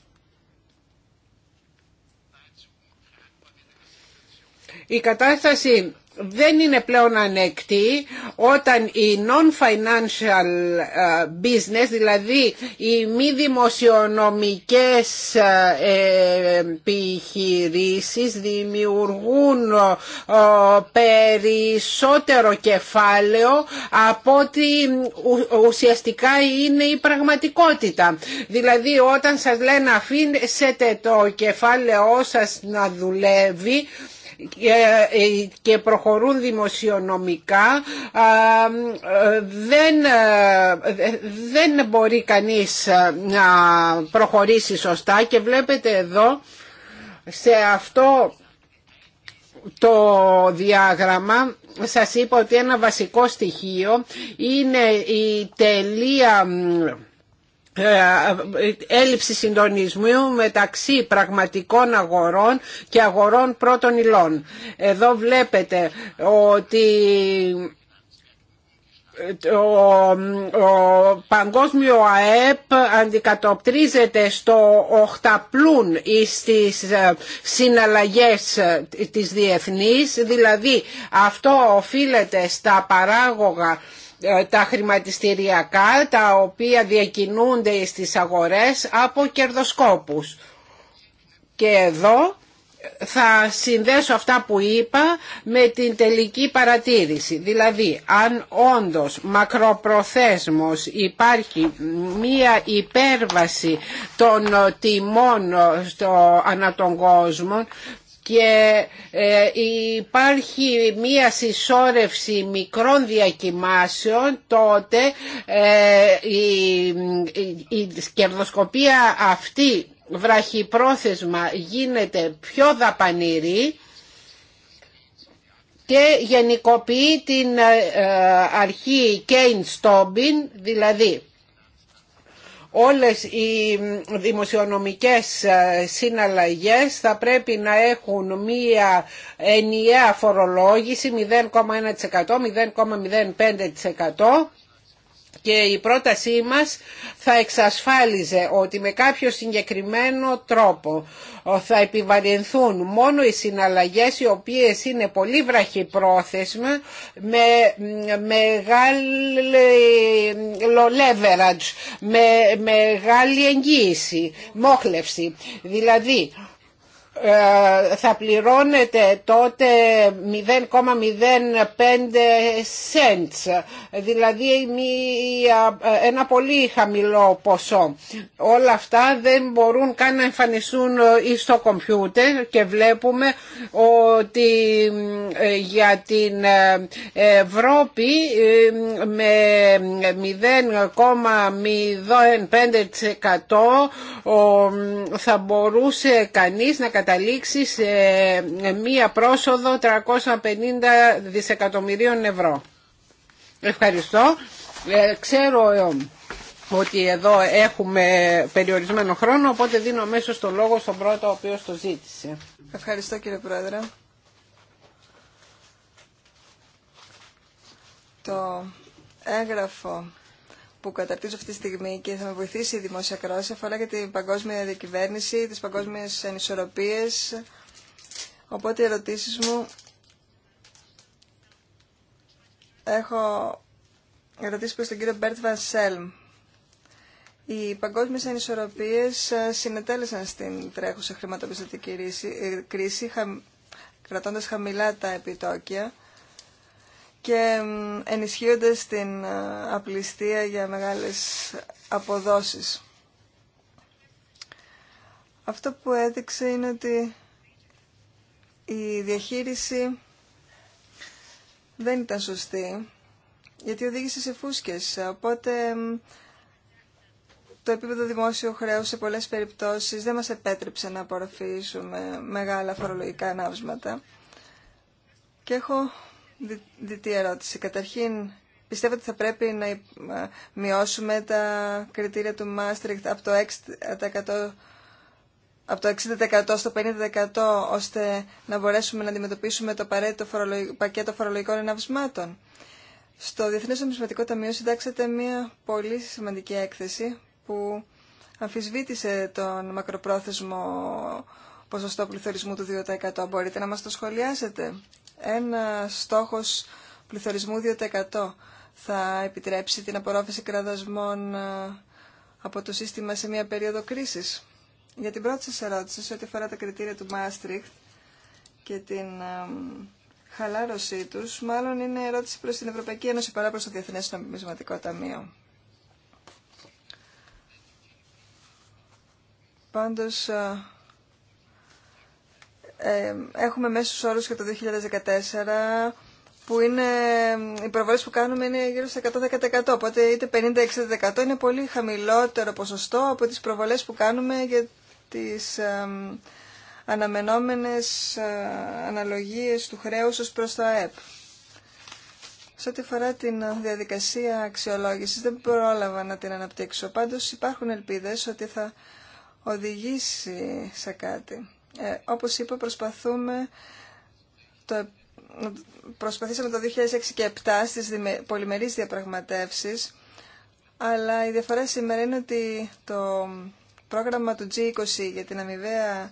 Η κατάσταση δεν είναι πλέον ανεκτή όταν οι non-financial ε, business, δηλαδή οι μη δημοσιονομικές ε, επιχειρήσει δημιουργούν ε, περισσότερο κεφάλαιο από ότι ουσιαστικά είναι η πραγματικότητα. Δηλαδή όταν σας λένε αφήνετε το κεφάλαιό σας να δουλεύει, ε, και προχωρούν δημοσιονομικά δεν, ε, δεν μπορεί κανείς ε, να προχωρήσει σωστά και βλέπετε εδώ σε αυτό το διάγραμμα σας είπα ότι ένα βασικό στοιχείο είναι η τελεία ε, έλλειψη συντονισμού μεταξύ πραγματικών αγορών και αγορών πρώτων υλών. Εδώ βλέπετε ότι ε, ο παγκόσμιο ΑΕΠ αντικατοπτρίζεται στο οχταπλούν στις ε, συναλλαγές της διεθνής, δηλαδή αυτό οφείλεται στα παράγωγα ε, τα χρηματιστηριακά τα οποία διακινούνται στις αγορές από κερδοσκόπους. Και εδώ θα συνδέσω αυτά που είπα με την τελική παρατήρηση. Δηλαδή, αν όντως μακροπροθέσμος υπάρχει μία υπέρβαση των τιμών στο, ανά τον κόσμο, και ε, υπάρχει μία συσσόρευση μικρών διακοιμάσεων τότε ε, η κερδοσκοπία αυτή βραχυπρόθεσμα γίνεται πιο δαπανηρή και γενικοποιεί την ε, αρχη καιν στομπιν, δηλαδή όλες οι δημοσιονομικές ε, συναλλαγές θα πρέπει να έχουν μία ενιαία φορολόγηση 0,1%, 0,05% και η πρότασή μας θα εξασφάλιζε ότι με κάποιο συγκεκριμένο τρόπο ε, θα επιβαρυνθούν μόνο οι συναλλαγές οι οποίες είναι πολύ βραχυπρόθεσμα με μεγάλο leverage, με μεγάλη εγγύηση, μόχλευση. Δηλαδή ε, θα πληρώνετε τότε 0,05 cents, δηλαδή ένα πολύ χαμηλό ποσό. Όλα αυτά δεν μπορούν καν να εμφανιστούν ε, στο κομπιούτερ και βλέπουμε ότι ε, για την Ευρώπη με 0,05% θα μπορούσε κανείς να καταλήξει σε ε, μία πρόσοδο 350 δισεκατομμυρίων ευρώ. Ευχαριστώ. Ε, ξέρω ε, ότι εδώ έχουμε περιορισμένο χρόνο, οπότε δίνω μέσω το λόγο στον πρώτο ο οποίος το ζήτησε. Ευχαριστώ κύριε Πρόεδρε. Το έγγραφο που καταρτίζω αυτή τη στιγμή και θα με βοηθήσει η δημόσια κρόση αφορά και την παγκόσμια διακυβέρνηση, τις παγκόσμιες ανισορροπίες. Οπότε οι ερωτήσεις μου... Έχω ερωτήσει προς τον κύριο Μπέρτ Βανσέλμ. Οι παγκόσμιες ανισορροπίες ε, συνετέλεσαν στην τρέχουσα χρηματοπιστωτική κρίση, ε, κρατώντας χαμηλά τα επιτόκια και ενισχύοντας την ε, απληστία για μεγάλες αποδόσεις. Αυτό που έδειξε είναι ότι η διαχείριση δεν ήταν σωστή, γιατί οδήγησε σε φούσκες. Οπότε το επίπεδο δημόσιο χρέους σε πολλές περιπτώσεις δεν μας επέτρεψε να απορροφήσουμε μεγάλα φορολογικά ανάβσματα. Και έχω διτή ερώτηση. Καταρχήν, πιστεύω ότι θα πρέπει να μειώσουμε τα κριτήρια του Μάστριχτ από το 6% από το 60% στο 50% ώστε να μπορέσουμε να αντιμετωπίσουμε το παρέτητο πακέτο φορολογικών εναυσμάτων. Στο Διεθνές Ομισματικό Ταμείο συντάξατε μια πολύ σημαντική έκθεση που αμφισβήτησε τον μακροπρόθεσμο ποσοστό πληθωρισμού του 2%. Μπορείτε να μας το σχολιάσετε ένα στόχος πληθωρισμού 2% θα επιτρέψει την απορρόφηση κραδασμών ε, από το σύστημα σε μια περίοδο κρίσης. Για την πρώτη σας ερώτηση, σε ό,τι αφορά τα κριτήρια του Μάστριχτ και την ε, χαλάρωσή τους, μάλλον είναι ερώτηση προς την Ευρωπαϊκή Ένωση παρά προς το Διεθνές Νομισματικό Ταμείο. Πάντως, ε, έχουμε μέσους όρους για το 2014 που είναι, οι προβολές που κάνουμε είναι γύρω στα 110%. Οπότε είτε 50-60% είναι πολύ χαμηλότερο ποσοστό από τις προβολές που κάνουμε για τις αναμενόμενες ε, αναλογίες του χρέους ως προς το ΑΕΠ. Σε ό,τι αφορά την διαδικασία αξιολόγησης δεν πρόλαβα να την αναπτύξω. Πάντως υπάρχουν ελπίδες ότι θα οδηγήσει σε κάτι. Ε, όπως είπα, προσπαθούμε το, προσπαθήσαμε το 2006 και 2007 στις πολυμερείς διαπραγματεύσεις, αλλά η διαφορά σήμερα είναι ότι το πρόγραμμα του G20 για την αμοιβαία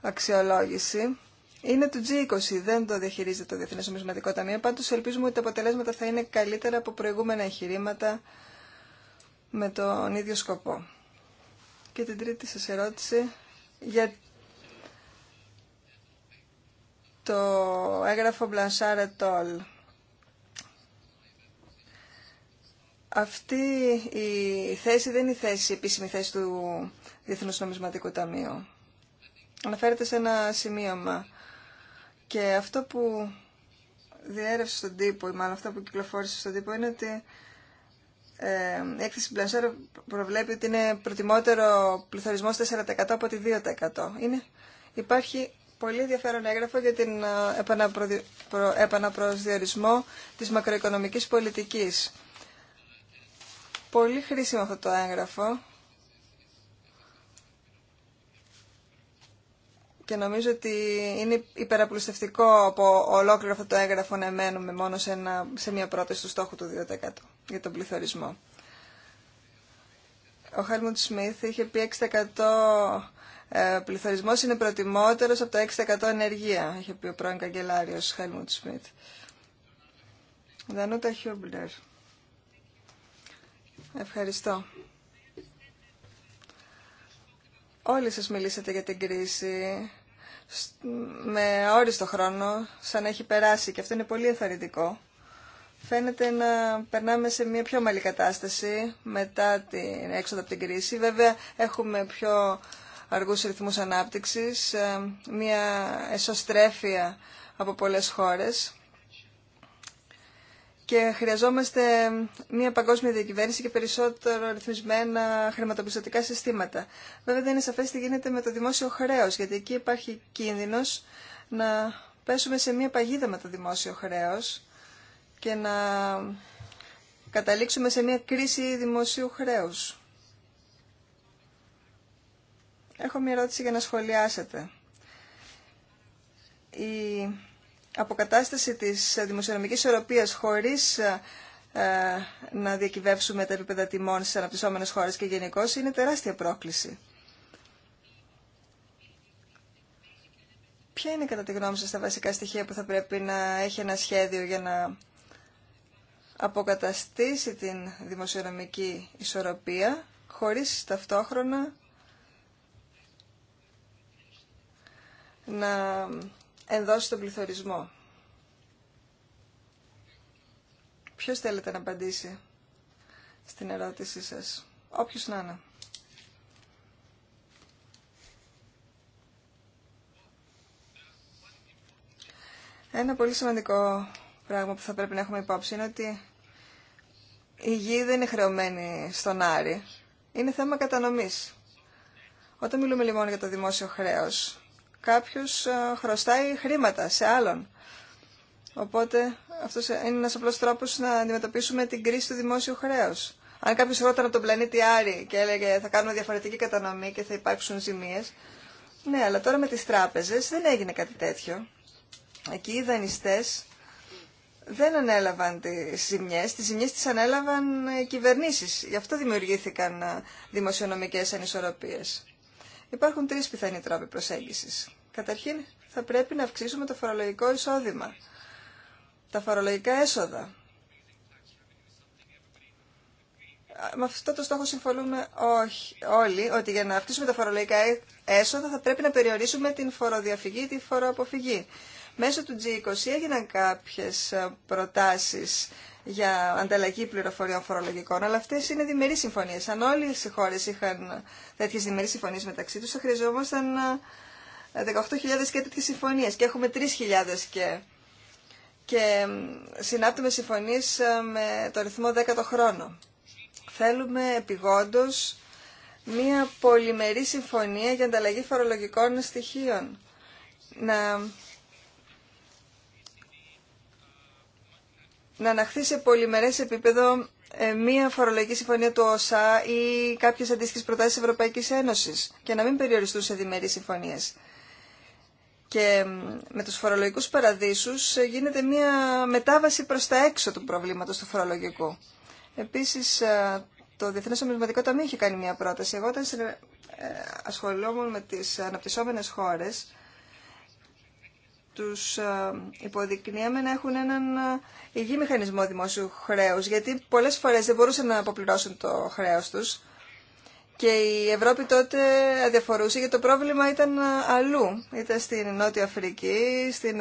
αξιολόγηση είναι του G20, δεν το διαχειρίζεται το Διεθνές Ομισματικό Ταμείο. Πάντως ελπίζουμε ότι τα αποτελέσματα θα είναι καλύτερα από προηγούμενα εγχειρήματα με τον ίδιο σκοπό. Και την τρίτη σας ερώτηση για το έγγραφο et Τόλ. Αυτή η θέση δεν είναι η θέση, η επίσημη θέση του Διεθνούς Νομισματικού Ταμείου. Αναφέρεται σε ένα σημείωμα. Και αυτό που διέρευσε στον τύπο, ή μάλλον αυτό που κυκλοφόρησε στον τύπο, είναι ότι ε, η έκθεση Blanchard προβλέπει ότι είναι προτιμότερο πληθωρισμός 4% από τη 2%. Είναι, υπάρχει πολύ ενδιαφέρον έγγραφο για την ε, επαναπροσδιορισμό της μακροοικονομικής πολιτικής. Πολύ χρήσιμο αυτό το έγγραφο και νομίζω ότι είναι υπεραπλουστευτικό από ολόκληρο αυτό το έγγραφο να μένουμε μόνο σε, ένα, μια πρόταση του στόχου του 2% για τον πληθωρισμό. Ο Χέλμουντ Σμιθ είχε πει 6% ε, πληθωρισμός είναι προτιμότερος από το 6% ενεργεία, είχε πει ο πρώην καγκελάριος Χέλμουντ Σμιτ. Δανούτα Χιούμπλερ. Ευχαριστώ. Όλοι σας μιλήσατε για την κρίση με όριστο χρόνο, σαν να έχει περάσει και αυτό είναι πολύ ενθαρρυντικό. Φαίνεται να περνάμε σε μια πιο ομαλή κατάσταση μετά την έξοδο από την κρίση. Βέβαια έχουμε πιο αργούς ρυθμούς ανάπτυξης, ε, μια εσωστρέφεια από πολλές χώρες και χρειαζόμαστε μια παγκόσμια διακυβέρνηση και περισσότερο ρυθμισμένα χρηματοπιστωτικά συστήματα. Βέβαια δεν είναι σαφές τι γίνεται με το δημόσιο χρέος, γιατί εκεί υπάρχει κίνδυνος να πέσουμε σε μια παγίδα με το δημόσιο χρέος και να καταλήξουμε σε μια κρίση δημοσίου χρέους. Έχω μια ερώτηση για να σχολιάσετε. Η αποκατάσταση της δημοσιονομικής ισορροπίας χωρίς ε, να διακυβεύσουμε τα επίπεδα τιμών στις αναπτυσσόμενες χώρες και γενικώ είναι τεράστια πρόκληση. Ποια είναι κατά τη γνώμη σας τα βασικά στοιχεία που θα πρέπει να έχει ένα σχέδιο για να αποκαταστήσει την δημοσιονομική ισορροπία χωρίς ταυτόχρονα να ενδώσει τον πληθωρισμό. Ποιος θέλετε να απαντήσει στην ερώτησή σας. Όποιος να είναι. Ένα πολύ σημαντικό πράγμα που θα πρέπει να έχουμε υπόψη είναι ότι η γη δεν είναι χρεωμένη στον Άρη. Είναι θέμα κατανομής. Όταν μιλούμε λοιπόν για το δημόσιο χρέος, κάποιος ε, χρωστάει χρήματα σε άλλον. Οπότε αυτό είναι ένας απλός τρόπος να αντιμετωπίσουμε την κρίση του δημόσιου χρέους. Αν κάποιος ρώτανε από τον πλανήτη Άρη και έλεγε θα κάνουμε διαφορετική κατανομή και θα υπάρξουν ζημίες. Ναι, αλλά τώρα με τις τράπεζες δεν έγινε κάτι τέτοιο. Εκεί οι δανειστές δεν ανέλαβαν τις ζημιές, τις ζημιές τις ανέλαβαν οι κυβερνήσεις. Γι' αυτό δημιουργήθηκαν ε, δημοσιονομικές ανισορροπίες. Υπάρχουν τρεις πιθανοί τρόποι προσέγγισης. Καταρχήν, θα πρέπει να αυξήσουμε το φορολογικό εισόδημα, τα φορολογικά έσοδα. Με αυτό το στόχο συμφωνούμε όχι, όλοι, ότι για να αυξήσουμε τα φορολογικά έσοδα θα πρέπει να περιορίσουμε την φοροδιαφυγή ή τη φοροαποφυγή. Μέσω του G20 έγιναν κάποιες ε, προτάσεις για ανταλλαγή πληροφοριών φορολογικών, αλλά αυτέ είναι διμερεί συμφωνίε. Αν όλε οι χώρε είχαν τέτοιε διμερεί συμφωνίε μεταξύ του, θα χρειαζόμασταν 18.000 ε, και τέτοιε συμφωνίε. Και έχουμε 3.000 και. Και συνάπτουμε συμφωνίε ε, με το ρυθμό 10 το χρόνο. Θέλουμε επιγόντω μία πολυμερή συμφωνία για ανταλλαγή φορολογικών στοιχείων. Να να αναχθεί σε πολυμερές επίπεδο ε, μία φορολογική συμφωνία του ΩΣΑ ή κάποιες αντίστοιχες προτάσεις Ευρωπαϊκής Ένωσης και να μην περιοριστούν σε διμερείς συμφωνίες. Και με τους φορολογικούς παραδείσους ε, γίνεται μία μετάβαση προς τα έξω του προβλήματος του φορολογικού. Επίσης, ε, το Διεθνές Ομισματικό Ταμείο είχε κάνει μία πρόταση. Εγώ όταν ασχολόμουν με τις αναπτυσσόμενες χώρες, τους ε, υποδεικνύαμε να έχουν έναν ε, υγιή μηχανισμό δημόσιου χρέους, γιατί πολλές φορές δεν μπορούσαν να αποπληρώσουν το χρέος τους και η Ευρώπη τότε αδιαφορούσε γιατί το πρόβλημα ήταν ε, αλλού. Ήταν στην Νότια Αφρική, στην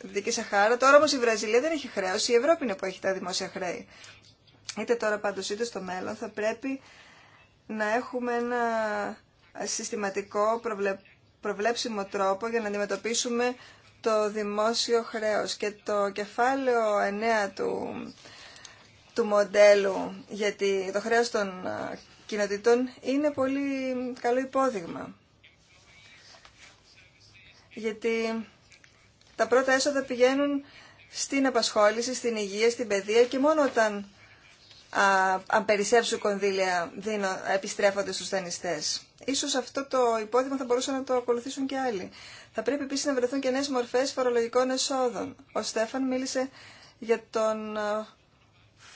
Δυτική Σαχάρα. Τώρα όμως η Βραζιλία δεν έχει χρέος, η Ευρώπη είναι που έχει τα δημόσια χρέη. Είτε τώρα πάντως είτε στο μέλλον θα πρέπει να έχουμε ένα συστηματικό προβλέψιμο τρόπο για να αντιμετωπίσουμε το δημόσιο χρέος και το κεφάλαιο 9 του, του μοντέλου, γιατί το χρέος των κοινοτήτων είναι πολύ καλό υπόδειγμα. Γιατί τα πρώτα έσοδα πηγαίνουν στην απασχόληση, στην υγεία, στην παιδεία και μόνο όταν αν περισσεύσουν κονδύλια δίνω, επιστρέφονται στους θενιστές. Ίσως αυτό το υπόδειγμα θα μπορούσαν να το ακολουθήσουν και άλλοι. Θα πρέπει επίσης να βρεθούν και νέες μορφές φορολογικών εσόδων. Ο Στέφαν μίλησε για τον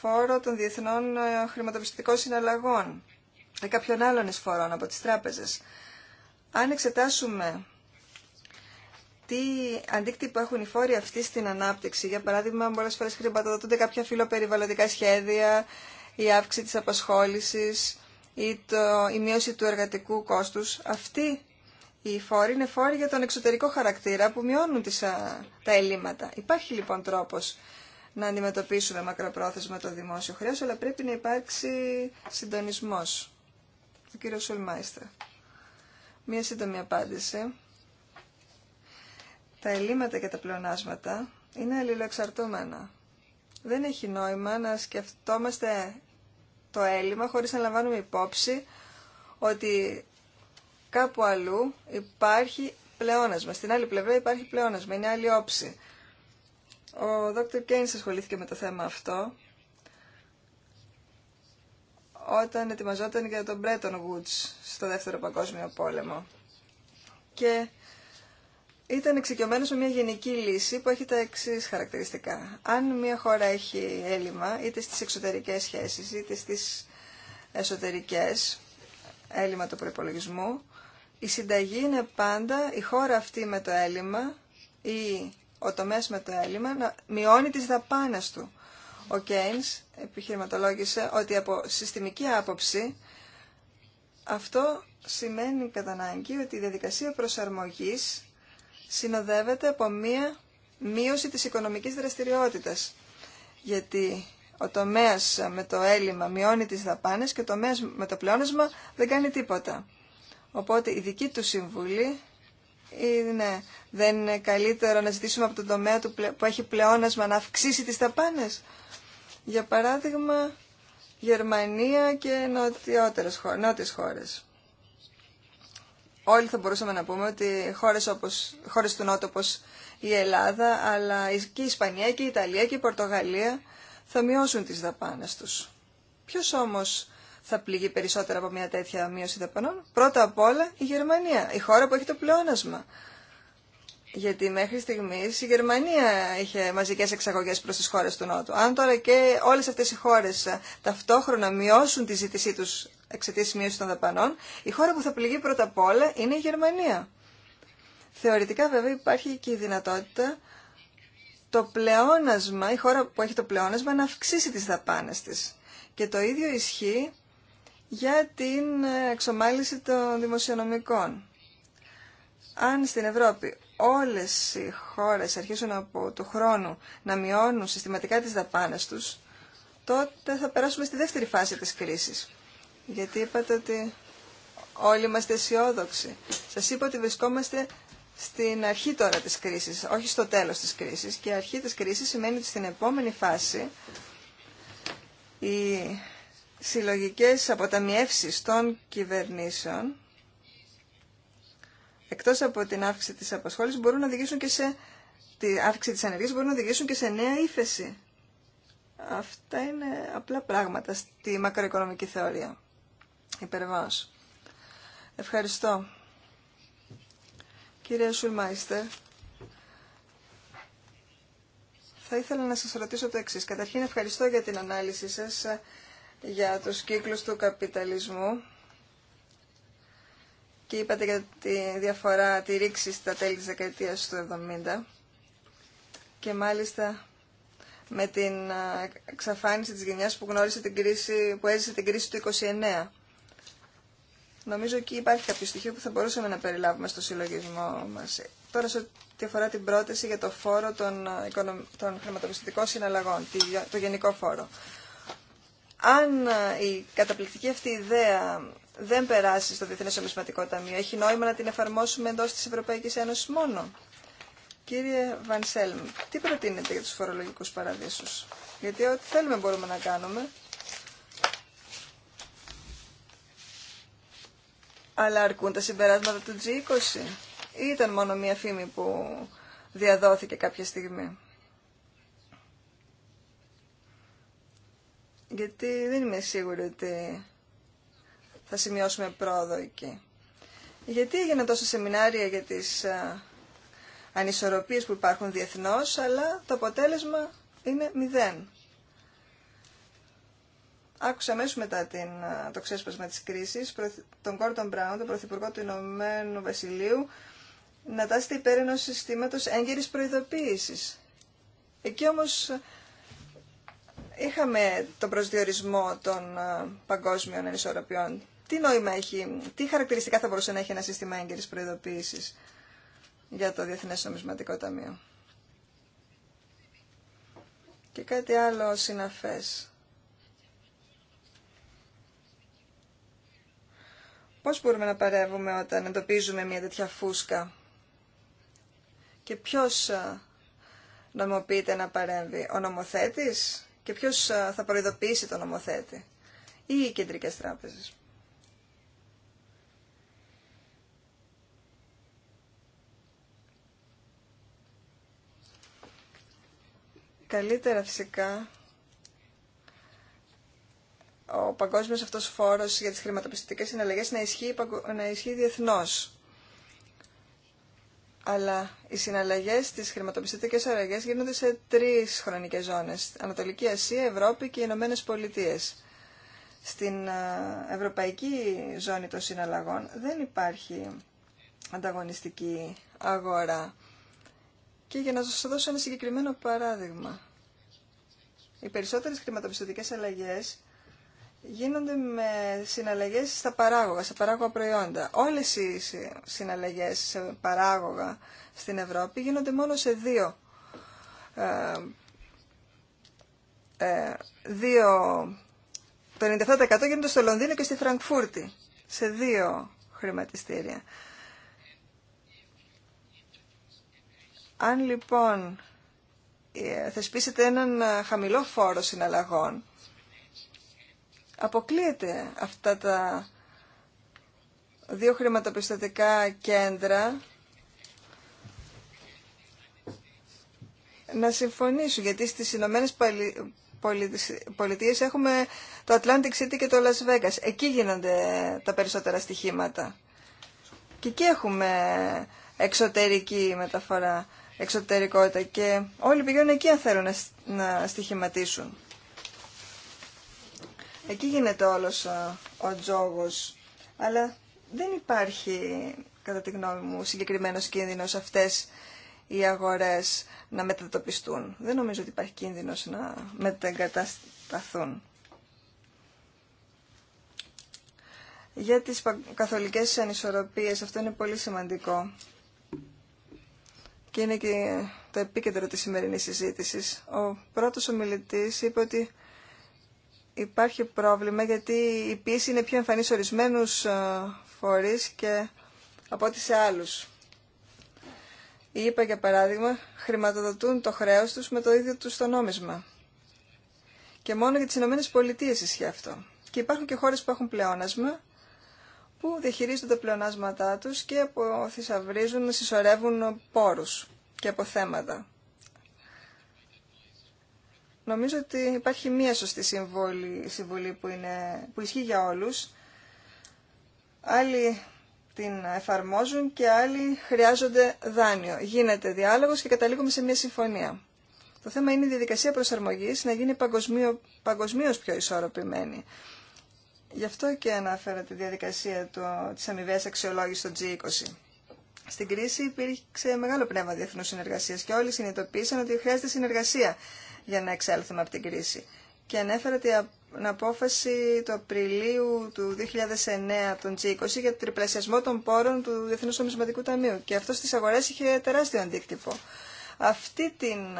φόρο των διεθνών χρηματοπιστωτικών συναλλαγών ή κάποιων άλλων εισφορών από τις τράπεζες. Αν εξετάσουμε τι αντίκτυπο έχουν οι φόροι αυτοί στην ανάπτυξη. Για παράδειγμα, πολλέ φορέ χρηματοδοτούνται κάποια φιλοπεριβαλλοντικά σχέδια, η αύξηση τη απασχόληση ή το, η μείωση του εργατικού κόστου. Αυτοί οι φόροι είναι φόροι για τον εξωτερικό χαρακτήρα που μειώνουν τις, τα ελλείμματα. Υπάρχει λοιπόν τρόπο να αντιμετωπίσουμε μακροπρόθεσμα το δημόσιο χρέο, αλλά πρέπει να υπάρξει συντονισμό. Ο κύριο Σουλμάιστερ. Μία σύντομη απάντηση τα ελλείμματα και τα πλεονάσματα είναι αλληλοεξαρτούμενα. Δεν έχει νόημα να σκεφτόμαστε το έλλειμμα χωρίς να λαμβάνουμε υπόψη ότι κάπου αλλού υπάρχει πλεόνασμα. Στην άλλη πλευρά υπάρχει πλεόνασμα, είναι άλλη όψη. Ο Dr. Κέινς ασχολήθηκε με το θέμα αυτό όταν ετοιμαζόταν για τον Bretton Woods στο Δεύτερο Παγκόσμιο Πόλεμο. Και ήταν εξοικειωμένο με μια γενική λύση που έχει τα εξή χαρακτηριστικά. Αν μια χώρα έχει έλλειμμα, είτε στις εξωτερικές σχέσεις, είτε στις εσωτερικές, έλλειμμα του προπολογισμού, η συνταγή είναι πάντα η χώρα αυτή με το έλλειμμα ή ο τομέας με το έλλειμμα να μειώνει τις δαπάνε του. Ο Κέινς επιχειρηματολόγησε ότι από συστημική άποψη αυτό σημαίνει κατά ανάγκη ότι η διαδικασία προσαρμογής συνοδεύεται από μία μείωση της οικονομικής δραστηριότητας. Γιατί ο τομέας με το έλλειμμα μειώνει τις δαπάνες και ο τομέας με το πλεόνασμα δεν κάνει τίποτα. Οπότε η δική του συμβουλή είναι δεν είναι καλύτερο να ζητήσουμε από τον τομέα που έχει πλεόνασμα να αυξήσει τις δαπάνες. Για παράδειγμα, Γερμανία και νότιότερες, νότιες χώρες όλοι θα μπορούσαμε να πούμε ότι χώρες, όπως, χώρες του Νότου όπως η Ελλάδα, αλλά και η Ισπανία και η Ιταλία και η Πορτογαλία θα μειώσουν τις δαπάνες τους. Ποιος όμως θα πληγεί περισσότερα από μια τέτοια μείωση δαπανών? Πρώτα απ' όλα η Γερμανία, η χώρα που έχει το πλεόνασμα. Γιατί μέχρι στιγμή η Γερμανία είχε μαζικέ εξαγωγέ προ τι χώρε του Νότου. Αν τώρα και όλε αυτέ οι χώρε ταυτόχρονα μειώσουν τη ζήτησή του εξαιτία μείωση των δαπανών, η χώρα που θα πληγεί πρώτα απ' όλα είναι η Γερμανία. Θεωρητικά βέβαια υπάρχει και η δυνατότητα το πλεόνασμα, η χώρα που έχει το πλεόνασμα να αυξήσει τις δαπάνες της. Και το ίδιο ισχύει για την εξομάλυση των δημοσιονομικών. Αν στην Ευρώπη όλες οι χώρες αρχίσουν από το χρόνο να μειώνουν συστηματικά τις δαπάνες τους, τότε θα περάσουμε στη δεύτερη φάση της κρίσης. Γιατί είπατε ότι όλοι είμαστε αισιόδοξοι. Σας είπα ότι βρισκόμαστε στην αρχή τώρα της κρίσης, όχι στο τέλος της κρίσης. Και η αρχή της κρίσης σημαίνει ότι στην επόμενη φάση οι συλλογικές αποταμιεύσεις των κυβερνήσεων εκτός από την αύξηση της απασχόλησης, μπορούν να οδηγήσουν και σε τη αύξηση της ανεργίας, μπορούν να οδηγήσουν και σε νέα ύφεση. Αυτά είναι απλά πράγματα στη μακροοικονομική θεωρία. Υπερβάως. Ευχαριστώ. Κύριε Σουλμάιστερ, θα ήθελα να σας ρωτήσω το εξής. Καταρχήν ευχαριστώ για την ανάλυση σας για τους κύκλους του καπιταλισμού και είπατε για τη διαφορά τη ρήξη στα τέλη της δεκαετίας του 70 και μάλιστα με την εξαφάνιση της γενιάς που γνώρισε την κρίση, που έζησε την κρίση του 29. Νομίζω εκεί υπάρχει κάποιο στοιχείο που θα μπορούσαμε να περιλάβουμε στο συλλογισμό μας. Τώρα σε ό,τι αφορά την πρόταση για το φόρο των, των χρηματοπιστωτικών συναλλαγών, το γενικό φόρο αν ε, η καταπληκτική αυτή ιδέα δεν περάσει στο Διεθνές Ομισματικό Ταμείο, έχει νόημα να την εφαρμόσουμε εντός της Ευρωπαϊκής Ένωσης μόνο. Κύριε Βανσέλμ, τι προτείνετε για τους φορολογικούς παραδείσους. Γιατί ό,τι θέλουμε μπορούμε να κάνουμε. Αλλά αρκούν τα συμπεράσματα του G20 ή ήταν μόνο μία φήμη που διαδόθηκε κάποια στιγμή. γιατί δεν είμαι σίγουρη ότι θα σημειώσουμε πρόοδο εκεί. Γιατί έγιναν τόσα σεμινάρια για τις ανισορροπίες που υπάρχουν διεθνώς, αλλά το αποτέλεσμα είναι μηδέν. Άκουσα αμέσως μετά την, το ξέσπασμα της κρίσης τον Κόρτον Μπράουν, τον Πρωθυπουργό του Ηνωμένου Βασιλείου, να τάσσεται υπέρ ενός συστήματος έγκαιρης προειδοποίησης. Εκεί όμως είχαμε τον προσδιορισμό των ε, παγκόσμιων ανισορροπιών. Τι νόημα έχει, τι χαρακτηριστικά θα μπορούσε να έχει ένα σύστημα έγκαιρης προειδοποίησης για το Διεθνές Νομισματικό Ταμείο. Και κάτι άλλο συναφές. Πώς μπορούμε να παρεύουμε όταν εντοπίζουμε μια τέτοια φούσκα και ποιος ε, νομοποιείται να παρέμβει, ο νομοθέτης και ποιος θα προειδοποιήσει τον νομοθέτη ή οι κεντρικές τράπεζες. Καλύτερα φυσικά ο παγκόσμιος αυτός φόρος για τις χρηματοπιστωτικές συναλλαγές να ισχύει, να ισχύει διεθνώς αλλά οι συναλλαγέ στις χρηματοπιστωτικές αλλαγέ γίνονται σε τρεις χρονικές ζώνες. Ανατολική Ασία, Ευρώπη και οι Ηνωμένε Πολιτείε. Στην ευρωπαϊκή ζώνη των συναλλαγών δεν υπάρχει ανταγωνιστική αγορά. Και για να σας δώσω ένα συγκεκριμένο παράδειγμα. Οι περισσότερες χρηματοπιστωτικές αλλαγέ γίνονται με συναλλαγές στα παράγωγα, στα παράγωγα προϊόντα. Όλες οι συναλλαγές σε παράγωγα στην Ευρώπη γίνονται μόνο σε δύο, ε, ε, δύο γίνονται στο Λονδίνο και στη Φραγκφούρτη, σε δύο χρηματιστήρια. Αν λοιπόν ε, θεσπίσετε έναν ε, χαμηλό φόρο συναλλαγών, Αποκλείεται αυτά τα δύο χρηματοπιστωτικά κέντρα να συμφωνήσουν, γιατί στις Ηνωμένε Πολιτείες έχουμε το Atlantic City και το Las Vegas. Εκεί γίνονται τα περισσότερα στοιχήματα. Και εκεί έχουμε εξωτερική μεταφορά, εξωτερικότητα και όλοι πηγαίνουν εκεί αν θέλουν να στοιχηματίσουν. Εκεί γίνεται όλος ε, ο τζόγος. Αλλά δεν υπάρχει, κατά τη γνώμη μου, συγκεκριμένος κίνδυνος αυτές οι αγορές να μετατοπιστούν. Δεν νομίζω ότι υπάρχει κίνδυνος να μεταγκατασταθούν. Για τις καθολικές ανισορροπίες αυτό είναι πολύ σημαντικό και είναι και το επίκεντρο της σημερινής συζήτησης. Ο πρώτος ομιλητής είπε ότι υπάρχει πρόβλημα γιατί η πίεση είναι πιο εμφανή σε ορισμένους ε, φορείς και από ό,τι σε άλλους. Οι για παράδειγμα, χρηματοδοτούν το χρέος τους με το ίδιο του το νόμισμα. Και μόνο για τις Ηνωμένες ισχύει αυτό. Και υπάρχουν και χώρες που έχουν πλεόνασμα, που διαχειρίζονται τα πλεονάσματά τους και αποθυσαυρίζουν, συσσωρεύουν πόρους και αποθέματα. Νομίζω ότι υπάρχει μία σωστή συμβολή, συμβολή που, είναι, που ισχύει για όλους. Άλλοι την εφαρμόζουν και άλλοι χρειάζονται δάνειο. Γίνεται διάλογος και καταλήγουμε σε μία συμφωνία. Το θέμα είναι η διαδικασία προσαρμογής να γίνει παγκοσμίω, παγκοσμίως πιο ισορροπημένη. Γι' αυτό και αναφέρω τη διαδικασία του, της αξιολόγηση αξιολόγησης στο G20. Στην κρίση υπήρξε μεγάλο πνεύμα διεθνού συνεργασία και όλοι συνειδητοποίησαν ότι χρειάζεται συνεργασία για να εξέλθουμε από την κρίση. Και ανέφερε την απόφαση του Απριλίου του 2009 των G20 για τον τριπλασιασμό των πόρων του Διεθνούς Νομισματικού Ταμείου. Και αυτό στις αγορές είχε τεράστιο αντίκτυπο. Αυτή την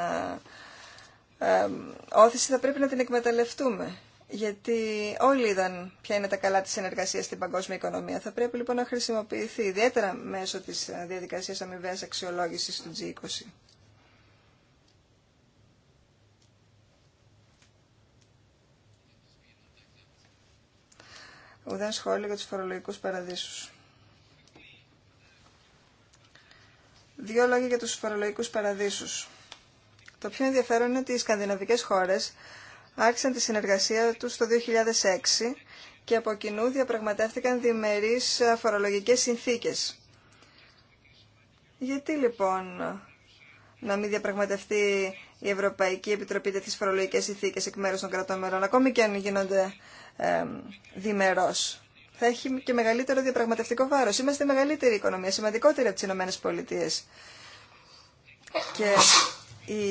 ε, όθηση θα πρέπει να την εκμεταλλευτούμε. Γιατί όλοι είδαν ποια είναι τα καλά της συνεργασίας στην παγκόσμια οικονομία. Θα πρέπει λοιπόν να χρησιμοποιηθεί ιδιαίτερα μέσω της διαδικασίας αμοιβαίας αξιολόγησης του G20. Ουδέν σχόλιο για τους φορολογικούς παραδείσους. Δύο λόγια για τους φορολογικούς παραδείσους. Το πιο ενδιαφέρον είναι ότι οι σκανδιναβικές χώρες άρχισαν τη συνεργασία τους το 2006 και από κοινού διαπραγματεύτηκαν διμερείς φορολογικές συνθήκες. Γιατί λοιπόν να μην διαπραγματευτεί η Ευρωπαϊκή Επιτροπή τέτοιες φορολογικές συνθήκες εκ μέρους των κρατών μερών, ακόμη και αν γίνονται διμερός. Θα έχει και μεγαλύτερο διαπραγματευτικό βάρος. Είμαστε μεγαλύτερη οικονομία, σημαντικότερη από τις Ηνωμένες Πολιτείες. Και οι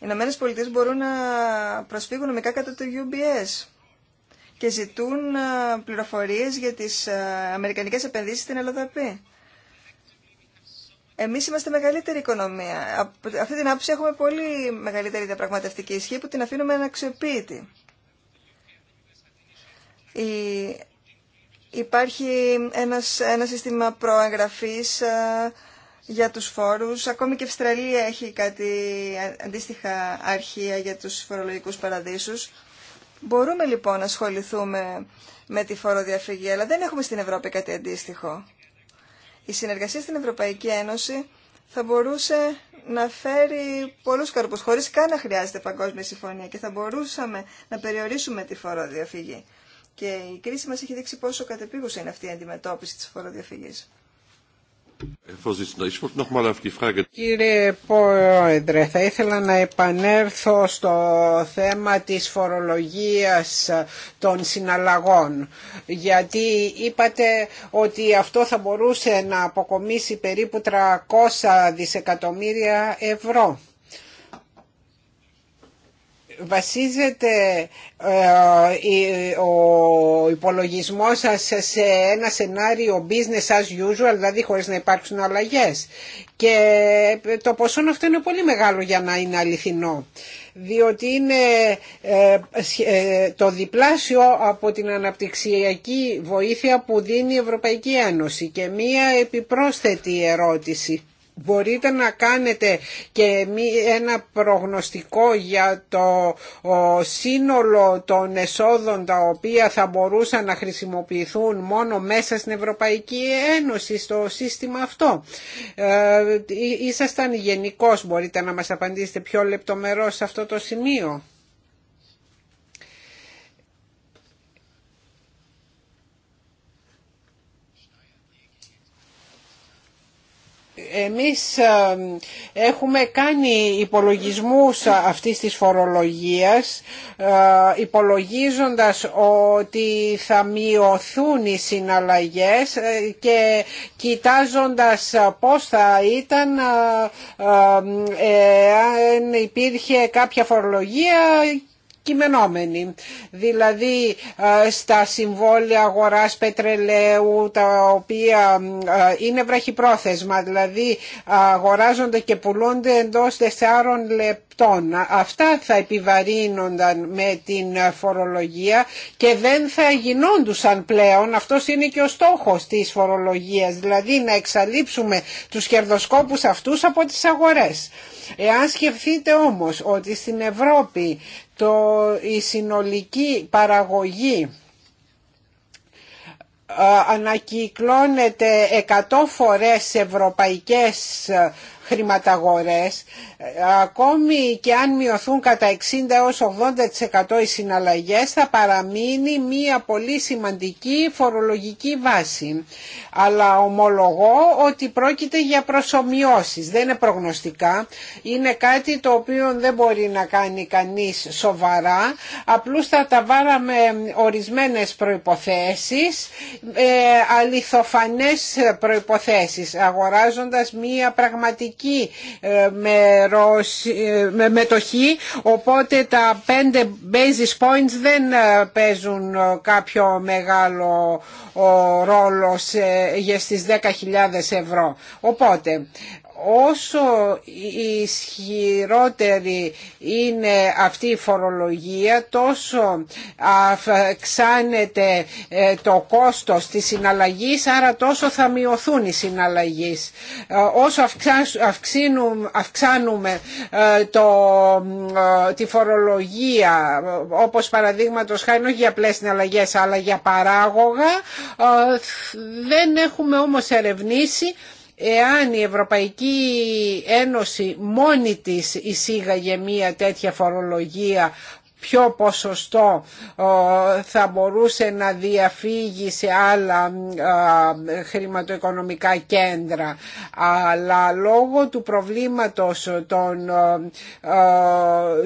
Ηνωμένες Πολιτείες μπορούν να προσφύγουν νομικά κατά του UBS και ζητούν ε, πληροφορίες για τις ε, αμερικανικές επενδύσεις στην Ελλοδαπή. εμείς είμαστε μεγαλύτερη οικονομία. Από αυτή την άποψη έχουμε πολύ μεγαλύτερη διαπραγματευτική ισχύ που την αφήνουμε αναξιοποίητη. Υπάρχει ένας, ένα σύστημα προαγγραφής ε, για τους φόρους. Ακόμη και η Αυστραλία έχει κάτι αντίστοιχα αρχεία για τους φορολογικούς παραδείσους. Μπορούμε λοιπόν να ασχοληθούμε με τη φοροδιαφυγή, αλλά δεν έχουμε στην Ευρώπη κάτι αντίστοιχο. Η συνεργασία στην Ευρωπαϊκή Ένωση θα μπορούσε να φέρει πολλούς καρπούς, χωρίς καν να χρειάζεται παγκόσμια συμφωνία και θα μπορούσαμε να περιορίσουμε τη φοροδιαφυγή. Και η κρίση μας έχει δείξει πόσο κατεπίγουσα είναι αυτή η αντιμετώπιση της φοροδιαφυγής. Ε, Κύριε Πρόεδρε, θα ήθελα να επανέλθω στο θέμα της φορολογίας των συναλλαγών γιατί είπατε ότι αυτό θα μπορούσε να αποκομίσει περίπου 300 δισεκατομμύρια ευρώ βασίζεται ε, ο υπολογισμός σας σε ένα σενάριο business as usual, δηλαδή χωρίς να υπάρξουν αλλαγές. Και ε, το ποσό αυτό είναι πολύ μεγάλο για να είναι αληθινό, διότι είναι ε, το διπλάσιο από την αναπτυξιακή βοήθεια που δίνει η Ευρωπαϊκή Ένωση. Και μία επιπρόσθετη ερώτηση Μπορείτε να κάνετε και ένα προγνωστικό για το σύνολο των εσόδων τα οποία θα μπορούσαν να χρησιμοποιηθούν μόνο μέσα στην Ευρωπαϊκή Ένωση στο σύστημα αυτό. Ε, ήσασταν γενικός, μπορείτε να μας απαντήσετε πιο λεπτομερώς σε αυτό το σημείο. Εμείς έχουμε κάνει υπολογισμούς αυτής της φορολογίας ε, υπολογίζοντας ότι θα μειωθούν οι συναλλαγές ε, και κοιτάζοντας πώς θα ήταν ε, αν υπήρχε κάποια φορολογία κειμενόμενοι. Δηλαδή ε, στα συμβόλαια αγοράς πετρελαίου τα οποία ε, είναι βραχυπρόθεσμα, δηλαδή ε, αγοράζονται και πουλούνται εντός 4 λεπτών. Αυτά θα επιβαρύνονταν με την φορολογία και δεν θα γινόντουσαν πλέον. Αυτός είναι και ο στόχος της φορολογίας, δηλαδή να εξαλείψουμε τους κερδοσκόπους αυτούς από τις αγορές. Εάν σκεφτείτε όμως ότι στην Ευρώπη το, η συνολική παραγωγή ε, ανακυκλώνεται 100 φορές σε ευρωπαϊκές χρηματαγορές ακόμη και αν μειωθούν κατά 60 έως 80% οι συναλλαγές θα παραμείνει μία πολύ σημαντική φορολογική βάση αλλά ομολογώ ότι πρόκειται για προσωμιώσεις δεν είναι προγνωστικά είναι κάτι το οποίο δεν μπορεί να κάνει κανείς σοβαρά τα βάραμε ορισμένες προϋποθέσεις ε, αληθοφανές προϋποθέσεις αγοράζοντας μία πραγματική ε, με ε, με μετοχή οπότε τα 5 basis points δεν ε, παίζουν κάποιο μεγάλο ρόλο σε για στις 10.000 ευρώ. Οπότε όσο ισχυρότερη είναι αυτή η φορολογία τόσο αυξάνεται ε, το κόστος της συναλλαγής άρα τόσο θα μειωθούν οι συναλλαγές. Ε, όσο αυξάνουμε ε, τη φορολογία όπως παραδείγματος χάρη όχι για απλές συναλλαγές αλλά για παράγωγα δεν έχουμε όμως ερευνήσει εάν η Ευρωπαϊκή Ένωση μόνη της εισήγαγε μια τέτοια φορολογία ποιο ποσοστό θα μπορούσε να διαφύγει σε άλλα χρηματοοικονομικά κέντρα. Αλλά λόγω του προβλήματος των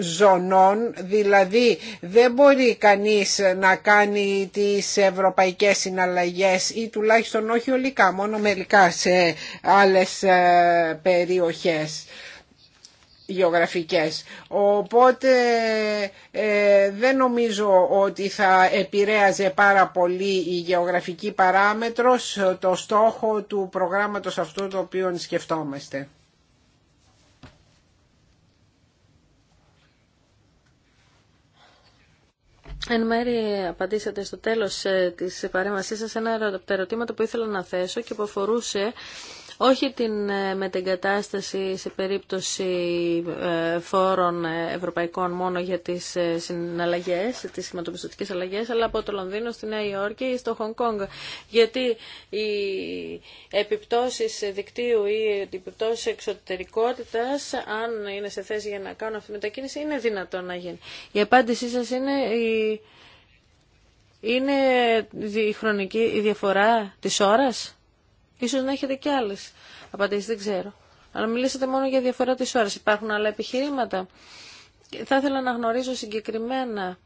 ζωνών, δηλαδή δεν μπορεί κανείς να κάνει τις ευρωπαϊκές συναλλαγές ή τουλάχιστον όχι ολικά, μόνο μερικά σε άλλες ε, περιοχές γεωγραφικές. Οπότε ε, δεν νομίζω ότι θα επηρέαζε πάρα πολύ η γεωγραφική παράμετρος το στόχο του προγράμματος αυτού το οποίο σκεφτόμαστε. Εν μέρη απαντήσατε στο τέλος ε, της παρέμβασής σας ένα από που ήθελα να θέσω και που αφορούσε όχι την ε, μετεγκατάσταση σε περίπτωση ε, φόρων ε, ευρωπαϊκών μόνο για τις συναλλαγές, τις σηματοπιστωτικές αλλαγές, αλλά από το Λονδίνο στη Νέα Υόρκη ή στο Χονγκ Κόνγκ. Γιατί οι επιπτώσεις δικτύου ή οι επιπτώσεις εξωτερικότητας, αν είναι σε θέση για να κάνουν αυτή τη μετακίνηση, είναι δυνατόν να γίνει. Η απάντησή σας είναι η... Είναι χρονική η διαφορά της ώρας. Ίσως να έχετε και άλλες απαντήσεις, δεν ξέρω. Αλλά μιλήσατε μόνο για διαφορά της ώρας. Υπάρχουν άλλα επιχειρήματα. Θα ήθελα να γνωρίζω συγκεκριμένα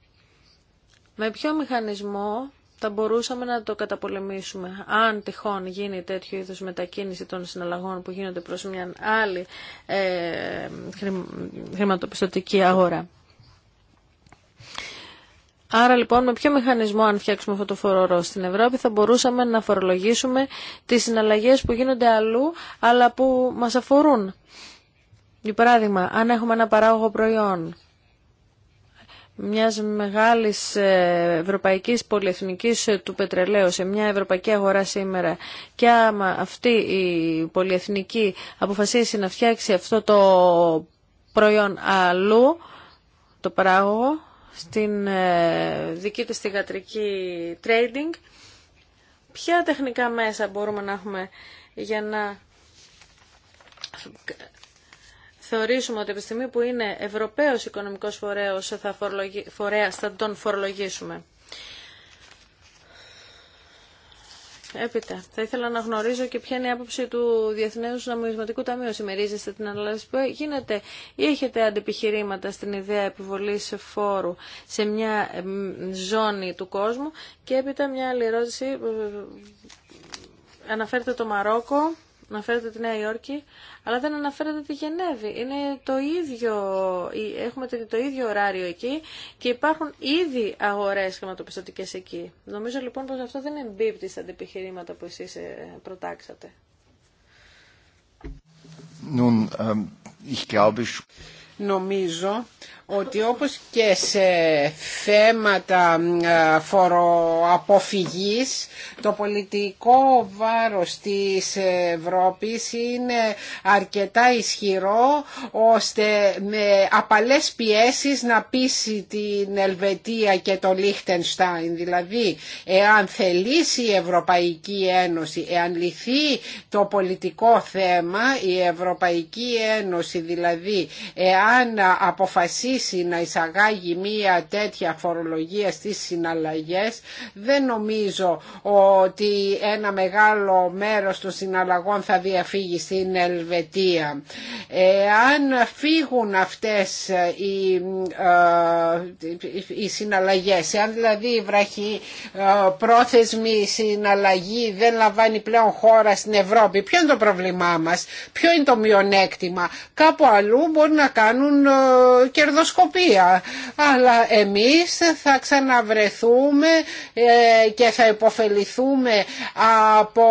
με ποιο μηχανισμό θα μπορούσαμε να το καταπολεμήσουμε. Αν τυχόν γίνει τέτοιο είδους μετακίνηση των συναλλαγών που γίνονται προς μια άλλη ε, χρηματοπιστωτική αγορά. Άρα λοιπόν με ποιο μηχανισμό αν φτιάξουμε αυτό το φορορό στην Ευρώπη θα μπορούσαμε να φορολογήσουμε τις συναλλαγές που γίνονται αλλού αλλά που μας αφορούν. Για παράδειγμα, αν έχουμε ένα παράγωγο προϊόν μιας μεγάλης ε, ευρωπαϊκής πολυεθνικής ε, του πετρελαίου σε μια ευρωπαϊκή αγορά σήμερα και άμα αυτή η πολυεθνική αποφασίσει να φτιάξει αυτό το προϊόν αλλού, το παράγωγο, στην ε, δική της θηγατρική trading. Ποια τεχνικά μέσα μπορούμε να έχουμε για να θεωρήσουμε ότι από τη στιγμή που είναι Ευρωπαίος οικονομικός φορέας θα, φορέας, θα τον φορολογήσουμε. Έπειτα, θα ήθελα να γνωρίζω και ποια είναι η άποψη του Διεθνέου Νομισματικού Ταμείου. Συμμερίζεστε την ανάλυση που γίνεται ή έχετε αντιπιχειρήματα στην ιδέα επιβολή φόρου σε μια ζώνη του κόσμου. Και έπειτα μια άλλη ερώτηση. Αναφέρετε το Μαρόκο αναφέρεται τη Νέα Υόρκη, αλλά δεν αναφέρεται τη Γενέβη. Είναι το ίδιο, έχουμε το ίδιο ωράριο εκεί και υπάρχουν ήδη αγορές χρηματοπιστωτικές εκεί. Νομίζω λοιπόν πως αυτό δεν εμπίπτει στα αντιπιχειρήματα που εσείς ε, προτάξατε. Ähm, Νομίζω ότι όπως και σε θέματα φοροαποφυγής το πολιτικό βάρος της Ευρώπης είναι αρκετά ισχυρό ώστε με απαλές πιέσεις να πείσει την Ελβετία και το Λίχτενστάιν. Δηλαδή, εάν θελήσει η Ευρωπαϊκή Ένωση, εάν λυθεί το πολιτικό θέμα, η Ευρωπαϊκή Ένωση δηλαδή, εάν αποφασίσει αρχίσει να εισαγάγει μία τέτοια φορολογία στις συναλλαγές δεν νομίζω ότι ένα μεγάλο μέρος των συναλλαγών θα διαφύγει στην Ελβετία. αν φύγουν αυτές οι, ε, οι συναλλαγές, εάν δηλαδή η βραχή ε, πρόθεσμη συναλλαγή δεν λαμβάνει πλέον χώρα στην Ευρώπη, ποιο είναι το πρόβλημά μας, ποιο είναι το μειονέκτημα, κάπου αλλού μπορεί να κάνουν ε, κερδοσκοπία αλλά εμείς θα ξαναβρεθούμε ε, και θα υποφεληθούμε από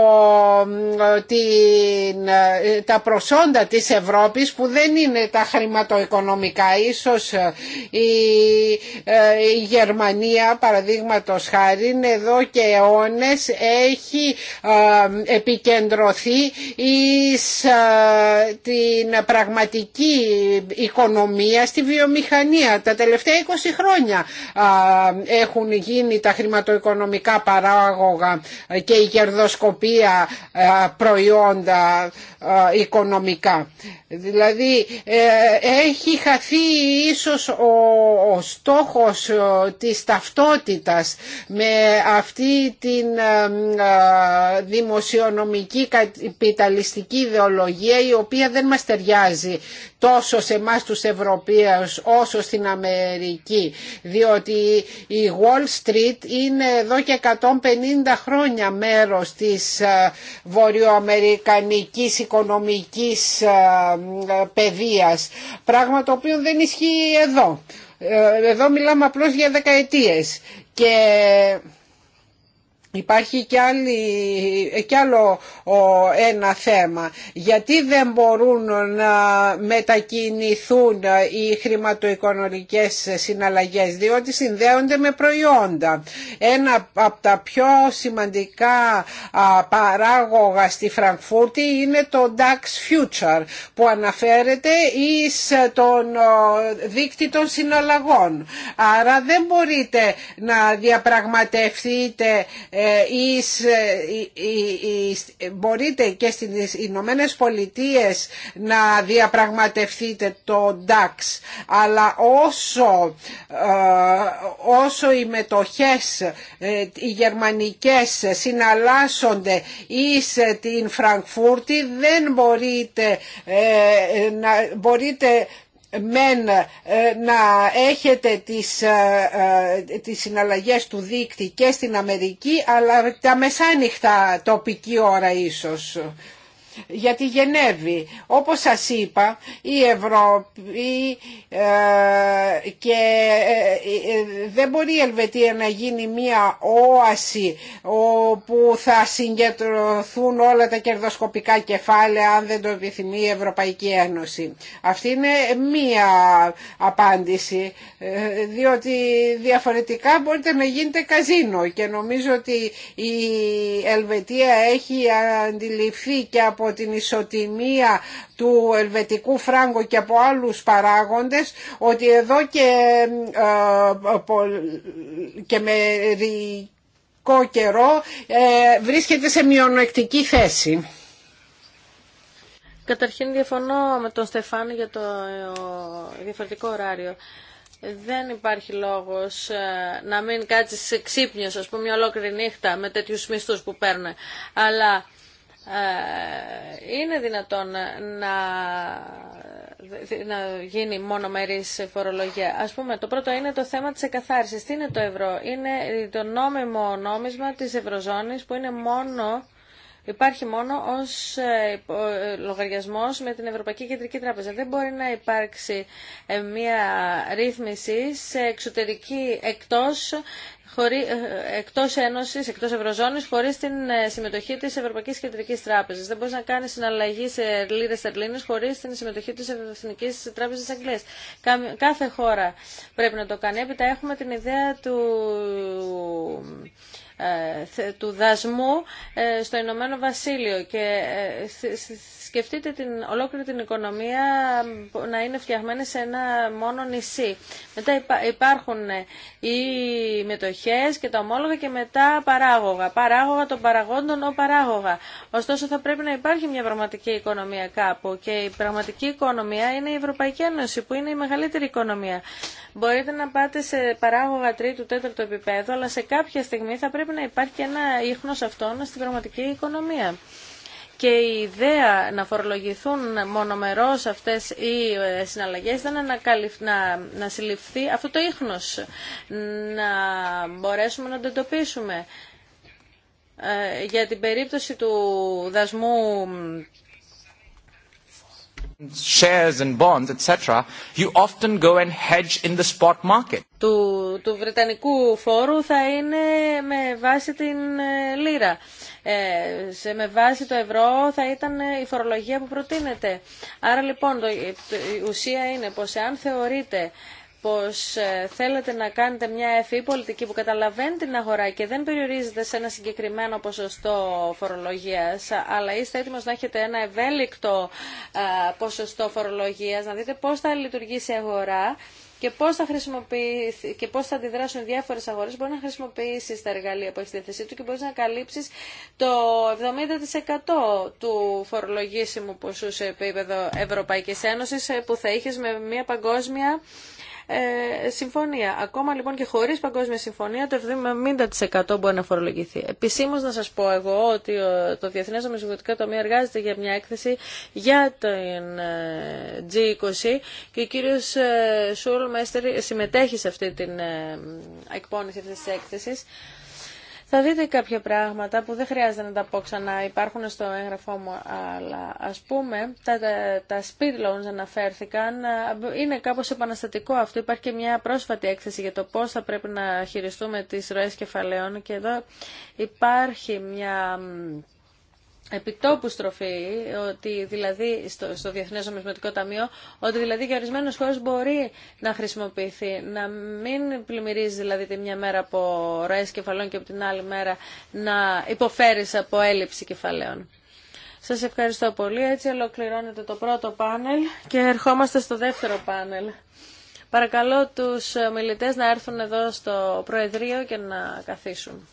την, ε, τα προσόντα της Ευρώπης που δεν είναι τα χρηματοοικονομικά. Ίσως ε, η, η Γερμανία παραδείγματος χάρη εδώ και αιώνες έχει επικεντρωθεί εις την πραγματική οικονομία, στη βιομηχανία τα τελευταία 20 χρόνια έχουν γίνει τα χρηματοοικονομικά παράγωγα και η κερδοσκοπία προϊόντα οικονομικά. Δηλαδή ε, έχει χαθεί ίσως ο στόχος ε, της ταυτότητας με αυτή την ε, δημοσιονομική καπιταλιστική ιδεολογία η οποία δεν μας ταιριάζει τόσο σε εμά τους Ευρωπαίους όσο στην Αμερική διότι η Wall Street είναι εδώ και 150 χρόνια μέρος της βορειοαμερικανικής οικονομικής ε, παιδείας, πράγμα το οποίο δεν ισχύει εδώ. Ε, εδώ μιλάμε απλώς για δεκαετίες και Υπάρχει και, άλλο ένα θέμα. Γιατί δεν μπορούν να μετακινηθούν οι χρηματοοικονομικές συναλλαγές, διότι συνδέονται με προϊόντα. Ένα από τα πιο σημαντικά παράγωγα στη Φραγκφούρτη είναι το DAX Future, που αναφέρεται εις τον δίκτυ των συναλλαγών. Άρα δεν μπορείτε να διαπραγματευτείτε ε, ε, ε, μπορείτε και στις Ηνωμένε Πολιτείε να διαπραγματευτείτε το DAX αλλά όσο, ε, όσο οι μετοχές οι γερμανικές συναλλάσσονται εις την Φραγκφούρτη δεν μπορείτε, να, μπορείτε μεν ε, να έχετε τις, ε, ε, τις συναλλαγές του δίκτυ και στην Αμερική αλλά τα μεσάνυχτα τοπική ώρα ίσως γιατί τη Γενέβη. Όπως σας είπα, η Ευρώπη ε, και ε, ε, δεν μπορεί η Ελβετία να γίνει μία όαση όπου θα συγκεντρωθούν όλα τα κερδοσκοπικά κεφάλαια αν δεν το επιθυμεί η Ευρωπαϊκή Ένωση. Αυτή είναι μία απάντηση, διότι διαφορετικά μπορείτε να γίνετε καζίνο και νομίζω ότι η Ελβετία έχει αντιληφθεί και από από την ισοτιμία του ελβετικού φράγκου και από άλλους παράγοντες ότι εδώ και, ε, ε, και μερικό καιρό ε, βρίσκεται σε μειονοεκτική θέση. Καταρχήν διαφωνώ με τον Στεφάνη για το διαφορετικό ωράριο. Δεν υπάρχει λόγος να μην κάτσεις ξύπνιος, ας πούμε, μια ολόκληρη νύχτα με τέτοιους μισθούς που παίρνει. Αλλά ε, είναι δυνατόν να, να γίνει μερής φορολογία. Ας πούμε, το πρώτο είναι το θέμα της εκαθάρισης. Τι είναι το ευρώ. Είναι το νόμιμο νόμισμα της Ευρωζώνης που είναι μόνο υπάρχει μόνο ως ε, ε, λογαριασμός με την Ευρωπαϊκή Κεντρική Τράπεζα. Δεν μπορεί να υπάρξει ε, μια ρύθμιση σε εξωτερική εκτός χωρί, εκτός Ένωσης, εκτός Ευρωζώνης, χωρίς την συμμετοχή της Ευρωπαϊκής Κεντρικής Τράπεζας. Δεν μπορεί να κάνεις συναλλαγή σε λίρες τερλίνες χωρίς την συμμετοχή της Εθνικής Τράπεζας Αγγλίας. Κάθε χώρα πρέπει να το κάνει. Έπειτα έχουμε την ιδέα του ε, του δασμού ε, στο Ηνωμένο Βασίλειο και ε, Σκεφτείτε την, ολόκληρη την οικονομία να είναι φτιαγμένη σε ένα μόνο νησί. Μετά υπάρχουν οι μετοχές και τα ομόλογα και μετά παράγωγα. Παράγωγα των παραγόντων ο παράγωγα. Ωστόσο θα πρέπει να υπάρχει μια πραγματική οικονομία κάπου και η πραγματική οικονομία είναι η Ευρωπαϊκή Ένωση που είναι η μεγαλύτερη οικονομία. Μπορείτε να πάτε σε παράγωγα τρίτου, τέταρτου επίπεδου, αλλά σε κάποια στιγμή θα πρέπει να υπάρχει και ένα ίχνος αυτών στην πραγματική οικονομία και η ιδέα να φορολογηθούν μονομερώς αυτές οι ε, συναλλαγές ήταν να, να, να συλληφθεί αυτό το ίχνος, να μπορέσουμε να το εντοπίσουμε. Ε, για την περίπτωση του δασμού shares and bonds, etc., you often go and hedge in the spot market. Του, του Βρετανικού φόρου θα είναι με βάση την ε, λίρα. Ε, σε, με βάση το ευρώ θα ήταν η φορολογία που προτείνεται. Άρα λοιπόν η ουσία είναι πως εάν θεωρείτε πως ε, θέλετε να κάνετε μια εφή πολιτική που καταλαβαίνει την αγορά και δεν περιορίζεται σε ένα συγκεκριμένο ποσοστό φορολογίας, αλλά είστε έτοιμος να έχετε ένα ευέλικτο ε, ποσοστό φορολογίας, να δείτε πώς θα λειτουργήσει η αγορά και πώς θα, και πώς θα αντιδράσουν οι διάφορες αγορές, μπορεί να χρησιμοποιήσεις τα εργαλεία που έχει στη θέση του και μπορείς να καλύψεις το 70% του φορολογήσιμου ποσού σε επίπεδο Ευρωπαϊκής Ένωσης ε, που θα είχες με μια παγκόσμια ε, συμφωνία. Ακόμα λοιπόν και χωρί παγκόσμια συμφωνία το 70% μπορεί να φορολογηθεί. Επισήμω να σας πω εγώ ότι ε, το Διεθνές Νομισματικό Ταμείο εργάζεται για μια έκθεση για τον G20 ε, και ο κύριο Σούλ συμμετέχει σε αυτή την εκπόνηση αυτή της έκθεσης θα δείτε κάποια πράγματα που δεν χρειάζεται να τα πω ξανά, υπάρχουν στο έγγραφό μου, αλλά ας πούμε τα, τα, τα speed loans αναφέρθηκαν, είναι κάπως επαναστατικό αυτό, υπάρχει και μια πρόσφατη έκθεση για το πώς θα πρέπει να χειριστούμε τις ροές κεφαλαίων και εδώ υπάρχει μια επιτόπου στροφή, ότι δηλαδή στο, στο Διεθνές Ομισματικό Ταμείο, ότι δηλαδή για ορισμένες μπορεί να χρησιμοποιηθεί, να μην πλημμυρίζει δηλαδή τη μια μέρα από ροές κεφαλών και από την άλλη μέρα να υποφέρεις από έλλειψη κεφαλαίων. Σας ευχαριστώ πολύ. Έτσι ολοκληρώνεται το πρώτο πάνελ και ερχόμαστε στο δεύτερο πάνελ. Παρακαλώ τους μιλητές να έρθουν εδώ στο Προεδρείο και να καθίσουν.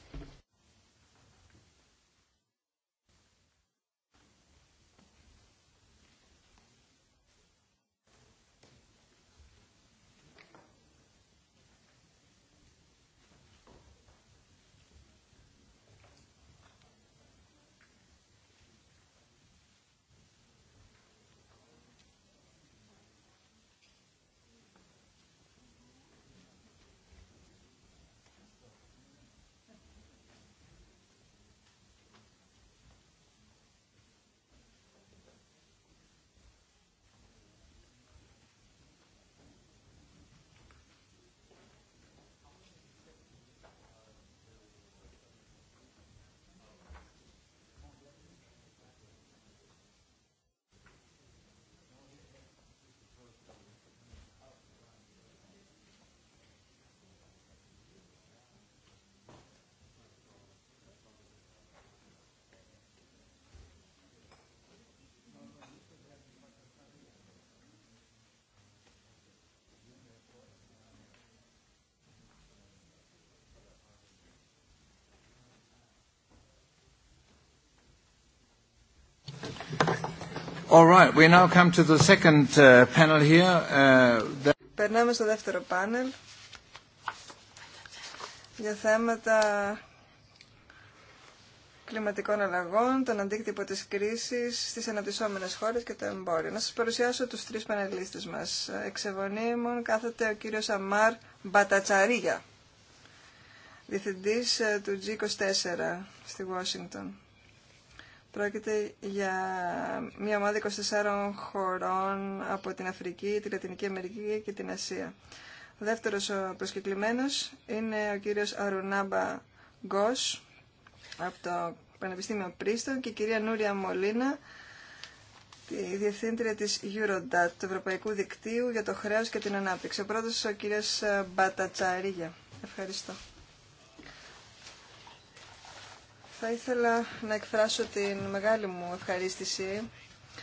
Περνάμε στο δεύτερο πάνελ για θέματα κλιματικών αλλαγών, τον αντίκτυπο της κρίσης στις αναπτυσσόμενες χώρες και το εμπόριο. Να σας παρουσιάσω τους τρεις πανελίστες μας. Εξεβονίμων κάθεται ο κύριος Αμάρ Μπατατσαρίγια, διευθυντής ε, του G24 στη Washington. Πρόκειται για μια ομάδα 24 χωρών από την Αφρική, τη Λατινική Αμερική και την Ασία. Ο δεύτερος προσκεκλημένος είναι ο κύριος Αρουνάμπα Γκος από το Πανεπιστήμιο Πρίστον και η κυρία Νούρια Μολίνα, τη διευθύντρια της Eurodat, του Ευρωπαϊκού Δικτύου για το Χρέος και την Ανάπτυξη. Ο πρώτος ο κύριος Μπατατσαρίγια. Ευχαριστώ. Θα ήθελα να εκφράσω την μεγάλη μου ευχαρίστηση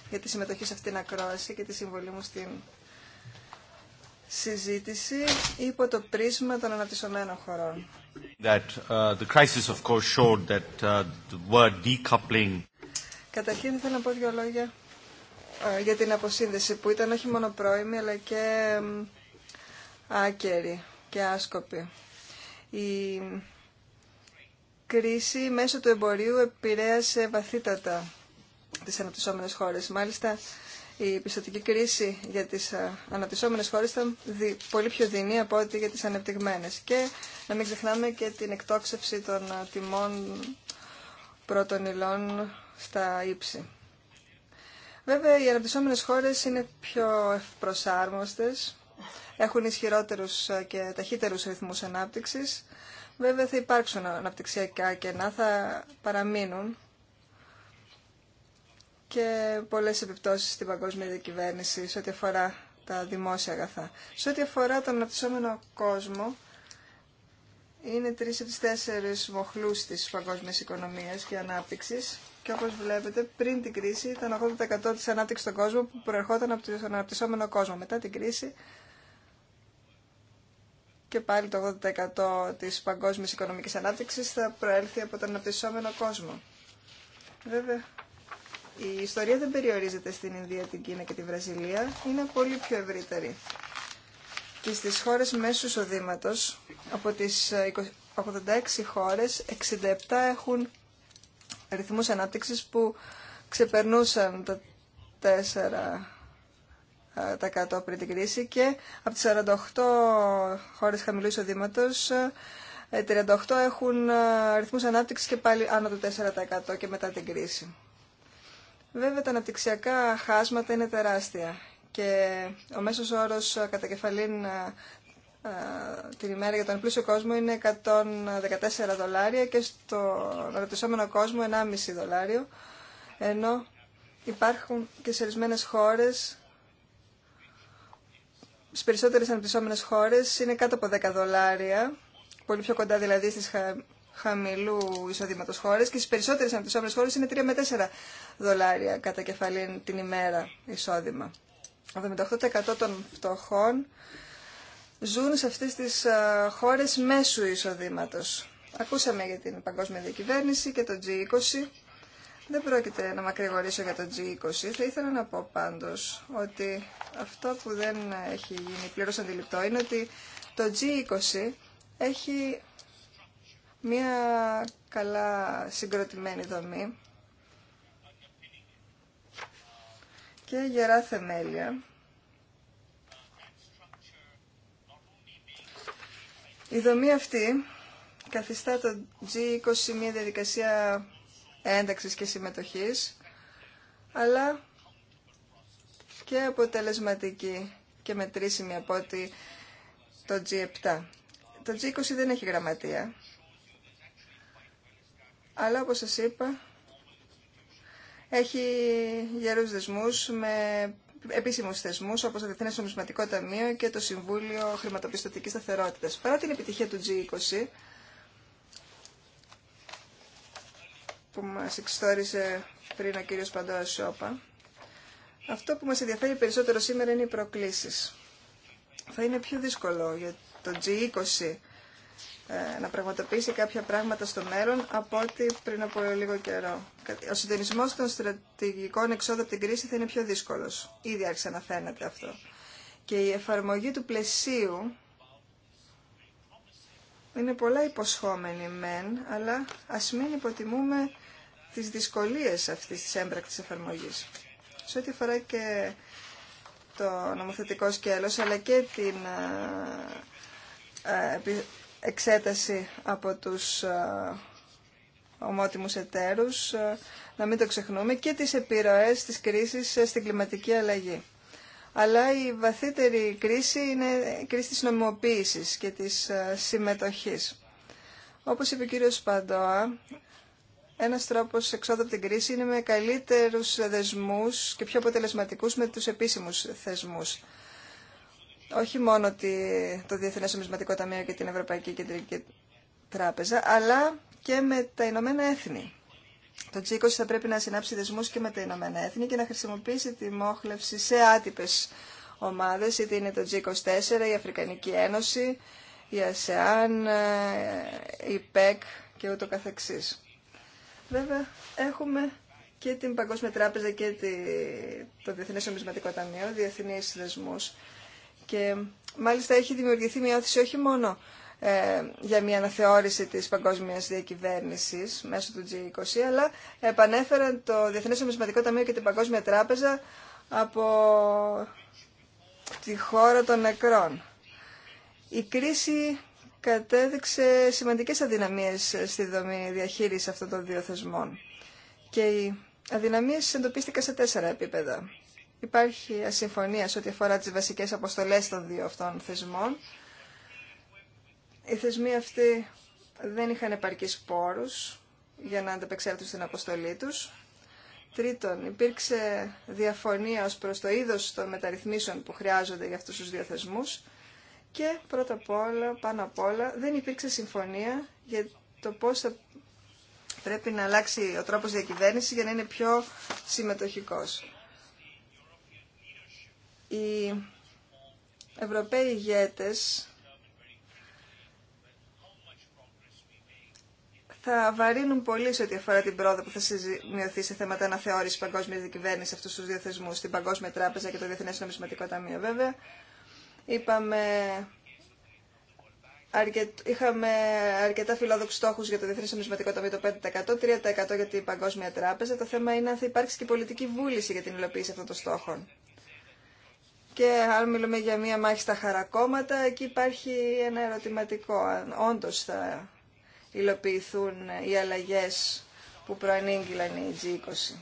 για τη συμμετοχή σε αυτήν την ακρόαση και τη συμβολή μου στην συζήτηση υπό το πρίσμα των αναπτυσσομένων χωρών. That, uh, the crisis of course showed uh, Καταρχήν ήθελα να πω δύο λόγια ε, για την αποσύνδεση που ήταν όχι μόνο πρώιμη αλλά και άκερη και άσκοπη. Η κρίση μέσω του εμπορίου επηρέασε βαθύτατα τις αναπτυσσόμενες χώρες. Μάλιστα, η πιστοτική κρίση για τις ε, αναπτυσσόμενες χώρες ήταν πολύ πιο δεινή από ό,τι για τις ανεπτυγμένες. Και να μην ξεχνάμε και την εκτόξευση των ε, τιμών πρώτων υλών στα ύψη. Βέβαια, οι αναπτυσσόμενες χώρες είναι πιο προσάρμοστες, έχουν ισχυρότερους ε, και ταχύτερους ρυθμούς ανάπτυξης, Βέβαια θα υπάρξουν αναπτυξιακά κενά, θα παραμείνουν και πολλές επιπτώσεις στην παγκόσμια διακυβέρνηση σε ό,τι αφορά τα δημόσια αγαθά. Σε ό,τι αφορά τον αναπτυσσόμενο κόσμο, είναι τρεις από τις τέσσερις μοχλούς της παγκόσμιας οικονομίας και ανάπτυξης και όπως βλέπετε πριν την κρίση ήταν 80% της ανάπτυξης στον κόσμο που προερχόταν από τον αναπτυσσόμενο κόσμο. Μετά την κρίση και πάλι το 80% της παγκόσμιας οικονομικής ανάπτυξης θα προέλθει από τον αναπτυσσόμενο κόσμο. Βέβαια, η ιστορία δεν περιορίζεται στην Ινδία, την Κίνα και τη Βραζιλία, είναι πολύ πιο ευρύτερη. Και στις χώρες μέσου οδήματος, από τις 86 ε, χώρες, 67 έχουν ρυθμούς ανάπτυξης που ξεπερνούσαν τα 4 τα πριν την κρίση και από τις 48 χώρες χαμηλού εισοδήματος 38 ε, έχουν ε, αριθμούς ανάπτυξης και πάλι άνω του 4% και μετά την κρίση. Βέβαια τα αναπτυξιακά χάσματα είναι τεράστια και ο μέσος όρος ε, κατά την ημέρα για τον πλούσιο κόσμο είναι 114 δολάρια και στον ρωτησόμενο κόσμο 1,5 δολάριο ενώ υπάρχουν και σε ορισμένε χώρες στις περισσότερες αναπτυσσόμενες χώρες είναι κάτω από 10 δολάρια, πολύ πιο κοντά δηλαδή στις χαμηλού εισοδήματος χώρες και στις περισσότερες αναπτυσσόμενες χώρες είναι 3 με 4 δολάρια κατά κεφαλή την ημέρα εισόδημα. 78% των φτωχών ζουν σε αυτές τις χώρες μέσου εισοδήματος. Ακούσαμε για την παγκόσμια διακυβέρνηση και το G20 δεν πρόκειται να μακρηγορήσω για το G20. Θα ήθελα να πω πάντως ότι αυτό που δεν έχει γίνει πλήρως αντιληπτό είναι ότι το G20 έχει μια καλά συγκροτημένη δομή και γερά θεμέλια. Η δομή αυτή καθιστά το G20 μια διαδικασία ένταξης και συμμετοχής, αλλά και αποτελεσματική και μετρήσιμη από ότι το G7. Το G20 δεν έχει γραμματεία, αλλά όπως σας είπα, έχει γερούς δεσμούς με επίσημους θεσμούς όπως το Διεθνές Νομισματικό Ταμείο και το Συμβούλιο Χρηματοπιστωτικής Σταθερότητας. Παρά την επιτυχία του G20, που μας εξιστόρισε πριν ο κύριος Παντώας Σόπα. Αυτό που μας ενδιαφέρει περισσότερο σήμερα είναι οι προκλήσεις. Θα είναι πιο δύσκολο για το G20 ε, να πραγματοποιήσει κάποια πράγματα στο μέλλον από ό,τι πριν από λίγο καιρό. Ο συντονισμός των στρατηγικών εξόδων από την κρίση θα είναι πιο δύσκολος. Ήδη άρχισε να φαίνεται αυτό. Και η εφαρμογή του πλαισίου είναι πολλά υποσχόμενη μεν, αλλά ας μην υποτιμούμε τις δυσκολίες αυτής της έμπρακτης εφαρμογής. Σε ό,τι αφορά και το νομοθετικό σκέλος, αλλά και την ε, ε, εξέταση από τους ε, ομότιμους εταίρους, να μην το ξεχνούμε, και τις επιρροές της κρίσης στην κλιματική αλλαγή. Αλλά η βαθύτερη κρίση είναι η κρίση της νομιμοποίησης και της συμμετοχής. Όπως είπε ο κύριος Παντόα, ένα τρόπο εξόδου από την κρίση είναι με καλύτερου δεσμού και πιο αποτελεσματικού με του επίσημου θεσμού. Όχι μόνο το Διεθνέ Ομισματικό Ταμείο και την Ευρωπαϊκή Κεντρική Τράπεζα, αλλά και με τα Ηνωμένα Έθνη. Το G20 θα πρέπει να συνάψει δεσμού και με τα Ηνωμένα Έθνη και να χρησιμοποιήσει τη μόχλευση σε άτυπε ομάδε, είτε είναι το G24, η Αφρικανική Ένωση, η ΑΣΕΑΝ, η ΠΕΚ και ούτω καθεξής. Βέβαια, έχουμε και την Παγκόσμια Τράπεζα και το Διεθνέ Ομισματικό Ταμείο, διεθνεί δεσμού. Και μάλιστα έχει δημιουργηθεί μια όθηση όχι μόνο ε, για μια αναθεώρηση της παγκόσμιας διακυβέρνηση μέσω του G20, αλλά επανέφεραν το Διεθνέ Ομισματικό Ταμείο και την Παγκόσμια Τράπεζα από τη χώρα των νεκρών. Η κρίση κατέδειξε σημαντικές αδυναμίες στη δομή διαχείρισης αυτών των δύο θεσμών. Και οι αδυναμίες εντοπίστηκαν σε τέσσερα επίπεδα. Υπάρχει ασυμφωνία σε ό,τι αφορά τις βασικές αποστολές των δύο αυτών θεσμών. Οι θεσμοί αυτοί δεν είχαν επαρκείς πόρους για να ανταπεξέλθουν στην αποστολή τους. Τρίτον, υπήρξε διαφωνία ως προς το είδος των μεταρρυθμίσεων που χρειάζονται για αυτούς τους δύο θεσμούς. Και πρώτα απ' όλα, πάνω απ' όλα, δεν υπήρξε συμφωνία για το πώς θα πρέπει να αλλάξει ο τρόπος διακυβέρνησης για να είναι πιο συμμετοχικός. Οι Ευρωπαίοι ηγέτες θα βαρύνουν πολύ σε ό,τι αφορά την πρόοδο που θα συζημιωθεί σε θέματα αναθεώρηση παγκόσμια διακυβέρνηση αυτού του δύο θεσμού, την Παγκόσμια Τράπεζα και το Διεθνέ Νομισματικό Ταμείο, βέβαια. Είπαμε Είχαμε αρκετά φιλόδοξου στόχου για το Διεθνέ Νομισματικό Ταμείο το 5%, 3% για την Παγκόσμια Τράπεζα. Το θέμα είναι αν θα υπάρξει και πολιτική βούληση για την υλοποίηση αυτών των στόχων. Και αν μιλούμε για μία μάχη στα χαρακόμματα, εκεί υπάρχει ένα ερωτηματικό. Αν όντω θα υλοποιηθούν οι αλλαγέ που προανήγγυλαν οι G20.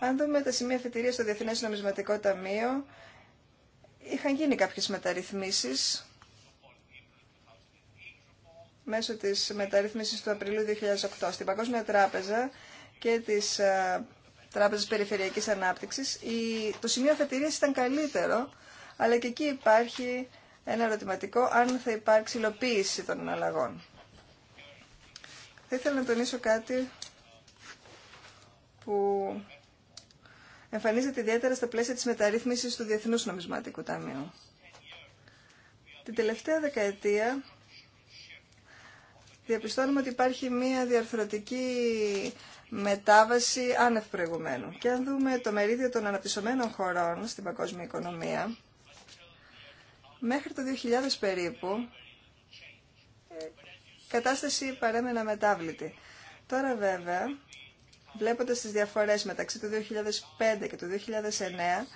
Αν δούμε τα σημεία στο Διεθνέ Νομισματικό Ταμείο, Είχαν γίνει κάποιες μεταρρυθμίσεις μέσω της μεταρρύθμισης του Απριλίου 2008 στην Παγκόσμια Τράπεζα και της ε, Τράπεζας Περιφερειακής Ανάπτυξης. Το σημείο θετηρίας ήταν καλύτερο, αλλά και εκεί υπάρχει ένα ερωτηματικό αν θα υπάρξει υλοποίηση των αλλαγών. Θα ήθελα να τονίσω κάτι που εμφανίζεται ιδιαίτερα στα πλαίσια της μεταρρύθμισης του Διεθνούς Νομισματικού Ταμείου. Την τελευταία δεκαετία διαπιστώνουμε ότι υπάρχει μία διαρθρωτική μετάβαση άνευ προηγουμένου. Και αν δούμε το μερίδιο των αναπτυσσομένων χωρών στην παγκόσμια οικονομία, μέχρι το 2000 περίπου, η ε, κατάσταση παρέμενα μετάβλητη. Τώρα βέβαια, Βλέποντας τις διαφορές μεταξύ του 2005 και του 2009,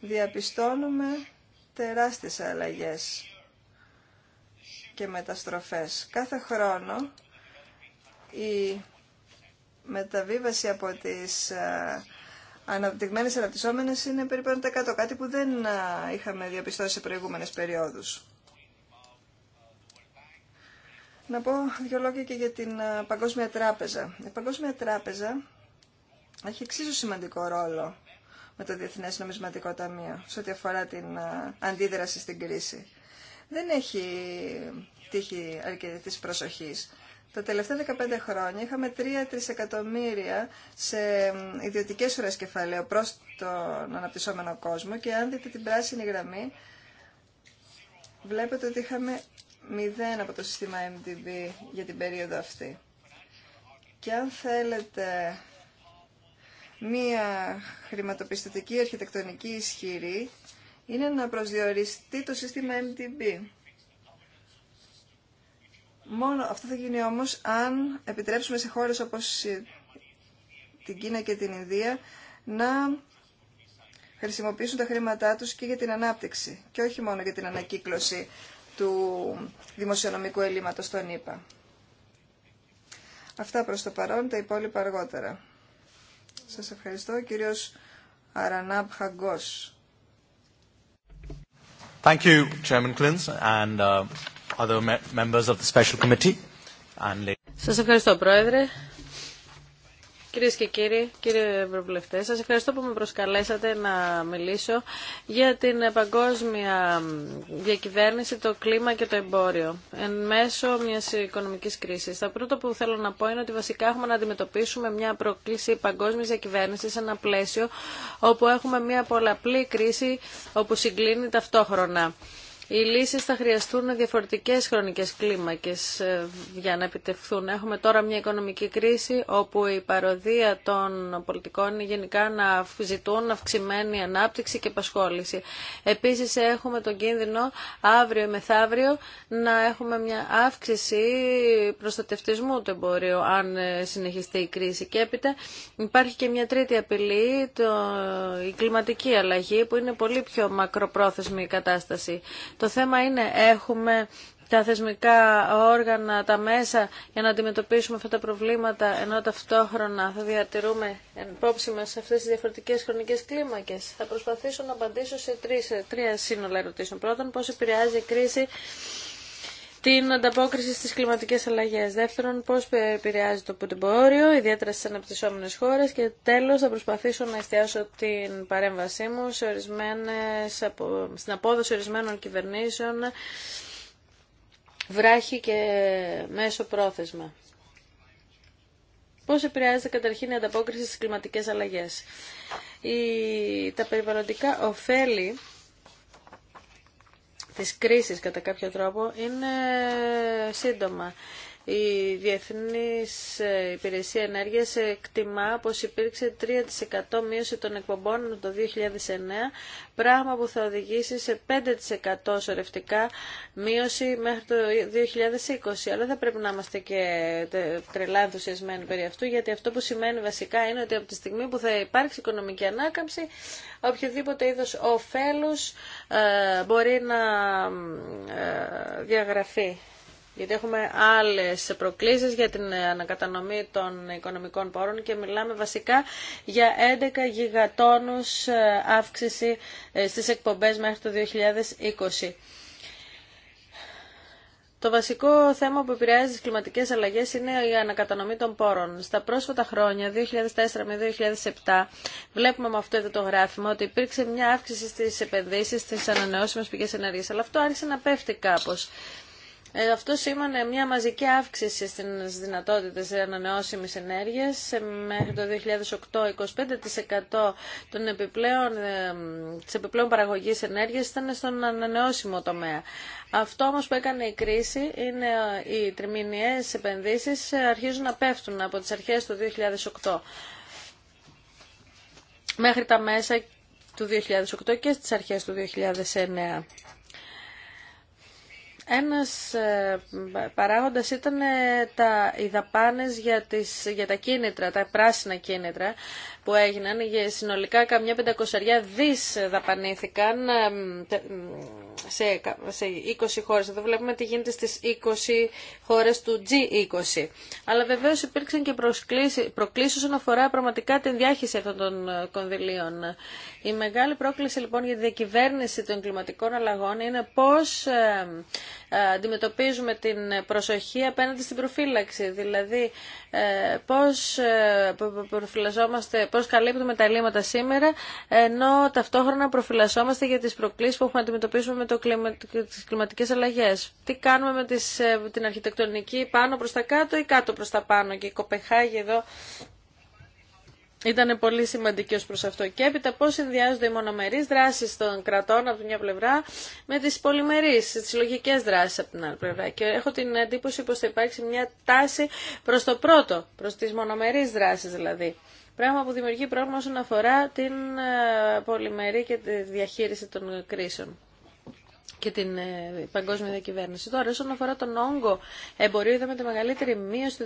διαπιστώνουμε τεράστιες αλλαγές και μεταστροφές. Κάθε χρόνο η μεταβίβαση από τις ε, αναπτυγμένες αναπτυσσόμενες είναι περίπου 100, κάτι που δεν ε, είχαμε διαπιστώσει σε προηγούμενες περιόδους. Να πω δύο λόγια και για την ε, Παγκόσμια Τράπεζα. Η Παγκόσμια Τράπεζα έχει εξίσου σημαντικό ρόλο με το Διεθνές Νομισματικό Ταμείο σε ό,τι αφορά την ε, αντίδραση στην κρίση. Δεν έχει τύχει αρκετή προσοχής. Τα τελευταία 15 χρόνια είχαμε 3 εκατομμύρια σε ιδιωτικές ώρες κεφαλαίου προς τον αναπτυσσόμενο κόσμο και αν δείτε την πράσινη γραμμή βλέπετε ότι είχαμε 0 από το σύστημα MDB για την περίοδο αυτή. Και αν θέλετε μία χρηματοπιστωτική αρχιτεκτονική ισχυρή είναι να προσδιοριστεί το σύστημα MTB. Μόνο αυτό θα γίνει όμως αν επιτρέψουμε σε χώρες όπως την Κίνα και την Ινδία να χρησιμοποιήσουν τα χρήματά τους και για την ανάπτυξη και όχι μόνο για την ανακύκλωση του δημοσιονομικού ελλείμματος στον ΗΠΑ. Αυτά προς το παρόν, τα υπόλοιπα αργότερα. Σας ευχαριστώ. Ο κύριος Αρανάμπ Χαγκός. Thank you, Chairman Klins, and uh, other members of the Special Committee. And... Σας ευχαριστώ, Πρόεδρε. Κυρίες και κύριοι, κύριε Ευρωβουλευτέ, σας ευχαριστώ που με προσκαλέσατε να μιλήσω για την παγκόσμια διακυβέρνηση, το κλίμα και το εμπόριο εν μέσω μιας οικονομικής κρίσης. Το πρώτο που θέλω να πω είναι ότι βασικά έχουμε να αντιμετωπίσουμε μια πρόκληση παγκόσμιας διακυβέρνησης σε ένα πλαίσιο όπου έχουμε μια πολλαπλή κρίση όπου συγκλίνει ταυτόχρονα οι λύσεις θα χρειαστούν διαφορετικές χρονικές κλίμακες ε, για να επιτευχθούν. Έχουμε τώρα μια οικονομική κρίση όπου η παροδία των πολιτικών είναι γενικά να ζητούν αυξημένη ανάπτυξη και επασχόληση. Επίσης έχουμε τον κίνδυνο αύριο ή μεθαύριο να έχουμε μια αύξηση προστατευτισμού του εμπορίου αν ε, συνεχιστεί η κρίση. Και έπειτα υπάρχει και μια τρίτη απειλή, το... η κλιματική αλλαγή που είναι πολύ πιο μακροπρόθεσμη η κατάσταση. Το θέμα είναι έχουμε τα θεσμικά όργανα, τα μέσα για να αντιμετωπίσουμε αυτά τα προβλήματα ενώ ταυτόχρονα θα διατηρούμε υπόψη μας σε αυτές τις διαφορετικές χρονικές κλίμακες. Θα προσπαθήσω να απαντήσω σε τρεις, τρία σύνολα ερωτήσεων. Πρώτον, πώς επηρεάζει η κρίση την ανταπόκριση στις κλιματικές αλλαγές. Δεύτερον, πώς επηρεάζει το πουτυμπόριο, ιδιαίτερα στις αναπτυσσόμενες χώρες. Και τέλος, θα προσπαθήσω να εστιάσω την παρέμβασή μου σε ορισμένες, στην απόδοση ορισμένων κυβερνήσεων βράχη και μέσο πρόθεσμα. Πώς επηρεάζεται καταρχήν η ανταπόκριση στις κλιματικές αλλαγές. τα περιβαλλοντικά ωφέλη της κρίσης κατά κάποιο τρόπο είναι σύντομα. Η Διεθνής Υπηρεσία Ενέργειας εκτιμά πως υπήρξε 3% μείωση των εκπομπών το 2009, πράγμα που θα οδηγήσει σε 5% σωρευτικά μείωση μέχρι το 2020. Αλλά δεν πρέπει να είμαστε και τρελά ενθουσιασμένοι περί αυτού, γιατί αυτό που σημαίνει βασικά είναι ότι από τη στιγμή που θα υπάρξει οικονομική ανάκαμψη, οποιοδήποτε είδος ωφέλους ε, μπορεί να ε, διαγραφεί γιατί έχουμε άλλες προκλήσεις για την ανακατανομή των οικονομικών πόρων και μιλάμε βασικά για 11 γιγατόνους ε, αύξηση ε, στις εκπομπές μέχρι το 2020. Το βασικό θέμα που επηρεάζει τις κλιματικές αλλαγές είναι η ανακατανομή των πόρων. Στα πρόσφατα χρόνια, 2004 με 2007, βλέπουμε με αυτό εδώ το γράφημα ότι υπήρξε μια αύξηση στις επενδύσεις στις ανανεώσιμες πηγές ενέργειας, αλλά αυτό άρχισε να πέφτει κάπως. Ε, αυτό σήμανε μια μαζική αύξηση στις δυνατότητες ανανεώσιμης ενέργειας. Ε, μέχρι το 2008, 25% των επιπλέον, ε, της επιπλέον παραγωγής ενέργειας ήταν στον ανανεώσιμο τομέα. Αυτό όμως που έκανε η κρίση είναι οι τριμηνιαίες επενδύσεις αρχίζουν να πέφτουν από τις αρχές του 2008 μέχρι τα μέσα του 2008 και στις αρχές του 2009. Ένας ε, παράγοντας ήταν ε, τα, οι δαπάνες για, τις, για τα κίνητρα, τα πράσινα κίνητρα, που έγιναν, συνολικά καμιά πεντακοσαριά δις δαπανήθηκαν σε, σε 20 χώρες. Εδώ βλέπουμε τι γίνεται στις 20 χώρες του G20. Αλλά βεβαίως υπήρξαν και προκλήσεις όσον αφορά πραγματικά την διάχυση αυτών των κονδυλίων. Η μεγάλη πρόκληση λοιπόν για τη διακυβέρνηση των κλιματικών αλλαγών είναι πώς αντιμετωπίζουμε την προσοχή απέναντι στην προφύλαξη. Δηλαδή πώς πώς καλύπτουμε τα ελλείμματα σήμερα, ενώ ταυτόχρονα προφυλασσόμαστε για τις προκλήσεις που έχουμε να αντιμετωπίσουμε με το κλιμα... τις κλιματικές αλλαγές. Τι κάνουμε με τις, ε, την αρχιτεκτονική πάνω προς τα κάτω ή κάτω προς τα πάνω και η Κοπεχάγη εδώ ήταν πολύ σημαντική ω προ αυτό. Και έπειτα πώ συνδυάζονται οι μονομερεί δράσει των κρατών από την μια πλευρά με τι πολυμερεί, τι λογικέ δράσει από την άλλη πλευρά. Και έχω την εντύπωση πω θα υπάρξει μια τάση προ το πρώτο, προ τι μονομερεί δράσει δηλαδή. Πράγμα που δημιουργεί πρόβλημα όσον αφορά την ε, πολυμερή και τη διαχείριση των κρίσεων και την ε, παγκόσμια διακυβέρνηση. Τώρα, όσον αφορά τον όγκο εμπορίου, είδαμε τη μεγαλύτερη μείωση του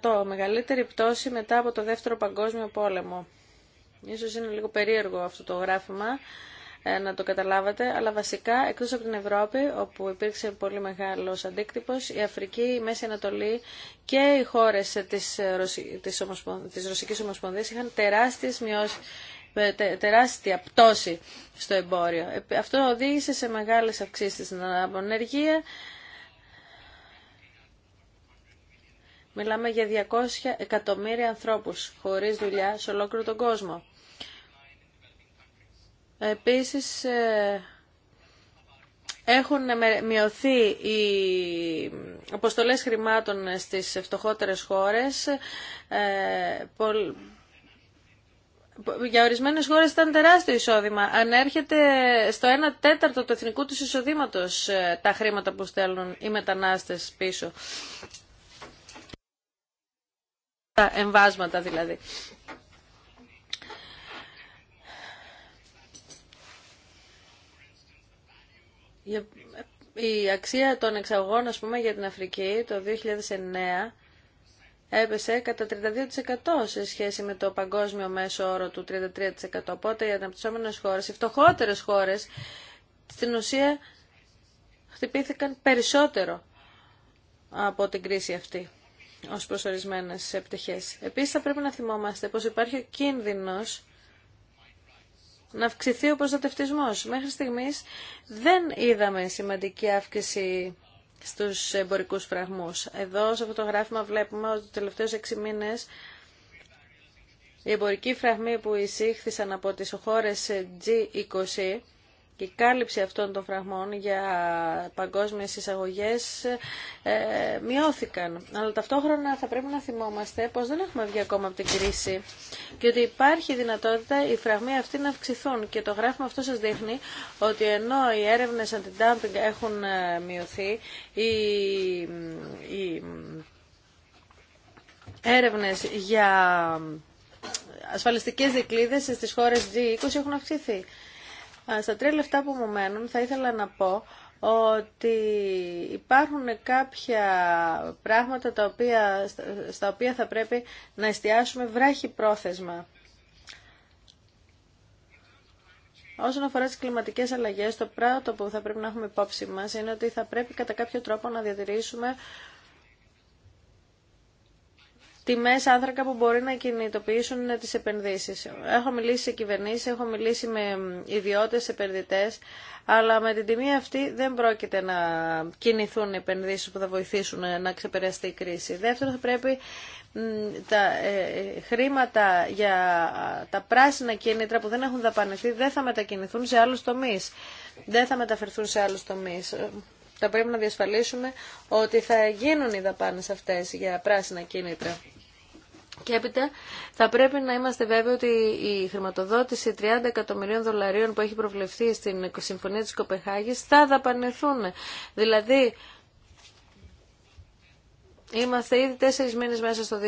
2009. 12% μεγαλύτερη πτώση μετά από το δεύτερο παγκόσμιο πόλεμο. Ίσως είναι λίγο περίεργο αυτό το γράφημα, ε, να το καταλάβατε, αλλά βασικά εκτός από την Ευρώπη, όπου υπήρξε πολύ μεγάλος αντίκτυπος, η Αφρική, η Μέση Ανατολή και οι χώρες της, ε, της, της Ρωσικής Ομοσπονδίας είχαν τεράστιες μειώσεις ε, τεράστια πτώση στο εμπόριο. Αυτό οδήγησε σε μεγάλες αυξήσεις στην ανεργία. Μιλάμε για 200 εκατομμύρια ανθρώπους χωρίς δουλειά σε ολόκληρο τον κόσμο. Επίσης ε, έχουν μειωθεί οι αποστολές χρημάτων στις φτωχότερες χώρες. Ε, για ορισμένες χώρες ήταν τεράστιο εισόδημα. Αν έρχεται στο 1 τέταρτο του εθνικού του εισοδήματος ε, τα χρήματα που στέλνουν οι μετανάστες πίσω. Τα εμβάσματα δηλαδή. Ε, η αξία των εξαγών, ας πούμε, για την Αφρική το 2009 έπεσε κατά 32% σε σχέση με το παγκόσμιο μέσο όρο του 33%. Οπότε οι αναπτυσσόμενες χώρες, οι φτωχότερες χώρες, στην ουσία χτυπήθηκαν περισσότερο από την κρίση αυτή ως προσορισμένες επιτυχίες. Επίσης θα πρέπει να θυμόμαστε πως υπάρχει ο κίνδυνος να αυξηθεί ο προστατευτισμός. Μέχρι στιγμής δεν είδαμε σημαντική αύξηση στους εμπορικούς φραγμούς. Εδώ σε αυτό το γράφημα βλέπουμε ότι τους τελευταίους 6 μήνες οι εμπορικοί φραγμοί που εισήχθησαν από τις χώρες G20 και η κάλυψη αυτών των φραγμών για παγκόσμιες εισαγωγές ε, μειώθηκαν. Αλλά ταυτόχρονα θα πρέπει να θυμόμαστε πως δεν έχουμε βγει ακόμα από την κρίση και ότι υπάρχει δυνατότητα οι φραγμοί αυτοί να αυξηθούν και το γράφημα αυτό σας δείχνει ότι ενώ οι έρευνες αντι-dumping έχουν ε, μειωθεί, οι, οι έρευνες για ασφαλιστικές δικλείδες στις χώρες G20 έχουν αυξηθεί. Στα τρία λεφτά που μου μένουν θα ήθελα να πω ότι υπάρχουν κάποια πράγματα τα οποία, στα οποία θα πρέπει να εστιάσουμε βράχη πρόθεσμα. Όσον αφορά τις κλιματικές αλλαγές, το πρώτο που θα πρέπει να έχουμε υπόψη μας είναι ότι θα πρέπει κατά κάποιο τρόπο να διατηρήσουμε τιμέ άνθρακα που μπορεί να κινητοποιήσουν τι επενδύσει. Έχω μιλήσει σε κυβερνήσει, έχω μιλήσει με ιδιώτες επενδυτέ, αλλά με την τιμή αυτή δεν πρόκειται να κινηθούν οι επενδύσεις που θα βοηθήσουν να ξεπεραστεί η κρίση. Δεύτερον, θα πρέπει τα ε, χρήματα για τα πράσινα κίνητρα που δεν έχουν δαπανηθεί δεν θα μετακινηθούν σε άλλους τομείς. Δεν θα μεταφερθούν σε άλλους τομείς. Θα πρέπει να διασφαλίσουμε ότι θα γίνουν οι δαπάνες αυτές για πράσινα κίνητρα. Και έπειτα θα πρέπει να είμαστε βέβαιοι ότι η χρηματοδότηση 30 εκατομμυρίων δολαρίων που έχει προβλεφθεί στην Συμφωνία της Κοπεχάγης θα δαπανεθούν. Δηλαδή, Είμαστε ήδη τέσσερις μήνες μέσα στο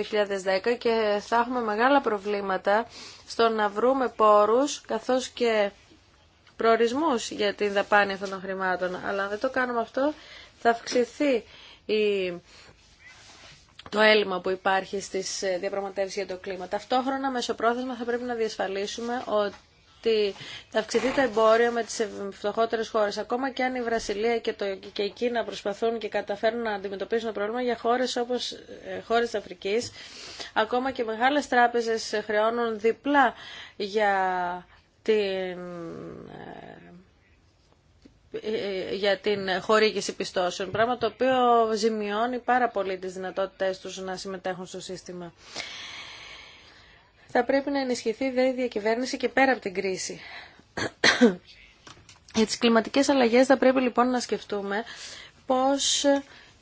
2010 και θα έχουμε μεγάλα προβλήματα στο να βρούμε πόρους καθώς και προορισμούς για την δαπάνη αυτών των χρημάτων. Αλλά αν δεν το κάνουμε αυτό θα αυξηθεί η το έλλειμμα που υπάρχει στις ε, διαπραγματεύσεις για το κλίμα. Ταυτόχρονα, μεσοπρόθεσμα, θα πρέπει να διασφαλίσουμε ότι θα αυξηθεί το εμπόριο με τις φτωχότερες χώρες. Ακόμα και αν η Βρασιλία και, το, και η Κίνα προσπαθούν και καταφέρουν να αντιμετωπίσουν το πρόβλημα για χώρες όπως ε, χώρες της Αφρικής, ακόμα και μεγάλες τράπεζες χρεώνουν διπλά για την ε, για την χορήγηση πιστώσεων, πράγμα το οποίο ζημιώνει πάρα πολύ τις δυνατότητές τους να συμμετέχουν στο σύστημα. Θα πρέπει να ενισχυθεί δε η διακυβέρνηση και πέρα από την κρίση. Για τις κλιματικές αλλαγές θα πρέπει λοιπόν να σκεφτούμε πώς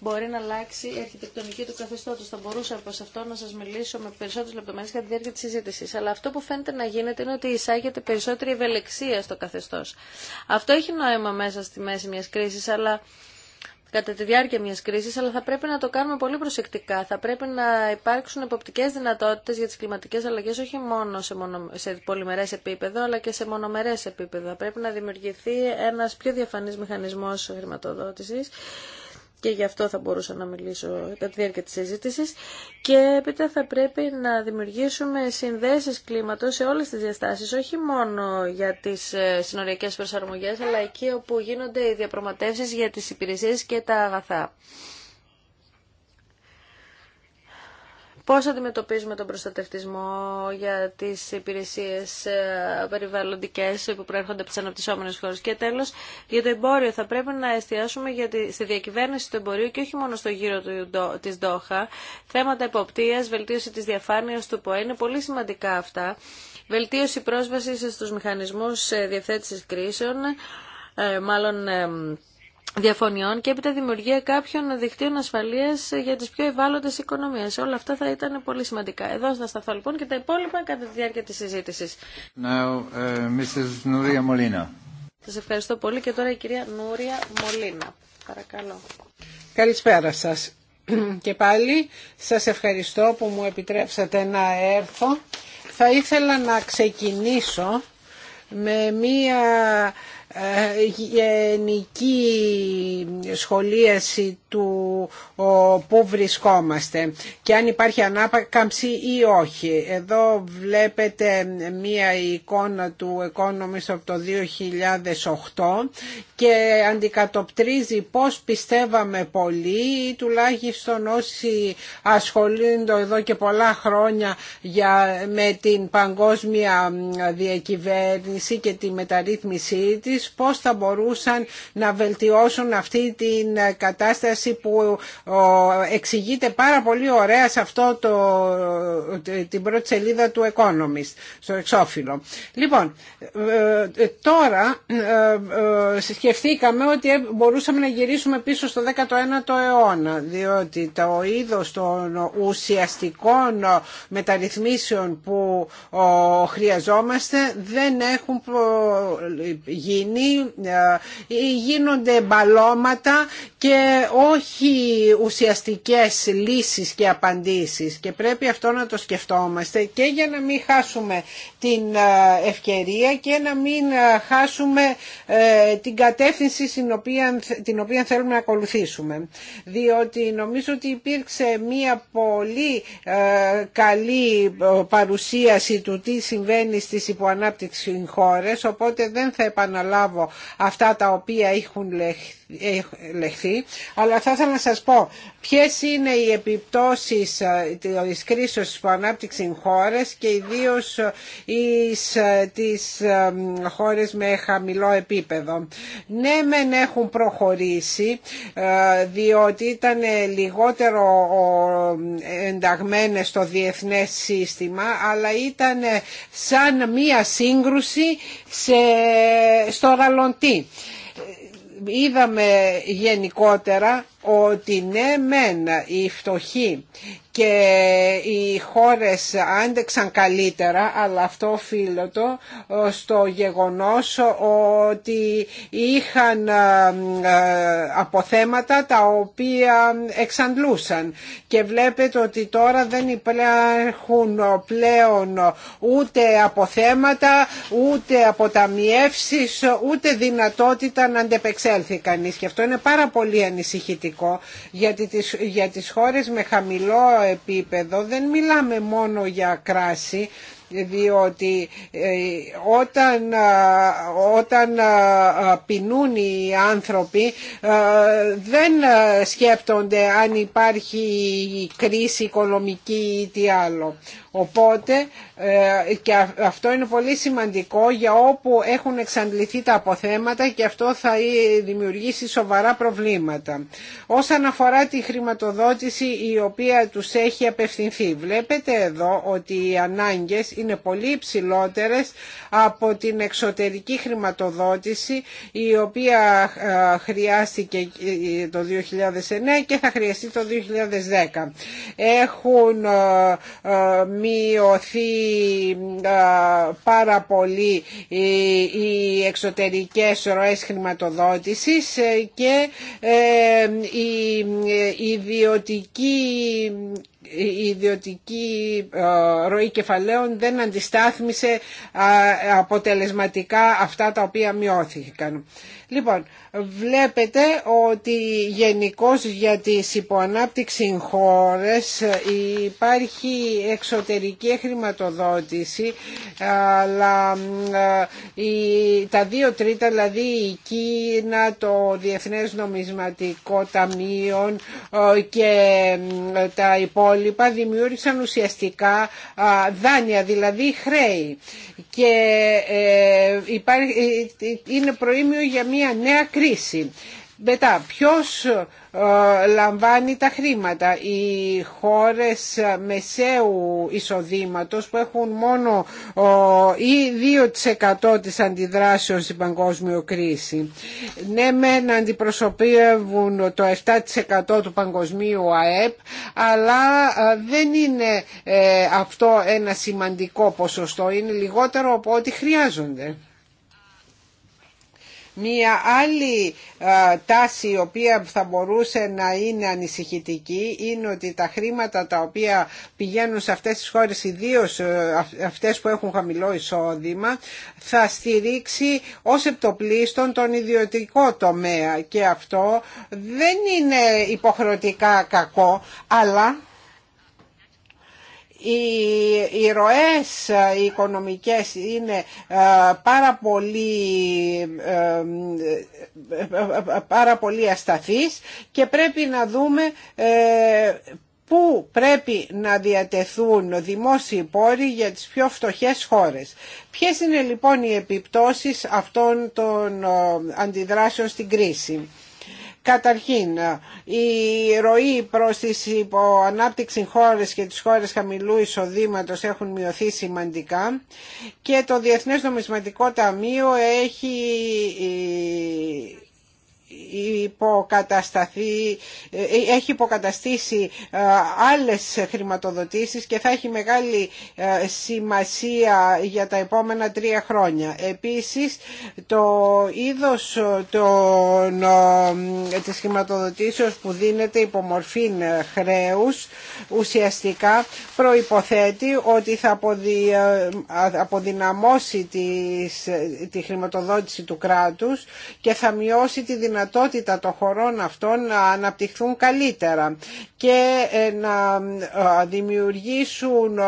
μπορεί να αλλάξει η αρχιτεκτονική του καθεστώτος. Θα μπορούσα από αυτό να σας μιλήσω με περισσότερες λεπτομέρειες κατά τη διάρκεια της συζήτησης. Αλλά αυτό που φαίνεται να γίνεται είναι ότι εισάγεται περισσότερη ευελεξία στο καθεστώς. Αυτό έχει νόημα μέσα στη μέση μιας κρίσης, αλλά κατά τη διάρκεια μιας κρίσης, αλλά θα πρέπει να το κάνουμε πολύ προσεκτικά. Θα πρέπει να υπάρξουν εποπτικές δυνατότητες για τις κλιματικές αλλαγές όχι μόνο σε, μονο, σε πολυμερές επίπεδο, αλλά και σε μονομερές επίπεδο. Θα πρέπει να δημιουργηθεί ένας πιο διαφανής μηχανισμός χρηματοδότησης και γι' αυτό θα μπορούσα να μιλήσω κατά τη διάρκεια της συζήτησης και έπειτα θα πρέπει να δημιουργήσουμε συνδέσεις κλίματος σε όλες τις διαστάσεις, όχι μόνο για τις ε, συνοριακές προσαρμογές, αλλά εκεί όπου γίνονται οι διαπραγματεύσεις για τις υπηρεσίες και τα αγαθά. Πώς αντιμετωπίζουμε τον προστατευτισμό για τις υπηρεσίες ε, περιβαλλοντικές που προέρχονται από τις αναπτυσσόμενες χώρες. Και τέλος, για το εμπόριο θα πρέπει να εστιάσουμε για στη διακυβέρνηση του εμπορίου και όχι μόνο στο γύρο του, της Δόχα. Θέματα εποπτείας, βελτίωση της διαφάνειας του ΠΟΕ, είναι πολύ σημαντικά αυτά. Βελτίωση πρόσβασης στους μηχανισμούς ε, διευθέτησης κρίσεων, ε, μάλλον διαφωνιών και έπειτα δημιουργία κάποιων δικτύων ασφαλεία για τι πιο ευάλωτες οικονομίε. Όλα αυτά θα ήταν πολύ σημαντικά. Εδώ θα σταθώ λοιπόν και τα υπόλοιπα κατά τη διάρκεια τη συζήτηση. Σα ευχαριστώ πολύ και τώρα η κυρία Νούρια Μολίνα. Παρακαλώ. Καλησπέρα σα Και πάλι σας ευχαριστώ που μου επιτρέψατε να έρθω. Θα ήθελα να ξεκινήσω με μία γενική σχολίαση του που βρισκόμαστε και αν υπάρχει ανάπαυση ή όχι. Εδώ βλέπετε μία εικόνα του Economist από το 2008 και αντικατοπτρίζει πώς πιστεύαμε πολύ ή τουλάχιστον όσοι ασχολούνται εδώ και πολλά χρόνια για, με την παγκόσμια διακυβέρνηση και τη μεταρρύθμισή της Πώ πώς θα μπορούσαν να βελτιώσουν αυτή την ε, κατάσταση που εξηγείται πάρα πολύ ωραία σε αυτό το, ε, την πρώτη σελίδα του Economist στο εξώφυλλο. Λοιπόν, ε, τώρα σκεφτήκαμε ότι μπορούσαμε να γυρίσουμε πίσω στο 19ο αιώνα διότι το είδος των ουσιαστικών μεταρρυθμίσεων που χρειαζόμαστε δεν έχουν γίνει ή γίνονται μπαλώματα και όχι ουσιαστικές λύσεις και απαντήσεις και πρέπει αυτό να το σκεφτόμαστε και για να μην χάσουμε την ευκαιρία και να μην χάσουμε ε, την κατεύθυνση την οποία, την οποία θέλουμε να ακολουθήσουμε διότι νομίζω ότι υπήρξε μία πολύ καλή παρουσίαση του τι συμβαίνει στις υποανάπτυξη χώρες οπότε δεν θα επαναλάβω αυτά τα οποία έχουν λεχθεί, αλλά θα ήθελα να σας πω ποιες είναι οι επιπτώσεις ε, της κρίσης που ανάπτυξαν χώρες και ιδίως ε, ε, τις χώρες με χαμηλό επίπεδο. Ναι, μεν έχουν προχωρήσει, διότι ήταν λιγότερο ενταγμένες στο διεθνές σύστημα, αλλά ήταν σαν μία σύγκρουση σε, στο ραλοντή είδαμε γενικότερα ότι ναι μεν οι φτωχοί και οι χώρες άντεξαν καλύτερα αλλά αυτό οφείλωτο ε, στο γεγονός ότι είχαν ε, ε, αποθέματα τα οποία εξαντλούσαν και βλέπετε ότι τώρα δεν υπάρχουν πλέον ούτε αποθέματα ούτε αποταμιεύσεις ούτε δυνατότητα να αντεπεξέλθει κανείς και αυτό είναι πάρα πολύ ανησυχητικό γιατί τις, για τις χώρες με χαμηλό επίπεδο δεν μιλάμε μόνο για κράση διότι ε, όταν, ε, όταν ε, πεινούν οι άνθρωποι δεν σκέπτονται αν υπάρχει κρίση οικονομική ή τι άλλο. Οπότε ε, και αυτό είναι πολύ σημαντικό για όπου έχουν εξαντληθεί τα αποθέματα και αυτό θα δημιουργήσει σοβαρά προβλήματα. Όσον αφορά τη χρηματοδότηση η οποία τους έχει απευθυνθεί. Βλέπετε εδώ ότι οι ανάγκες είναι πολύ υψηλότερες από την εξωτερική χρηματοδότηση η οποία ε, χρειάστηκε ε, το 2009 και θα χρειαστεί το 2010. Έχουν μειωθεί πάρα πολύ οι εξωτερικές ροές χρηματοδότησης ε, και ε, η ιδιωτική η ιδιωτική ε, ροή κεφαλαίων δεν αντιστάθμισε αποτελεσματικά αυτά τα οποία μειώθηκαν. Λοιπόν, βλέπετε ότι γενικώ για τις υποανάπτυξη χώρες ε, υπάρχει εξωτερική χρηματοδότηση αλλά ε, τα δύο τρίτα, δηλαδή η Κίνα, το Διεθνές Νομισματικό Ταμείο και τα υπόλοιπα υπόλοιπα δημιούργησαν ουσιαστικά δάνεια, δηλαδή χρέη. Και ε, ε, ε, είναι προήμιο για μια νέα κρίση. Μετά, ποιος ε, λαμβάνει τα χρήματα. Οι χώρες μεσαίου εισοδήματος που έχουν μόνο ή 2% της αντιδράσεως στην παγκόσμια κρίση. Ναι, μεν αντιπροσωπεύουν το 7% του παγκοσμίου ΑΕΠ, αλλά ε, δεν είναι ε, αυτό ένα σημαντικό ποσοστό. Είναι λιγότερο από ό,τι χρειάζονται. Μία άλλη τάση η οποία θα μπορούσε να είναι ανησυχητική είναι ότι τα χρήματα τα οποία πηγαίνουν σε αυτές τις χώρες, ιδίω αυτές που έχουν χαμηλό εισόδημα, θα στηρίξει ως επτοπλίστων τον ιδιωτικό τομέα και αυτό δεν είναι υποχρεωτικά κακό, αλλά οι ροές ε, οι οικονομικές είναι ε, πάρα πολύ, ε, πάρα πολύ ασταθείς και πρέπει να δούμε πού πρέπει να διατεθούν δημόσιοι πόροι για τις πιο φτωχές χώρες. Ποιες είναι λοιπόν οι επιπτώσεις αυτών των αντιδράσεων στην κρίση. Καταρχήν, η ροή προς τις υποανάπτυξη χώρες και τις χώρες χαμηλού εισοδήματος έχουν μειωθεί σημαντικά και το Διεθνές Νομισματικό Ταμείο έχει ε, υποκατασταθεί, ε, έχει υποκαταστήσει ε, άλλες χρηματοδοτήσεις και θα έχει μεγάλη ε, σημασία για τα επόμενα τρία χρόνια. Επίσης, το είδος των, της χρηματοδοτήσεως που δίνεται υπό χρέους ουσιαστικά προϋποθέτει ότι θα αποδυναμώσει τη χρηματοδότηση του κράτους και θα μειώσει τη δυνατότητα των χωρών αυτών να αναπτυχθούν καλύτερα και ε, να ε, δημιουργήσουν ε,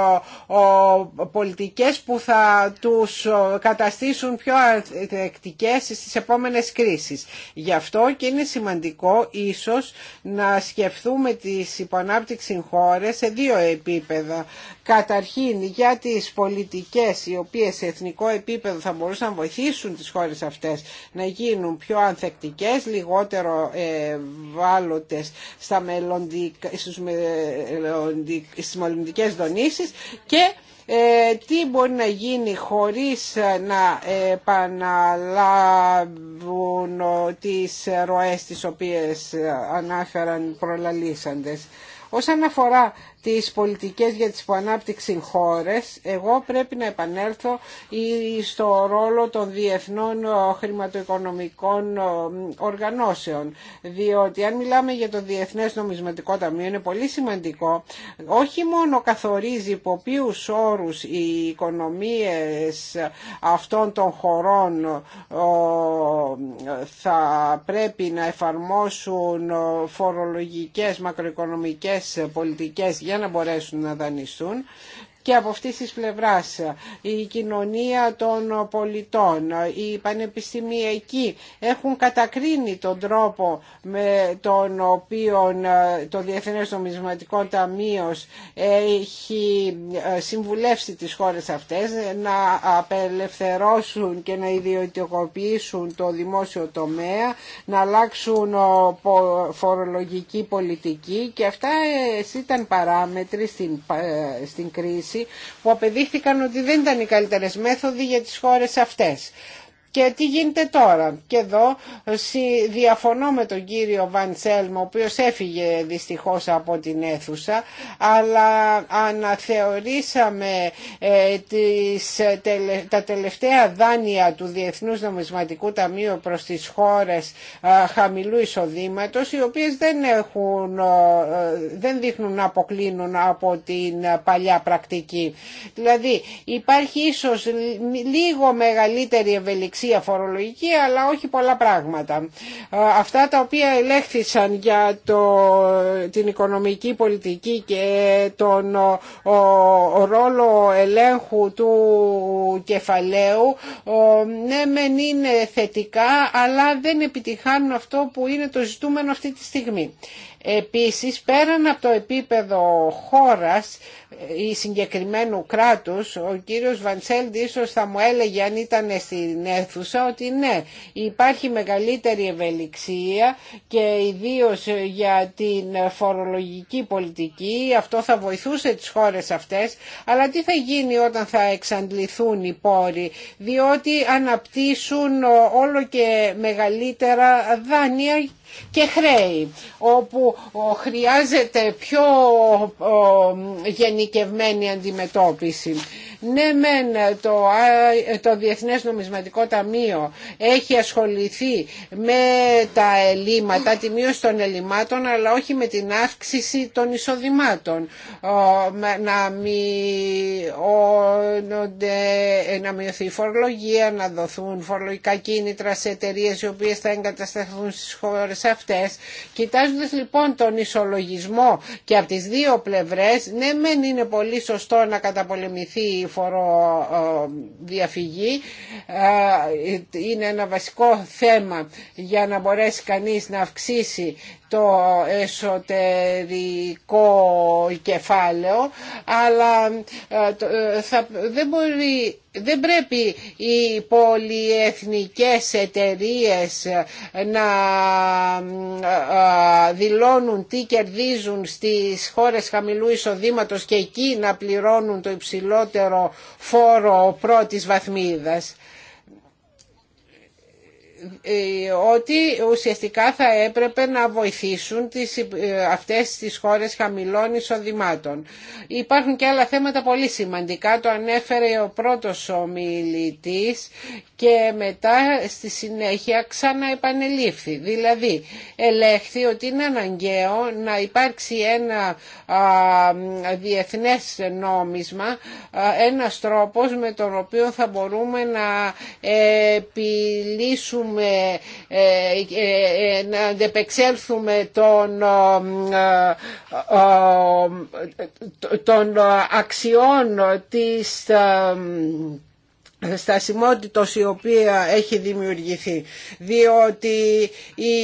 πολιτικές που θα τους καταστήσουν πιο ανθεκτικές στις επόμενες κρίσεις. Γι' αυτό και είναι σημαντικό ίσως να σκεφτούμε τις υποανάπτυξη χώρες σε δύο επίπεδα καταρχήν για τις πολιτικές οι οποίες σε εθνικό επίπεδο θα μπορούσαν να βοηθήσουν τις χώρες αυτές να γίνουν πιο ανθεκτικές, λιγότερο βάλωτες ε, στα μελλοντικ... στους στις μελλοντικές δονήσεις και ε, τι μπορεί να γίνει χωρίς να επαναλάβουν τις ροές τις οποίες ανάφεραν προλαλήσαντες. Όσον αφορά τις πολιτικές για τις υποανάπτυξη χώρες, εγώ πρέπει να επανέλθω στο ρόλο των διεθνών ε, χρηματοοικονομικών ε, οργανώσεων. Διότι αν μιλάμε για το Διεθνές Νομισματικό Ταμείο είναι πολύ σημαντικό. Όχι μόνο καθορίζει υπό ποιου όρους οι οικονομίες αυτών των χωρών ε, θα πρέπει να εφαρμόσουν φορολογικές μακροοικονομικές πολιτικές να μπορέσουν να δανειστούν και από αυτής της πλευράς. Η κοινωνία των πολιτών, η πανεπιστημιακή έχουν κατακρίνει τον τρόπο με τον οποίο ε, το Διεθνές Νομισματικό Ταμείο έχει ε, συμβουλεύσει τις χώρες αυτές να απελευθερώσουν και να ιδιωτικοποιήσουν το δημόσιο τομέα, να αλλάξουν ε, φορολογική πολιτική και αυτά ήταν παράμετροι στην, στην κρίση που απεδείχθηκαν ότι δεν ήταν οι καλύτερες μέθοδοι για τις χώρες αυτές. Και τι γίνεται τώρα. Και εδώ ε, διαφωνώ με τον κύριο Βαντσέλμ, ο οποίος έφυγε δυστυχώς από την αίθουσα, αλλά αναθεωρήσαμε ε, τις, ε, τα τελευταία δάνεια του Διεθνούς Νομισματικού Ταμείου προς τις χώρες χαμηλού εισοδήματος, οι οποίες δεν, έχουν, δεν δείχνουν να αποκλίνουν από την παλιά πρακτική. Δηλαδή υπάρχει ίσως λίγο μεγαλύτερη ευελιξία διαφορολογική, αλλά όχι πολλά πράγματα. Ε, αυτά τα οποία ελέγχθησαν για το, την οικονομική πολιτική και τον ρόλο ελέγχου του κεφαλαίου ε, ναι μεν είναι θετικά αλλά δεν επιτυχάνουν αυτό που είναι το ζητούμενο αυτή τη στιγμή. Επίσης πέραν από το επίπεδο χώρας ή συγκεκριμένου κράτους, ο κύριος Βαντσέλντ ίσως θα μου έλεγε αν ήταν στην αίθουσα ότι ναι, υπάρχει μεγαλύτερη ευελιξία και ιδίως για την φορολογική πολιτική, αυτό θα βοηθούσε τις χώρες αυτές, αλλά τι θα γίνει όταν θα εξαντληθούν οι πόροι, διότι αναπτύσσουν όλο και μεγαλύτερα δάνεια και χρέη, όπου χρειάζεται πιο γενικευμένη αντιμετώπιση. Ναι μεν το, το Διεθνές Νομισματικό Ταμείο έχει ασχοληθεί με τα ελλείμματα, τη μείωση των ελλημάτων αλλά όχι με την αύξηση των εισοδημάτων. Να, μειώνονται, να μειωθεί η φορολογία, να δοθούν φορολογικά κίνητρα σε εταιρείε οι οποίες θα εγκατασταθούν στις χώρες αυτές. Κοιτάζοντας λοιπόν τον ισολογισμό και από τις δύο πλευρές, ναι μεν είναι πολύ σωστό να καταπολεμηθεί η ε, διαφυγή ε, ε, είναι ένα βασικό θέμα για να μπορέσει κανείς να αυξήσει το εσωτερικό κεφάλαιο αλλά ε, ε, δεν μπορεί δεν πρέπει οι πολυεθνικές εταιρείες να ε, δηλώνουν τι κερδίζουν στις χώρες χαμηλού εισοδήματος και εκεί να πληρώνουν το υψηλότερο φόρο πρώτης βαθμίδας. Ε, ότι ουσιαστικά θα έπρεπε να βοηθήσουν τις, ε, αυτές τις χώρες χαμηλών εισοδημάτων. Υπάρχουν και άλλα θέματα πολύ σημαντικά, το ανέφερε ο πρώτος ομιλητής και μετά στη συνέχεια ξαναεπανελήφθη, Δηλαδή, ελέγχθη ότι είναι αναγκαίο να υπάρξει ένα διεθνές νόμισμα, ένας τρόπος με τον οποίο θα μπορούμε να επιλύσουμε ε, ε, ε, να αντεπεξέλθουμε των, ε, των αξιών της στασιμότητος η οποία έχει δημιουργηθεί διότι η,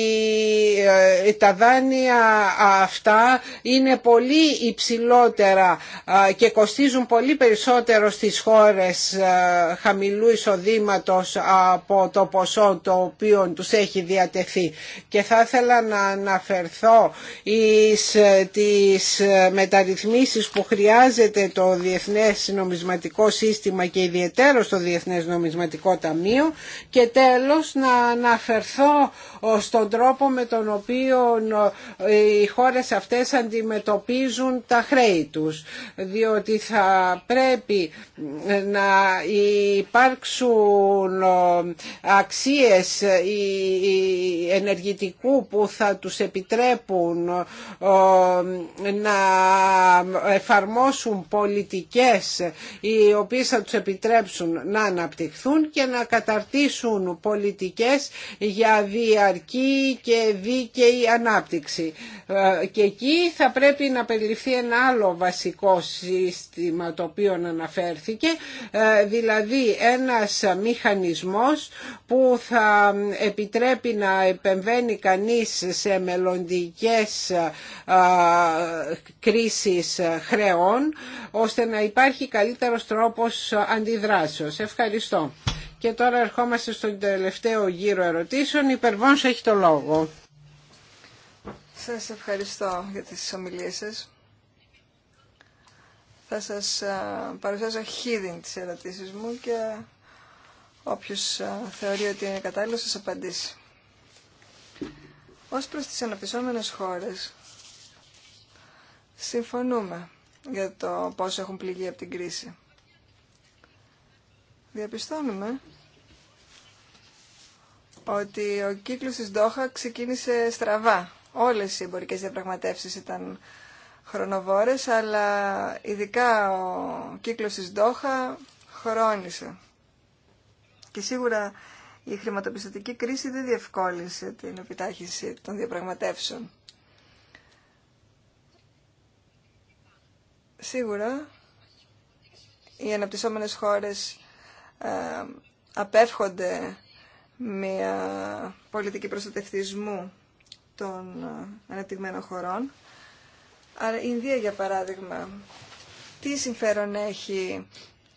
ε, τα δάνεια αυτά είναι πολύ υψηλότερα και κοστίζουν πολύ περισσότερο στις χώρες χαμηλού εισοδήματος από το ποσό το οποίο τους έχει διατεθεί και θα ήθελα να αναφερθώ εις τις μεταρρυθμίσεις που χρειάζεται το Διεθνές Νομισματικό Σύστημα και ιδιαίτερο στο Διεθνές Διεθνές Νομισματικό Ταμείο και τέλος να αναφερθώ στον τρόπο με τον οποίο οι χώρες αυτές αντιμετωπίζουν τα χρέη τους διότι θα πρέπει να υπάρξουν αξίες ενεργητικού που θα τους επιτρέπουν να εφαρμόσουν πολιτικές οι οποίες θα τους επιτρέψουν να αναπτυχθούν και να καταρτήσουν πολιτικές για δια διαρκή και δίκαιη ανάπτυξη. Ε, και εκεί θα πρέπει να περιληφθεί ένα άλλο βασικό σύστημα το οποίο αναφέρθηκε, ε, δηλαδή ένας μηχανισμός που θα επιτρέπει να επεμβαίνει κανείς σε μελλοντικές ε, κρίσεις χρεών, ώστε να υπάρχει καλύτερος τρόπος αντιδράσεως. Ευχαριστώ. Και τώρα ερχόμαστε στον τελευταίο γύρο ερωτήσεων. Η Περβόνς έχει το λόγο. Σας ευχαριστώ για τις ομιλίες σας. Θα σας παρουσιάσω χίδιν τις ερωτήσεις μου και όποιος θεωρεί ότι είναι κατάλληλο σας απαντήσει. Ως προς τις αναπτυσσόμενες χώρες, συμφωνούμε για το πώς έχουν πληγεί από την κρίση. Διαπιστώνουμε ότι ο κύκλος της ΔΟΧΑ ξεκίνησε στραβά. Όλες οι εμπορικές διαπραγματεύσεις ήταν χρονοβόρες, αλλά ειδικά ο κύκλος της ΔΟΧΑ χρόνισε. Και σίγουρα η χρηματοπιστωτική κρίση δεν διευκόλυνσε την επιτάχυνση των διαπραγματεύσεων. Σίγουρα οι αναπτυσσόμενες χώρες ε, απέφχονται μια πολιτική προστατευτισμού των ε, αναπτυγμένων χωρών. Άρα η Ινδία για παράδειγμα, τι συμφέρον έχει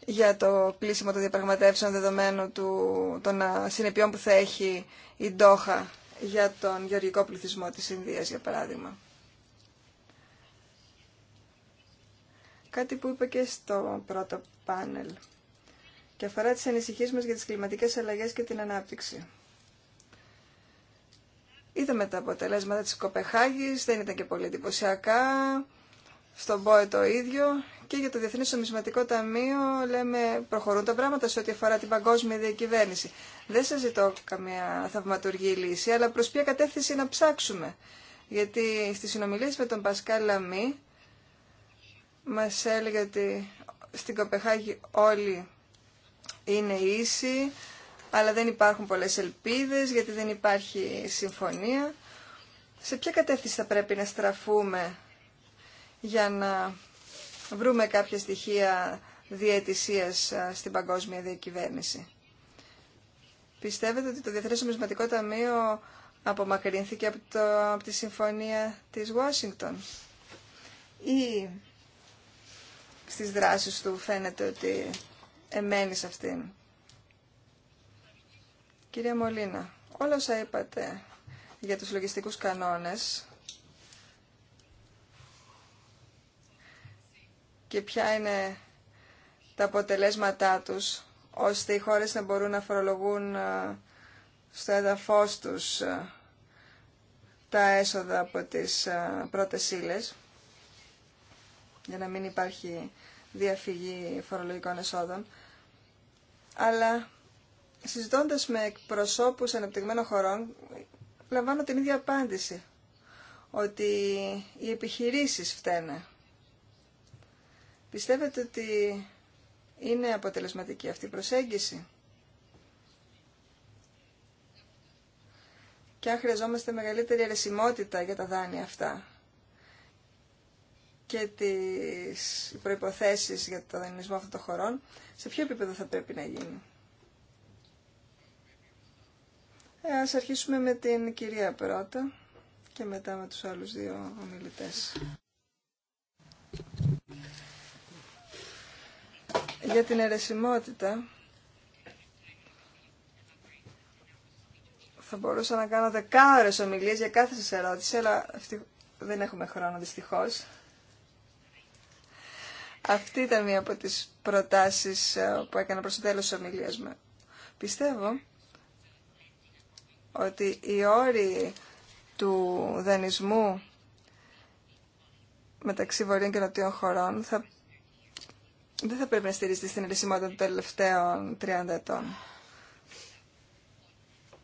για το πλήσιμο των διαπραγματεύσεων δεδομένου του, των ε, συνεπειών που θα έχει η Ντόχα για τον γεωργικό πληθυσμό της Ινδίας για παράδειγμα. Κάτι που είπα και στο πρώτο πάνελ και αφορά τις ανησυχίες μας για τις κλιματικές αλλαγές και την ανάπτυξη. Είδαμε τα αποτελέσματα της Κοπεχάγης, δεν ήταν και πολύ εντυπωσιακά, στον ΠΟΕ το ίδιο και για το Διεθνές Νομισματικό Ταμείο λέμε προχωρούν τα πράγματα σε ό,τι αφορά την παγκόσμια διακυβέρνηση. Δεν σας ζητώ καμία θαυματουργή λύση, αλλά προς ποια κατεύθυνση να ψάξουμε. Γιατί στις συνομιλίες με τον Πασκάλ Λαμή μας έλεγε ότι στην Κοπεχάγη όλοι είναι ίση, αλλά δεν υπάρχουν πολλές ελπίδες γιατί δεν υπάρχει συμφωνία. Σε ποια κατεύθυνση θα πρέπει να στραφούμε για να βρούμε κάποια στοιχεία διαιτησίας στην παγκόσμια διακυβέρνηση. Πιστεύετε ότι το Διεθνές Νομισματικό Ταμείο απομακρύνθηκε από, το, από τη Συμφωνία της Ουάσιγκτον ή στις δράσεις του φαίνεται ότι εμένει σε αυτήν. Κυρία Μολίνα, όλα όσα είπατε για τους λογιστικούς κανόνες και ποια είναι τα αποτελέσματά τους, ώστε οι χώρες να μπορούν να φορολογούν ε, στο έδαφος τους ε, τα έσοδα από τις ε, πρώτες ύλε για να μην υπάρχει διαφυγή φορολογικών εσόδων αλλά συζητώντας με εκπροσώπους αναπτυγμένων χωρών, λαμβάνω την ίδια απάντηση, ότι οι επιχειρήσεις φταίνε. Πιστεύετε ότι είναι αποτελεσματική αυτή η προσέγγιση. Και αν χρειαζόμαστε μεγαλύτερη αρεσιμότητα για τα δάνεια αυτά και τις προϋποθέσεις για το δανεισμό αυτών των χωρών, σε ποιο επίπεδο θα πρέπει να γίνει. Ε, ας αρχίσουμε με την κυρία πρώτα και μετά με τους άλλους δύο ομιλητές. Για την αιρεσιμότητα θα μπορούσα να κάνω δεκάωρες ομιλίες για κάθε σας ερώτηση, αλλά δεν έχουμε χρόνο δυστυχώς. Αυτή ήταν μία από τις προτάσεις ε, που έκανα προς το τέλος της ομιλίας μου. Πιστεύω ότι οι όροι του δανεισμού μεταξύ βορείων και νοτιών χωρών θα... δεν θα πρέπει να στηρίζεται στην ερεσιμότητα των τελευταίων 30 ετών.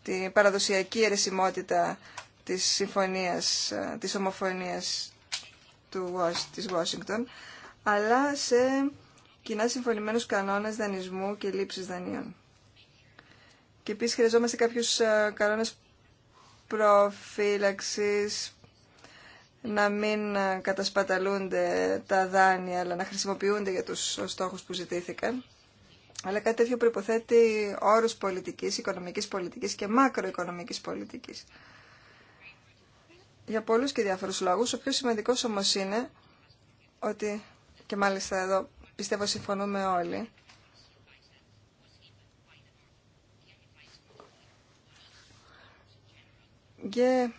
Την παραδοσιακή ερεσιμότητα της συμφωνίας, ε, της ομοφωνίας του, της Washington αλλά σε κοινά συμφωνημένους κανόνες δανεισμού και λήψης δανείων. Και επίσης χρειαζόμαστε κάποιους ε, κανόνες προφύλαξης, να μην ε, κατασπαταλούνται τα δάνεια, αλλά να χρησιμοποιούνται για τους ε, στόχους που ζητήθηκαν. Αλλά κάτι τέτοιο προϋποθέτει όρους πολιτικής, οικονομικής πολιτικής και μακροοικονομικής πολιτικής. Για πολλούς και διάφορους λόγους, ο πιο σημαντικός όμως είναι ότι και μάλιστα εδώ πιστεύω συμφωνούμε όλοι, και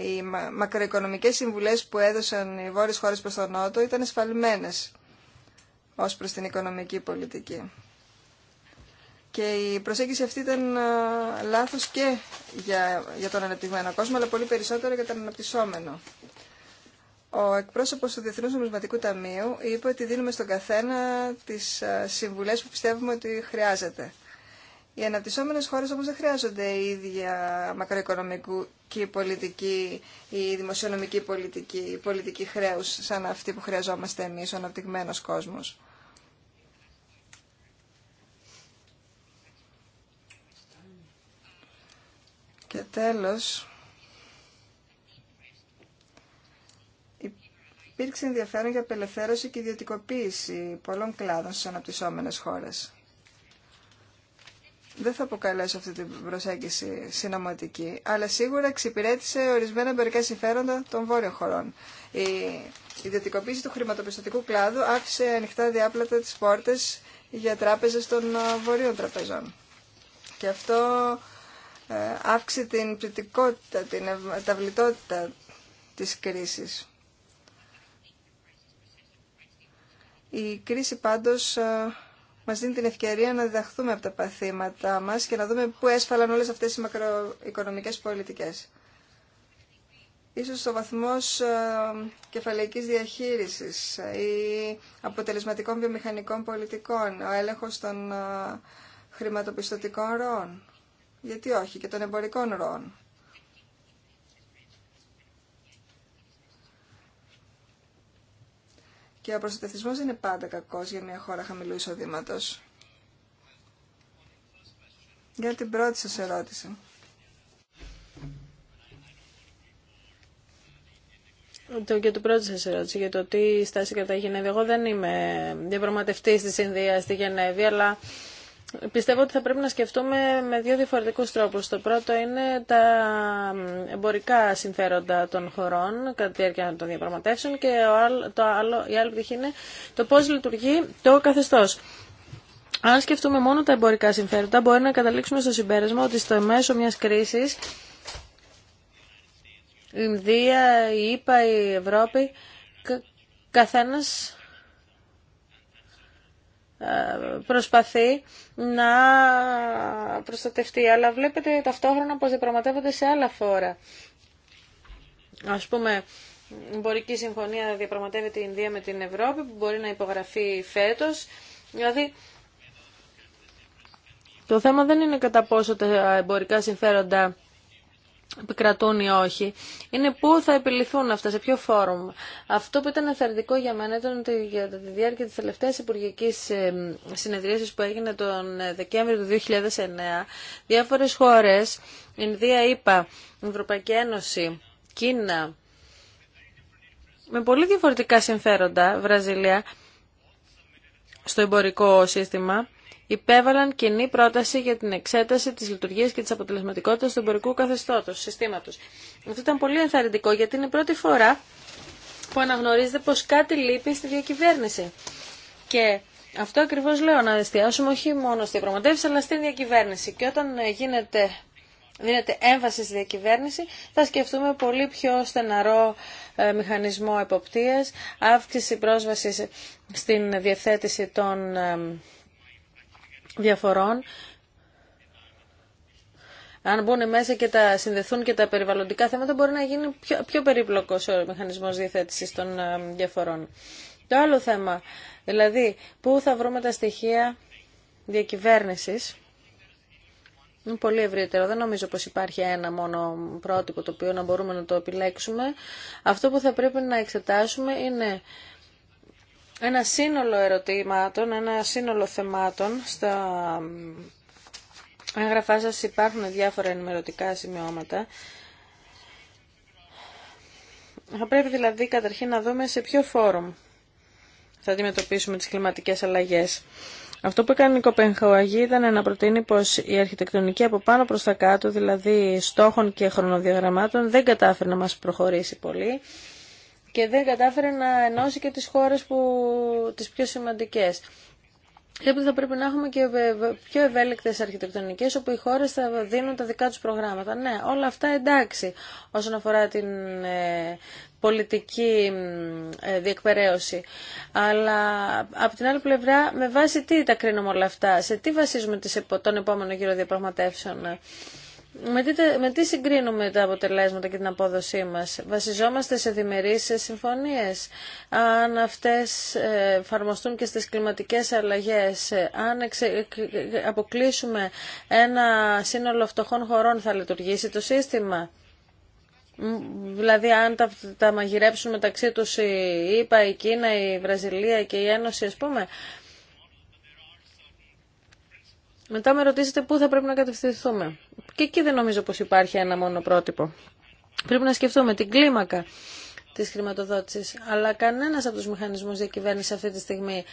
οι μακροοικονομικές συμβουλές που έδωσαν οι βόρειες χώρες προς τον Νότο ήταν εσφαλμένες ως προς την οικονομική πολιτική. Και η προσέγγιση αυτή ήταν λάθος και για, για τον αναπτυγμένο κόσμο, αλλά πολύ περισσότερο για τον αναπτυσσόμενο. Ο εκπρόσωπο του διεθνού Νομισματικού Ταμείου είπε ότι δίνουμε στον καθένα τι συμβουλέ που πιστεύουμε ότι χρειάζεται. Οι αναπτυσσόμενε χώρε όμω δεν χρειάζονται η ίδια μακροοικονομική πολιτική ή δημοσιονομική πολιτική, η πολιτική χρέους σαν αυτή που χρειαζόμαστε εμεί ο αναπτυγμένο κόσμο. Και τέλος, υπήρξε ενδιαφέρον για απελευθέρωση και ιδιωτικοποίηση πολλών κλάδων στι αναπτυσσόμενες χώρες. Δεν θα αποκαλέσω αυτή την προσέγγιση συνομωτική, αλλά σίγουρα εξυπηρέτησε ορισμένα εμπορικά συμφέροντα των βόρειων χωρών. Η ιδιωτικοποίηση του χρηματοπιστωτικού κλάδου άφησε ανοιχτά διάπλατα τι πόρτες για τράπεζε των ε, βορείων τραπεζών. Και αυτό ε, αύξησε την πληκτικότητα, την ταυλιτότητα της κρίσης. Η κρίση πάντως ε, μας δίνει την ευκαιρία να διδαχθούμε από τα παθήματά μας και να δούμε πού έσφαλαν όλες αυτές οι μακροοικονομικές πολιτικές. Ίσως ο βαθμός ε, κεφαλαϊκής διαχείρισης ε, ή αποτελεσματικών βιομηχανικών πολιτικών, ο έλεγχος των χρηματοπιστωτικών ροών, γιατί όχι, και των εμπορικών ροών. Και ο προστατευτισμός δεν είναι πάντα κακός για μια χώρα χαμηλού εισοδήματο. Για την πρώτη σας ερώτηση. Και την πρώτη σα ερώτηση για το τι στάση κατά Γενέβη. Εγώ δεν είμαι διαπραγματευτή τη Ινδία στη Γενέβη, αλλά Πιστεύω ότι θα πρέπει να σκεφτούμε με δύο διαφορετικούς τρόπους. Το πρώτο είναι τα εμπορικά συμφέροντα των χωρών κατά τη διάρκεια των διαπραγματεύσεων και το άλλο, η άλλη πτυχή είναι το πώς λειτουργεί το καθεστώς. Αν σκεφτούμε μόνο τα εμπορικά συμφέροντα, μπορεί να καταλήξουμε στο συμπέρασμα ότι στο μέσο μιας κρίσης η Ινδία, η ΙΠΑ, ΕΕ, η Ευρώπη, καθένας προσπαθεί να προστατευτεί. Αλλά βλέπετε ταυτόχρονα πως διαπραγματεύονται σε άλλα φόρα. Ας πούμε, η εμπορική συμφωνία διαπραγματεύεται η Ινδία με την Ευρώπη που μπορεί να υπογραφεί φέτος. Δηλαδή, το θέμα δεν είναι κατά πόσο τα εμπορικά συμφέροντα επικρατούν ή όχι, είναι πού θα επιληθούν αυτά, σε ποιο φόρουμ. Αυτό που ήταν ενθαρρυντικό για μένα ήταν ότι για τη διάρκεια της τελευταίας υπουργική ε, συνεδρίασης που έγινε τον ε, Δεκέμβριο του 2009, διάφορες χώρες, Ινδία, ΗΠΑ, Ευρωπαϊκή Ένωση, Κίνα, με πολύ διαφορετικά συμφέροντα, Βραζιλία, στο εμπορικό σύστημα, υπέβαλαν κοινή πρόταση για την εξέταση τη λειτουργία και τη αποτελεσματικότητα του εμπορικού καθεστώτο, συστήματο. Αυτό ήταν πολύ ενθαρρυντικό γιατί είναι η πρώτη φορά που αναγνωρίζεται πω κάτι λείπει στη διακυβέρνηση. Και αυτό ακριβώ λέω, να εστιάσουμε όχι μόνο στη διαπραγματεύσει αλλά στην διακυβέρνηση. Και όταν ε, γίνεται, δίνεται έμφαση στη διακυβέρνηση, θα σκεφτούμε πολύ πιο στεναρό ε, μηχανισμό εποπτείας, αύξηση πρόσβασης στην διευθέτηση των ε, διαφορών αν μπουν μέσα και τα συνδεθούν και τα περιβαλλοντικά θέματα, μπορεί να γίνει πιο, πιο περίπλοκος ο μηχανισμός διεθέτησης των ε, διαφορών. Το άλλο θέμα, δηλαδή, πού θα βρούμε τα στοιχεία διακυβέρνησης, είναι πολύ ευρύτερο. Δεν νομίζω πως υπάρχει ένα μόνο πρότυπο το οποίο να μπορούμε να το επιλέξουμε. Αυτό που θα πρέπει να εξετάσουμε είναι ένα σύνολο ερωτήματων, ένα σύνολο θεμάτων. Στα έγγραφά σας υπάρχουν διάφορα ενημερωτικά σημειώματα. Θα πρέπει δηλαδή καταρχήν να δούμε σε ποιο φόρουμ θα αντιμετωπίσουμε τις κλιματικές αλλαγές. Αυτό που έκανε η Κοπενχαουαγή ήταν να προτείνει πως η αρχιτεκτονική από πάνω προς τα κάτω, δηλαδή στόχων και χρονοδιαγραμμάτων, δεν κατάφερε να μας προχωρήσει πολύ και δεν κατάφερε να ενώσει και τις χώρες που, τις πιο σημαντικές. Λοιπόν, θα πρέπει να έχουμε και πιο ευέλικτε αρχιτεκτονικέ, όπου οι χώρε θα δίνουν τα δικά του προγράμματα. Ναι, όλα αυτά εντάξει όσον αφορά την ε, πολιτική ε, διεκπαιρέωση. Αλλά από την άλλη πλευρά, με βάση τι τα κρίνουμε όλα αυτά, σε τι βασίζουμε τον επόμενο γύρο διαπραγματεύσεων. Με τι, συγκρίνουμε τα αποτελέσματα και την απόδοσή μας. Βασιζόμαστε σε διμερείς συμφωνίες. Αν αυτές ε, εφαρμοστούν και στις κλιματικές αλλαγές, ε, αν ε, αποκλείσουμε ένα σύνολο φτωχών χωρών θα λειτουργήσει το σύστημα. Δηλαδή αν τα, τα μαγειρέψουν μεταξύ τους η ΙΠΑ, η Κίνα, η Βραζιλία και η Ένωση, ας πούμε, μετά με ρωτήσετε πού θα πρέπει να κατευθυνθούμε. Και εκεί δεν νομίζω πως υπάρχει ένα μόνο πρότυπο. Πρέπει να σκεφτούμε την κλίμακα της χρηματοδότησης, αλλά κανένας από τους μηχανισμούς διακυβέρνησης αυτή τη στιγμή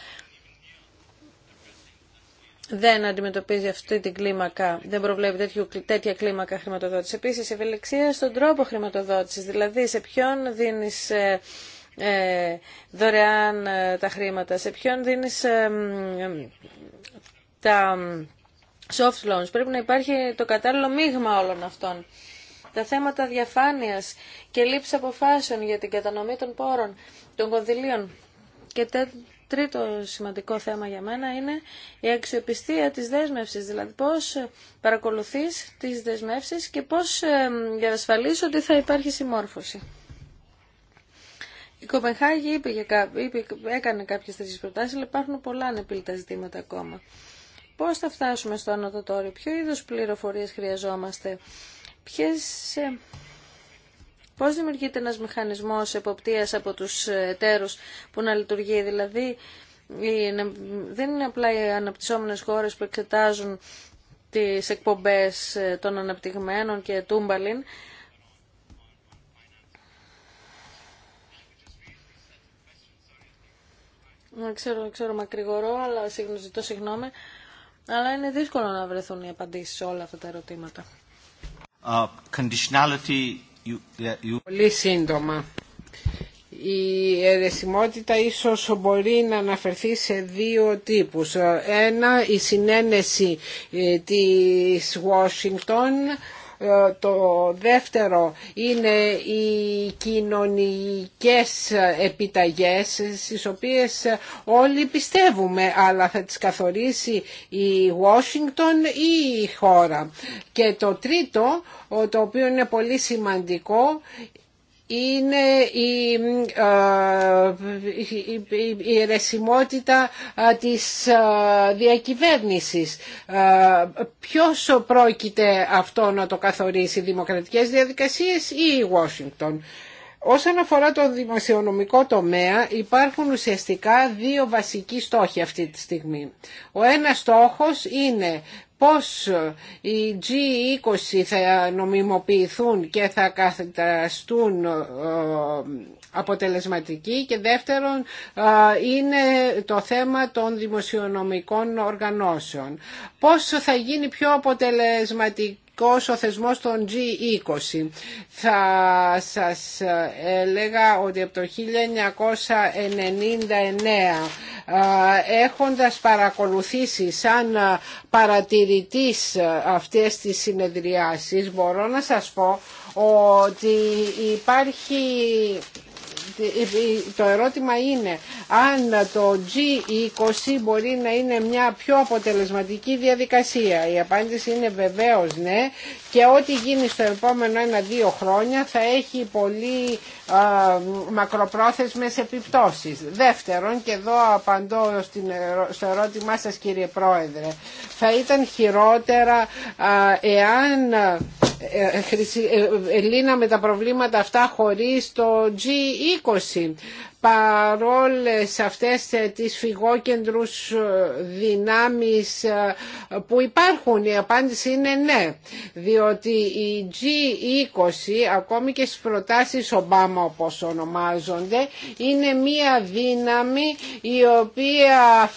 δεν αντιμετωπίζει αυτή την κλίμακα, δεν προβλέπει τέτοια κλίμακα χρηματοδότηση. Επίση, ευελιξία στον τρόπο χρηματοδότηση, δηλαδή σε ποιον δίνει ε, ε, δωρεάν ε, τα χρήματα, σε ποιον δίνει ε, τα soft Πρέπει να υπάρχει το κατάλληλο μείγμα όλων αυτών. Τα θέματα διαφάνειας και λήψη αποφάσεων για την κατανομή των πόρων, των κονδυλίων. Και τρίτο σημαντικό θέμα για μένα είναι η αξιοπιστία της δέσμευσης, δηλαδή πώς παρακολουθείς τις δεσμεύσεις και πώς διασφαλίσεις ότι θα υπάρχει συμμόρφωση. Η Κοπενχάγη είπε, έκανε κάποιες τέτοιες προτάσεις, αλλά υπάρχουν πολλά ανεπίλητα ζητήματα ακόμα. Πώς θα φτάσουμε στο ανωτοτόριο, ποιο είδους πληροφορίες χρειαζόμαστε, ποιες... Ε, πώς δημιουργείται ένας μηχανισμός εποπτείας από τους εταίρους που να λειτουργεί, δηλαδή δεν είναι απλά οι αναπτυσσόμενες χώρες που εξετάζουν τις εκπομπές ε, των αναπτυγμένων και τούμπαλιν. Ξέρω, ξέρω μακρηγορώ, αλλά ζητώ συγγνώμη αλλά είναι δύσκολο να βρεθούν οι απαντήσεις σε όλα αυτά τα ερωτήματα. Uh, conditionality, you, you... Πολύ σύντομα. Η αιρεσιμότητα ίσως μπορεί να αναφερθεί σε δύο τύπους. Ένα, η συνένεση ε, της Washington ε, το δεύτερο είναι οι κοινωνικές επιταγές στις οποίες όλοι πιστεύουμε αλλά θα τις καθορίσει η Washington ή η χώρα. Και το τρίτο το οποίο είναι πολύ σημαντικό είναι η, η, η ερεσιμότητα της διακυβέρνησης. Ποιος πρόκειται αυτό να το καθορίσει, οι δημοκρατικές διαδικασίες ή η Washington. Όσον αφορά το δημοσιονομικό τομέα υπάρχουν ουσιαστικά δύο βασικοί στόχοι αυτή τη στιγμή. Ο ένας στόχος είναι πώς οι G20 θα νομιμοποιηθούν και θα καταστούν ε, αποτελεσματικοί και δεύτερον ε, είναι το θέμα των δημοσιονομικών οργανώσεων. Πώς θα γίνει πιο αποτελεσματικό ο θεσμός των G20. Θα σας ε, έλεγα ότι από το 1999 ε, έχοντας παρακολουθήσει σαν ε, παρατηρητής αυτές τις συνεδριάσεις μπορώ να σας πω ότι υπάρχει το ερώτημα είναι αν το G20 μπορεί να είναι μια πιο αποτελεσματική διαδικασία. Η απάντηση είναι βεβαίως ναι και ό,τι γίνει στο επόμενο ένα-δύο χρόνια θα έχει πολύ μακροπρόθεσμες επιπτώσεις. Δεύτερον, και εδώ απαντώ στο ερώτημά σας κύριε Πρόεδρε, θα ήταν χειρότερα εάν ε, ε, ε, με τα προβλήματα αυτά χωρίς το G20 παρόλες αυτές τις φυγόκεντρους δυνάμεις ε, που υπάρχουν. Η απάντηση είναι ναι, διότι η G20 ακόμη και στις προτάσεις Ομπάμα όπως ονομάζονται είναι μία δύναμη η οποία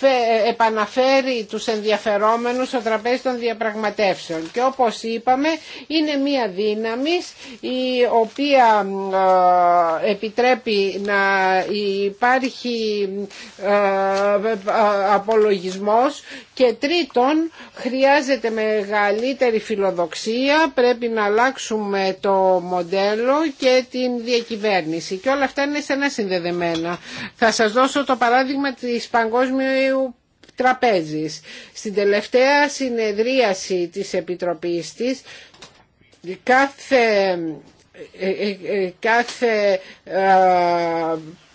επαναφέρει τους ενδιαφερόμενους στο τραπέζι των διαπραγματεύσεων και όπως είπαμε είναι μία δύναμη η οποία ε, επιτρέπει να υπάρχει ε, ε, απολογισμός και τρίτον χρειάζεται μεγαλύτερη φιλοδοξία, πρέπει να αλλάξουμε το μοντέλο και την διακυβέρνηση και όλα αυτά είναι στενά συνδεδεμένα. Θα σας δώσω το παράδειγμα της παγκόσμιου τραπέζης. Στην τελευταία συνεδρίαση της Επιτροπής της, κάθε, ε, κάθε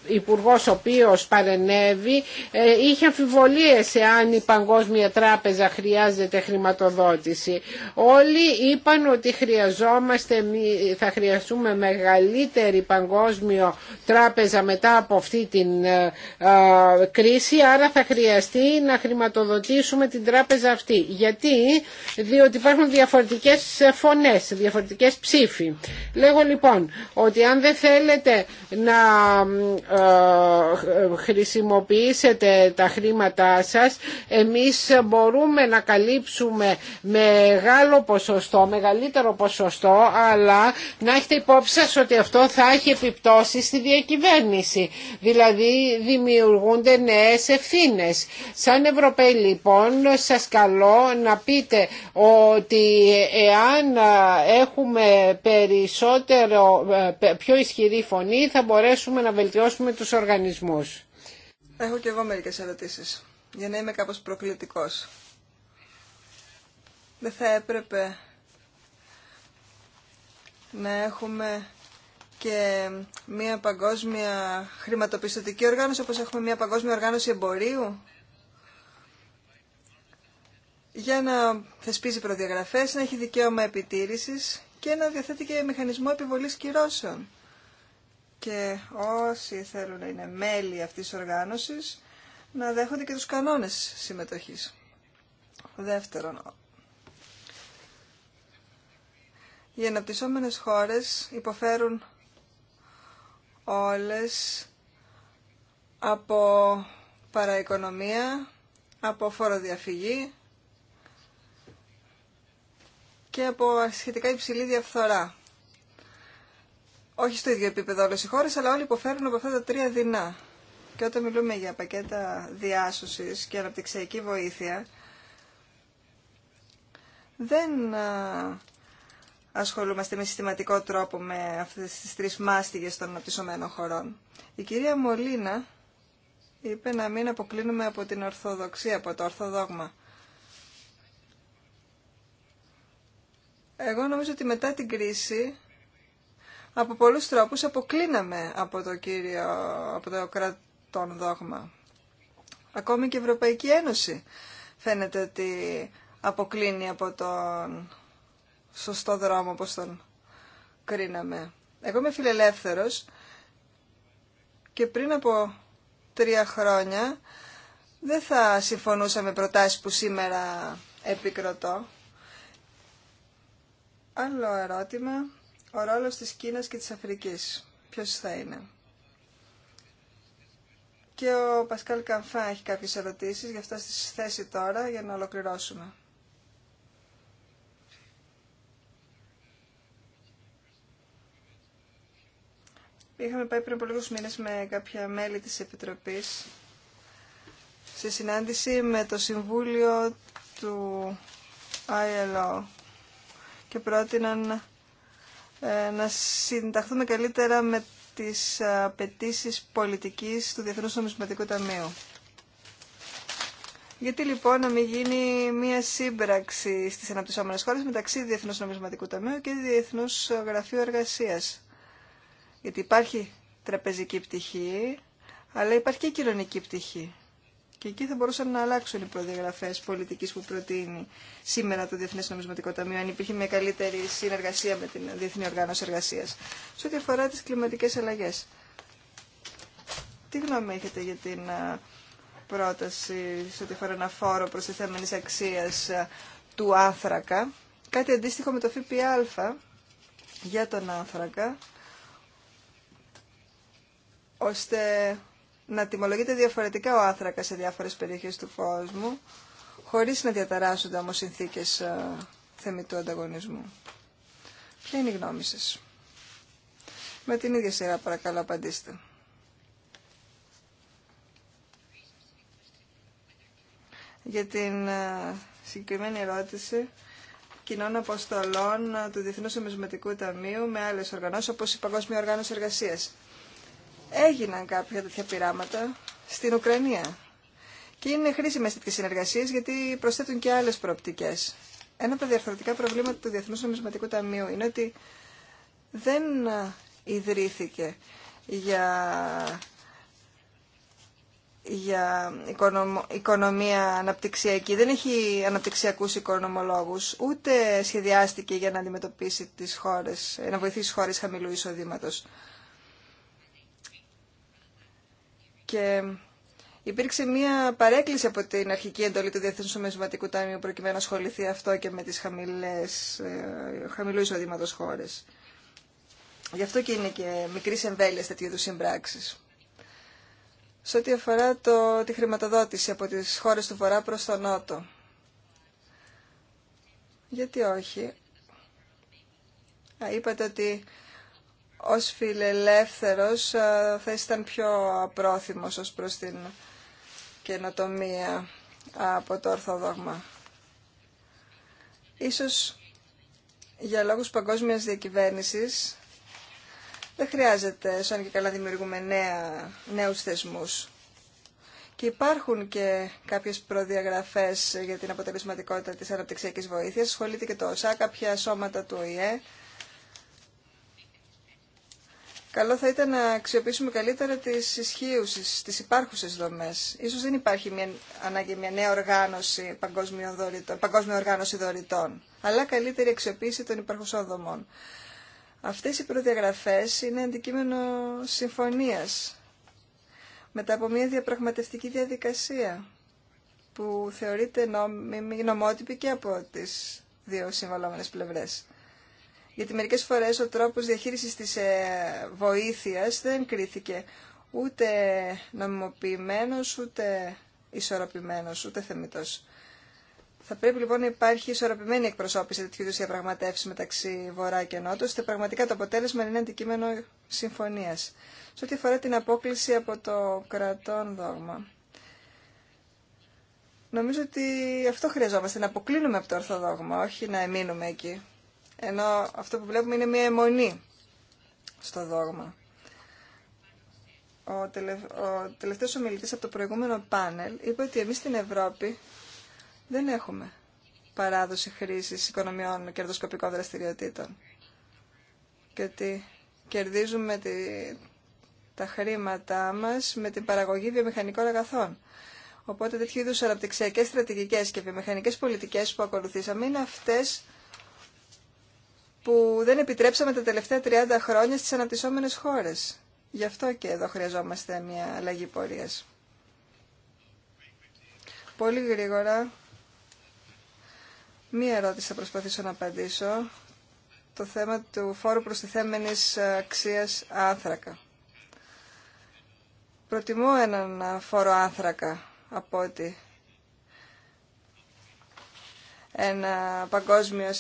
Υπουργό ο οποίος παρενέβη ε, είχε αμφιβολίες εάν η Παγκόσμια Τράπεζα χρειάζεται χρηματοδότηση. Όλοι είπαν ότι χρειαζόμαστε, θα χρειαστούμε μεγαλύτερη Παγκόσμιο Τράπεζα μετά από αυτή την ε, ε, κρίση, άρα θα χρειαστεί να χρηματοδοτήσουμε την τράπεζα αυτή. Γιατί, διότι υπάρχουν διαφορετικές φωνές, διαφορετικές ψήφοι. Λέγω λοιπόν ότι αν δεν θέλετε να ε, χρησιμοποιήσετε τα χρήματά σας εμείς μπορούμε να καλύψουμε μεγάλο ποσοστό, μεγαλύτερο ποσοστό αλλά να έχετε υπόψη σας ότι αυτό θα έχει επιπτώσει στη διακυβέρνηση δηλαδή δημιουργούνται νέες ευθύνε. Σαν Ευρωπαίοι λοιπόν σας καλώ να πείτε ότι εάν έχουμε περισσότερο, ε, πιο ισχυρή φωνή θα μπορέσουμε να βελτιώσουμε με τους οργανισμούς. Έχω και εγώ μερικές ερωτήσεις, για να είμαι κάπως προκλητικός. Δεν θα έπρεπε να έχουμε και μια παγκόσμια χρηματοπιστωτική οργάνωση, όπως έχουμε μια παγκόσμια οργάνωση εμπορίου, για να θεσπίζει προδιαγραφές, να έχει δικαίωμα επιτήρησης και να διαθέτει και μηχανισμό επιβολής κυρώσεων και όσοι θέλουν να είναι μέλη αυτής της οργάνωσης να δέχονται και τους κανόνες συμμετοχής. Δεύτερον, οι αναπτυσσόμενες χώρες υποφέρουν όλες από παραοικονομία, από φοροδιαφυγή και από σχετικά υψηλή διαφθορά όχι στο ίδιο επίπεδο όλες οι χώρες, αλλά όλοι υποφέρουν από αυτά τα τρία δεινά. Και όταν μιλούμε για πακέτα διάσωσης και αναπτυξιακή βοήθεια, δεν ασχολούμαστε με συστηματικό τρόπο με αυτές τις τρεις μάστιγες των αναπτυσσομένων χωρών. Η κυρία Μολίνα είπε να μην αποκλίνουμε από την ορθοδοξία, από το ορθοδόγμα. Εγώ νομίζω ότι μετά την κρίση από πολλούς τρόπους αποκλίναμε από το κύριο, από το κρατών δόγμα. Ακόμη και η Ευρωπαϊκή Ένωση φαίνεται ότι αποκλίνει από τον σωστό δρόμο όπως τον κρίναμε. Εγώ είμαι φιλελεύθερος και πριν από τρία χρόνια δεν θα συμφωνούσα με προτάσεις που σήμερα επικροτώ. Άλλο ερώτημα ο ρόλος της Κίνας και της Αφρικής. Ποιος θα είναι. Και ο Πασκάλ Καμφά έχει κάποιες ερωτήσεις, γι' αυτό στη θέση τώρα για να ολοκληρώσουμε. Είχαμε πάει πριν από λίγους μήνες με κάποια μέλη της Επιτροπής σε συνάντηση με το Συμβούλιο του ILO και πρότειναν ε, να συνταχθούμε καλύτερα με τις απαιτήσει πολιτικής του Διεθνούς Νομισματικού Ταμείου. Γιατί λοιπόν να μην γίνει μια σύμπραξη στις αναπτυσσόμενες χώρες μεταξύ Διεθνούς Νομισματικού Ταμείου και Διεθνούς Γραφείου Εργασίας. Γιατί υπάρχει τραπεζική πτυχή, αλλά υπάρχει και κοινωνική πτυχή. Και εκεί θα μπορούσαν να αλλάξουν οι προδιαγραφέ πολιτική που προτείνει σήμερα το Διεθνέ Νομισματικό Ταμείο, αν υπήρχε μια καλύτερη συνεργασία με την Διεθνή Οργάνωση Εργασία. Σε ό,τι αφορά τι κλιματικέ αλλαγέ. Τι γνώμη έχετε για την πρόταση σε ό,τι αφορά ένα φόρο προστιθέμενη αξία του άνθρακα, κάτι αντίστοιχο με το ΦΠΑ για τον άνθρακα, ώστε να τιμολογείται διαφορετικά ο άθρακα σε διάφορες περιοχές του κόσμου, χωρίς να διαταράσσονται όμως συνθήκες ε, θεμητού ανταγωνισμού. Ποια είναι η γνώμη σας. Με την ίδια σειρά παρακαλώ απαντήστε. Για την ε, συγκεκριμένη ερώτηση κοινών αποστολών ε, του Διεθνούς Ομισματικού Ταμείου με άλλες οργανώσεις όπως η Παγκόσμια Οργάνωση Εργασίας έγιναν κάποια τέτοια πειράματα στην Ουκρανία. Και είναι χρήσιμε τέτοιε συνεργασίε γιατί προσθέτουν και άλλε προοπτικέ. Ένα από τα διαφορετικά προβλήματα του Διεθνού Νομισματικού Ταμείου είναι ότι δεν ιδρύθηκε για, για οικονομία αναπτυξιακή. Δεν έχει αναπτυξιακούς οικονομολόγους, ούτε σχεδιάστηκε για να αντιμετωπίσει να βοηθήσει χώρε χαμηλού εισοδήματος. Και υπήρξε μία παρέκκληση από την αρχική εντολή του Διεθνούς Ομεσματικού Τάμιου προκειμένου να ασχοληθεί αυτό και με τις χαμηλές, ε, χαμηλού εισοδήματος χώρες. Γι' αυτό και είναι και μικρής εμβέλεια τέτοιου είδου συμπράξει. Σε ό,τι αφορά το, τη χρηματοδότηση από τις χώρες του Βορρά προς τον Νότο. Γιατί όχι. είπατε ότι ως φιλελεύθερος θα ήσταν πιο απρόθυμος ως προς την καινοτομία από το ορθόδογμα. Ίσως για λόγους παγκόσμιας διακυβέρνησης δεν χρειάζεται, σαν και καλά δημιουργούμε νέα, νέους θεσμούς. Και υπάρχουν και κάποιες προδιαγραφές για την αποτελεσματικότητα της αναπτυξιακής βοήθειας. Σχολείται και το ΩΣΑ, κάποια σώματα του ΟΗΕ καλό θα ήταν να αξιοποιήσουμε καλύτερα τις ισχύουσες, τι υπάρχουσε δομέ. Ίσως δεν υπάρχει μια, ανάγκη μια νέα οργάνωση παγκόσμια παγκόσμιο οργάνωση δωρητών, αλλά καλύτερη αξιοποίηση των υπαρχουσών δομών. Αυτέ οι προδιαγραφέ είναι αντικείμενο συμφωνία μετά από μια διαπραγματευτική διαδικασία που θεωρείται νομότυπη και από τι δύο συμβαλόμενε πλευρέ γιατί μερικές φορές ο τρόπος διαχείρισης της ε, βοήθειας δεν κρίθηκε ούτε νομιμοποιημένος, ούτε ισορροπημένος, ούτε θεμητός. Θα πρέπει λοιπόν να υπάρχει ισορροπημένη εκπροσώπηση τέτοιου είδου διαπραγματεύσει μεταξύ Βορρά και Νότου, ώστε πραγματικά το αποτέλεσμα είναι αντικείμενο συμφωνία. Σε ό,τι αφορά την απόκληση από το κρατών δόγμα. Νομίζω ότι αυτό χρειαζόμαστε, να αποκλίνουμε από το ορθοδόγμα, όχι να εμείνουμε εκεί. Ενώ αυτό που βλέπουμε είναι μια αιμονή στο δόγμα. Ο, τελευταίο ο τελευταίος ομιλητής από το προηγούμενο πάνελ είπε ότι εμείς στην Ευρώπη δεν έχουμε παράδοση χρήσης οικονομιών κερδοσκοπικών δραστηριοτήτων. Και ότι κερδίζουμε τα χρήματά μας με την παραγωγή βιομηχανικών αγαθών. Οπότε τέτοιου είδου αναπτυξιακές στρατηγικέ και βιομηχανικέ πολιτικέ που ακολουθήσαμε είναι αυτέ που δεν επιτρέψαμε τα τελευταία 30 χρόνια στις αναπτυσσόμενες χώρες. Γι' αυτό και εδώ χρειαζόμαστε μια αλλαγή πορείας. Πολύ γρήγορα, μία ερώτηση θα προσπαθήσω να απαντήσω. Το θέμα του φόρου προστιθέμενης αξίας άνθρακα. Προτιμώ έναν φόρο άνθρακα από ότι ένα παγκόσμιο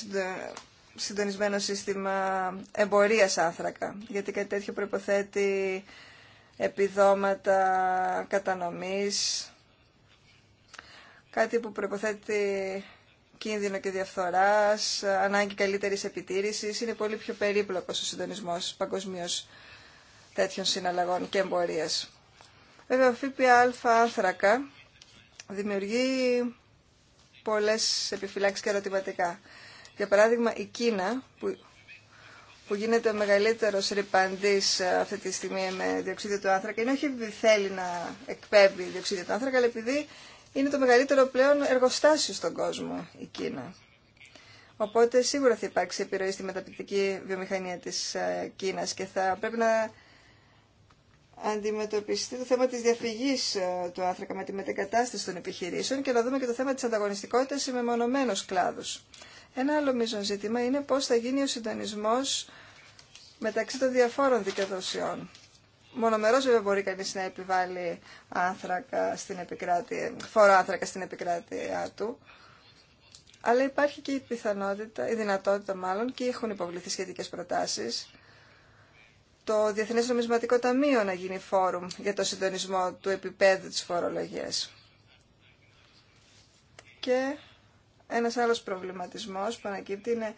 συντονισμένο σύστημα εμπορίας άνθρακα, γιατί κάτι τέτοιο προϋποθέτει επιδόματα κατανομής, κάτι που προϋποθέτει κίνδυνο και διαφθοράς, ανάγκη καλύτερης επιτήρησης. Είναι πολύ πιο περίπλοκος ο συντονισμός παγκοσμίω τέτοιων συναλλαγών και εμπορίας. Βέβαια, ο ΦΠΑ άνθρακα δημιουργεί πολλές επιφυλάξεις και ερωτηματικά. Για παράδειγμα, η Κίνα, που, που γίνεται ο μεγαλύτερο ρηπαντή ε, αυτή τη στιγμή με διοξίδιο του άνθρακα, είναι όχι επειδή θέλει να εκπέμπει διοξίδιο του άνθρακα, αλλά επειδή είναι το μεγαλύτερο πλέον εργοστάσιο στον κόσμο η Κίνα. Οπότε σίγουρα θα υπάρξει επιρροή στη μεταπληκτική βιομηχανία της ε, Κίνας και θα πρέπει να αντιμετωπιστεί το θέμα της διαφυγής ε, του άνθρακα με τη μετεγκατάσταση των επιχειρήσεων και να δούμε και το θέμα της ανταγωνιστικότητας σε μεμονωμένους κλάδους. Ένα άλλο μείζον ζήτημα είναι πώς θα γίνει ο συντονισμό μεταξύ των διαφόρων δικαιοδοσιών. Μονομερό βέβαια μπορεί κανεί να επιβάλλει άνθρακα στην επικράτεια, φόρο άνθρακα στην επικράτειά του, αλλά υπάρχει και η πιθανότητα, η δυνατότητα μάλλον, και έχουν υποβληθεί σχετικές προτάσεις, το διεθνέ Νομισματικό Ταμείο να γίνει φόρουμ για το συντονισμό του επίπεδου τη φορολογία. Και ένας άλλος προβληματισμός που ανακύπτει είναι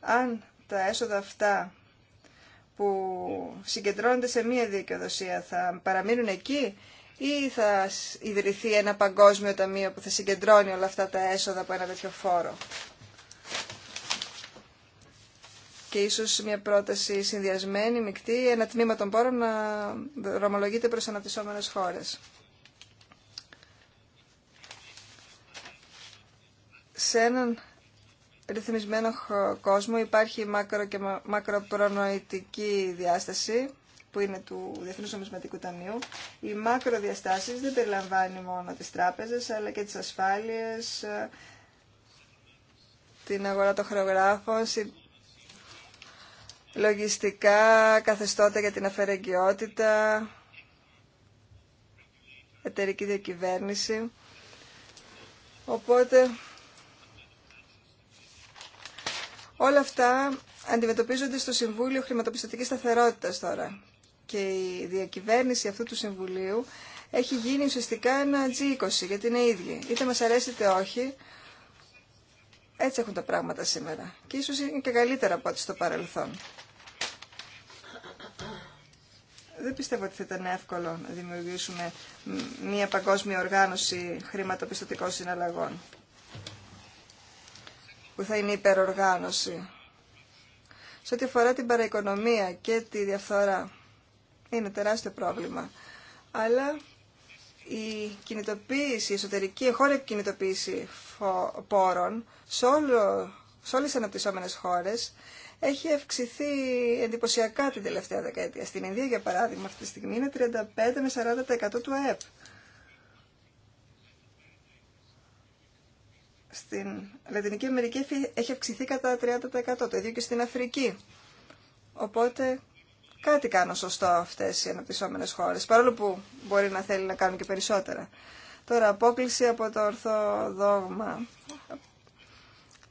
αν τα έσοδα αυτά που συγκεντρώνονται σε μία δικαιοδοσία θα παραμείνουν εκεί ή θα ιδρυθεί ένα παγκόσμιο ταμείο που θα συγκεντρώνει όλα αυτά τα έσοδα από ένα τέτοιο φόρο. Και ίσως μια πρόταση συνδυασμένη, μεικτή, ένα τμήμα των πόρων να δρομολογείται προς αναπτυσσόμενες χώρες. σε έναν ρυθμισμένο κόσμο υπάρχει μακρο και μακροπρονοητική διάσταση που είναι του Διεθνούς Νομισματικού Ταμείου. Οι μακροδιαστάσεις δεν περιλαμβάνει μόνο τις τράπεζες αλλά και τις ασφάλειες, ε, την αγορά των χρεογράφων, λογιστικά, καθεστώτα για την αφαιρεγκαιότητα, εταιρική διακυβέρνηση. Οπότε Όλα αυτά αντιμετωπίζονται στο Συμβούλιο Χρηματοπιστωτικής Σταθερότητας τώρα. Και η διακυβέρνηση αυτού του Συμβουλίου έχει γίνει ουσιαστικά ένα G20, γιατί είναι ίδιοι. Είτε μας αρέσει είτε όχι, έτσι έχουν τα πράγματα σήμερα. Και ίσως είναι και καλύτερα από ό,τι στο παρελθόν. Δεν πιστεύω ότι θα ήταν εύκολο να δημιουργήσουμε μια παγκόσμια οργάνωση χρηματοπιστωτικών συναλλαγών που θα είναι υπεροργάνωση. Σε ό,τι αφορά την παραοικονομία και τη διαφθορά, είναι τεράστιο πρόβλημα. Αλλά η κινητοποίηση, η εσωτερική η χώρα κινητοποίηση πόρων σε, όλο, σε όλες τις αναπτυσσόμενες χώρες έχει αυξηθεί εντυπωσιακά την τελευταία δεκαετία. Στην Ινδία, για παράδειγμα, αυτή τη στιγμή είναι 35 με 40% του ΑΕΠ. Στην Λατινική Αμερική έχει αυξηθεί κατά 30%, το ίδιο και στην Αφρική. Οπότε κάτι κάνουν σωστό αυτές οι αναπτυσσόμενες χώρες, παρόλο που μπορεί να θέλει να κάνουν και περισσότερα. Τώρα, απόκληση από το ορθό δόγμα.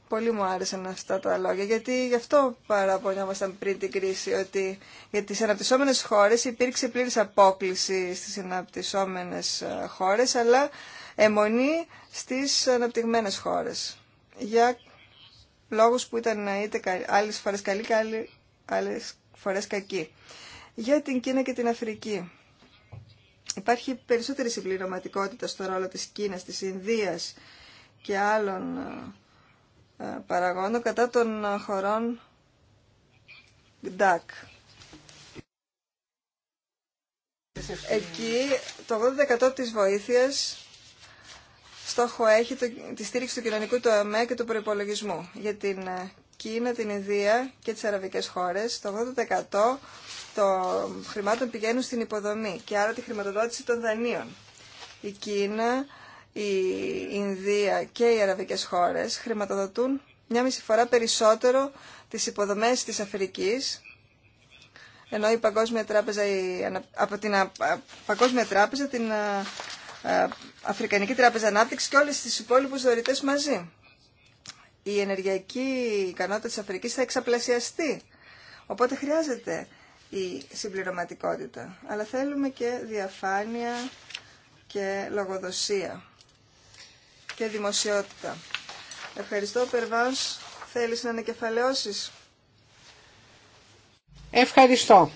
Πολύ μου άρεσαν αυτά τα λόγια, γιατί γι' αυτό παραπονιόμασταν πριν την κρίση, ότι για τις αναπτυσσόμενες χώρες υπήρξε πλήρης απόκληση στις αναπτυσσόμενες ε, χώρες, αλλά εμονή στις αναπτυγμένες χώρες για λόγους που ήταν είτε άλλες φορές καλοί και άλλες φορές κακοί. Για την Κίνα και την Αφρική. Υπάρχει περισσότερη συμπληρωματικότητα στο ρόλο της Κίνας, της Ινδίας και άλλων ε, ε, παραγόντων κατά των ε, χωρών ΔΑΚ. Εκεί το 80% της βοήθειας στόχο έχει τη στήριξη του κοινωνικού τομέα και του προπολογισμού. Για την ε, Κίνα, την Ινδία και τις αραβικές χώρες, το 80% των χρημάτων πηγαίνουν στην υποδομή και άρα τη χρηματοδότηση των δανείων. Η Κίνα, η Ινδία και οι αραβικές χώρες χρηματοδοτούν μια μισή φορά περισσότερο τις υποδομές της Αφρικής ενώ η Παγκόσμια Τράπεζα, η, από την Παγκόσμια Τράπεζα την ε, ε, Αφρικανική Τράπεζα Ανάπτυξη και όλες τις υπόλοιπου δωρητές μαζί. Η ενεργειακή ικανότητα της Αφρικής θα εξαπλασιαστεί. Οπότε χρειάζεται η συμπληρωματικότητα. Αλλά θέλουμε και διαφάνεια και λογοδοσία και δημοσιότητα. Ευχαριστώ, Περβάς. Θέλεις να ανακεφαλαιώσεις. Ευχαριστώ.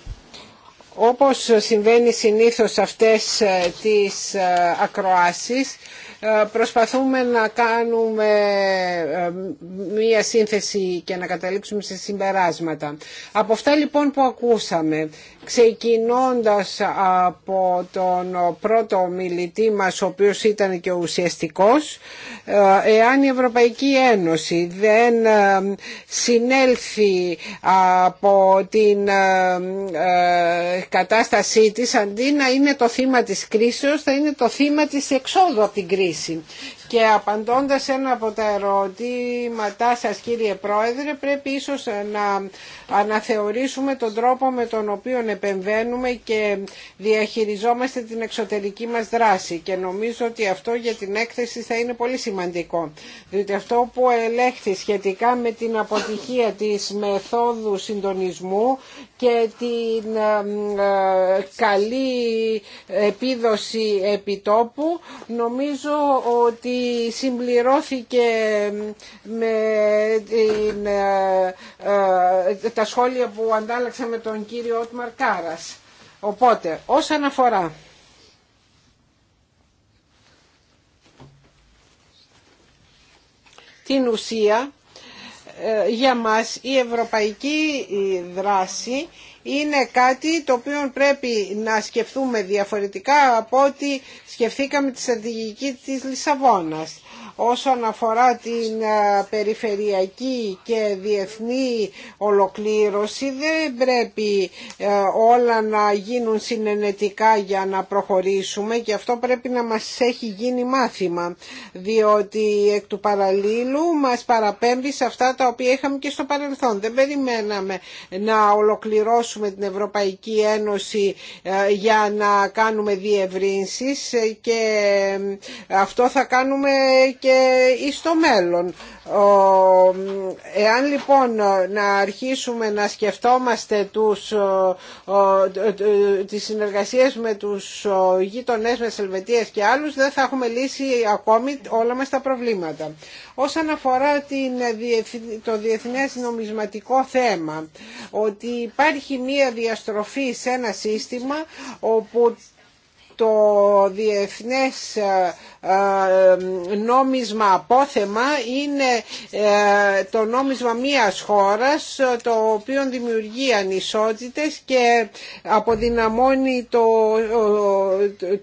Όπως συμβαίνει συνήθως αυτές ε, τις ε, ακροάσεις, ε, προσπαθούμε να κάνουμε ε, μία σύνθεση και να καταλήξουμε σε συμπεράσματα. Από αυτά λοιπόν που ακούσαμε, ξεκινώντας από τον πρώτο μιλητή μας, ο οποίος ήταν και ουσιαστικός, ε, εάν η Ευρωπαϊκή Ένωση δεν συνέλθει από την κατάστασή της, αντί να είναι το θύμα της κρίσεως, θα είναι το θύμα της εξόδου από την κρίση κρίση. Και απαντώντας ένα από τα ερωτήματά σας κύριε Πρόεδρε πρέπει ίσως να αναθεωρήσουμε τον τρόπο με τον οποίο επεμβαίνουμε και διαχειριζόμαστε την εξωτερική μας δράση και νομίζω ότι αυτό για την έκθεση θα είναι πολύ σημαντικό διότι αυτό που ελέγχθη σχετικά με την αποτυχία της μεθόδου συντονισμού και την ε, ε, καλή επίδοση επιτόπου νομίζω ότι συμπληρώθηκε με ε, ε, τα σχόλια που αντάλλαξα με τον κύριο Ότμαρ Κάρας. Οπότε, όσον αφορά την ουσία ε, για μας η ευρωπαϊκή δράση είναι κάτι το οποίο πρέπει να σκεφτούμε διαφορετικά από ό,τι σκεφτήκαμε τη στρατηγική της Λισαβόνας όσον αφορά την ε, περιφερειακή και διεθνή ολοκλήρωση δεν πρέπει ε, όλα να γίνουν συνενετικά για να προχωρήσουμε και αυτό πρέπει να μας έχει γίνει μάθημα διότι εκ του παραλίλου μας παραπέμπει σε αυτά τα οποία είχαμε και στο παρελθόν. Δεν περιμέναμε να ολοκληρώσουμε την Ευρωπαϊκή Ένωση ε, για να κάνουμε διευρύνσεις και αυτό θα κάνουμε και και στο μέλλον. Εάν λοιπόν να αρχίσουμε να σκεφτόμαστε τους, τις συνεργασίες με τους γείτονές με Ελβετίας και άλλους δεν θα έχουμε λύσει ακόμη όλα μας τα προβλήματα. Όσον αφορά το διεθνές νομισματικό θέμα, ότι υπάρχει μία διαστροφή σε ένα σύστημα όπου το διεθνές ε, ε, νόμισμα απόθεμα είναι ε, το νόμισμα μίας χώρας το οποίο δημιουργεί ανισότητες και αποδυναμώνει το,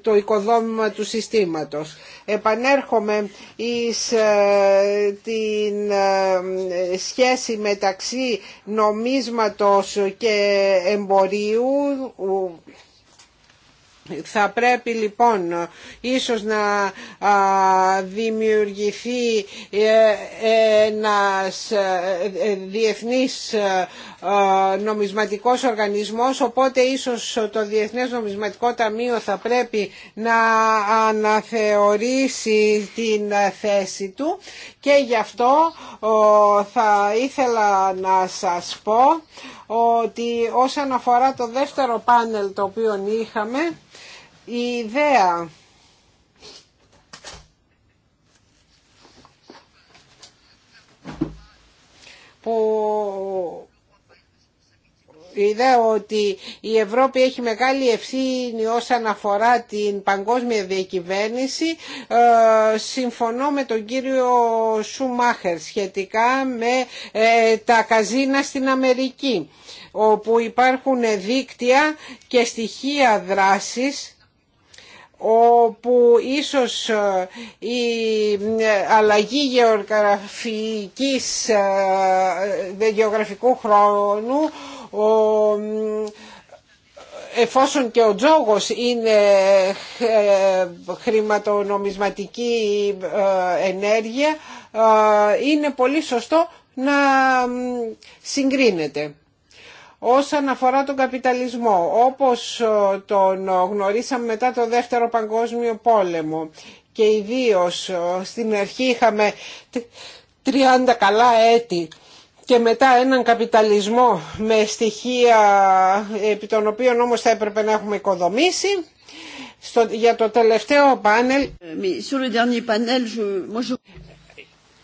το οικοδόμημα του συστήματος. Επανέρχομαι εις την σχέση μεταξύ νομίσματος και εμπορίου θα πρέπει λοιπόν ε, ίσως να δημιουργηθεί ε, ένας ε, διεθνής νομισματικός οργανισμός οπότε ίσως το Διεθνές Νομισματικό Ταμείο θα πρέπει να αναθεωρήσει την θέση του και γι' αυτό θα ήθελα να σας πω ότι όσον αφορά το δεύτερο πάνελ το οποίο είχαμε η ιδέα που ότι η Ευρώπη έχει μεγάλη ευθύνη όσον αφορά την παγκόσμια διακυβέρνηση ε, συμφωνώ με τον κύριο Σουμάχερ σχετικά με ε, τα καζίνα στην Αμερική όπου υπάρχουν δίκτυα και στοιχεία δράσης όπου ίσως ε, η ε, αλλαγή γεωγραφικής, ε, γεωγραφικού χρόνου εφόσον και ο τζόγος είναι χρηματονομισματική ενέργεια, είναι πολύ σωστό να συγκρίνεται όσον αφορά τον καπιταλισμό, όπως ε, τον γνωρίσαμε μετά το Δεύτερο Παγκόσμιο Πόλεμο και ιδίως ε, στην αρχή είχαμε 30 καλά έτη και μετά έναν καπιταλισμό με στοιχεία ε, επί των οποίων όμως θα έπρεπε να έχουμε οικοδομήσει. Στο, για το τελευταίο πάνελ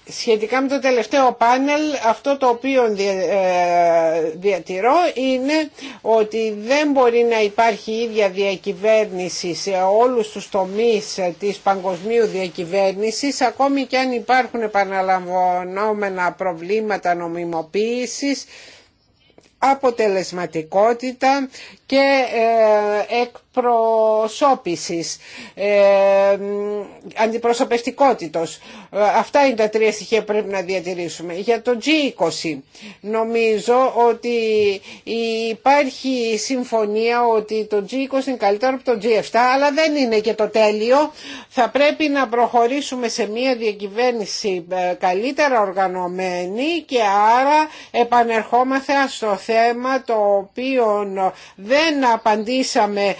Σχετικά με το τελευταίο πάνελ, αυτό το οποίο ε, διατηρώ είναι ότι δεν μπορεί να υπάρχει ίδια διακυβέρνηση σε όλους τους τομείς της παγκοσμίου διακυβέρνησης, ακόμη και αν υπάρχουν επαναλαμβανόμενα προβλήματα νομιμοποίησης, αποτελεσματικότητα και ε, ε, αντιπροσωπευτικότητος. Αυτά είναι τα τρία στοιχεία που πρέπει να διατηρήσουμε. Για το G20 νομίζω ότι υπάρχει συμφωνία ότι το G20 είναι καλύτερο από το G7 αλλά δεν είναι και το τέλειο. Θα πρέπει να προχωρήσουμε σε μια διακυβέρνηση ε, καλύτερα οργανωμένη και άρα επανερχόμαστε στο θέμα το οποίο δεν απαντήσαμε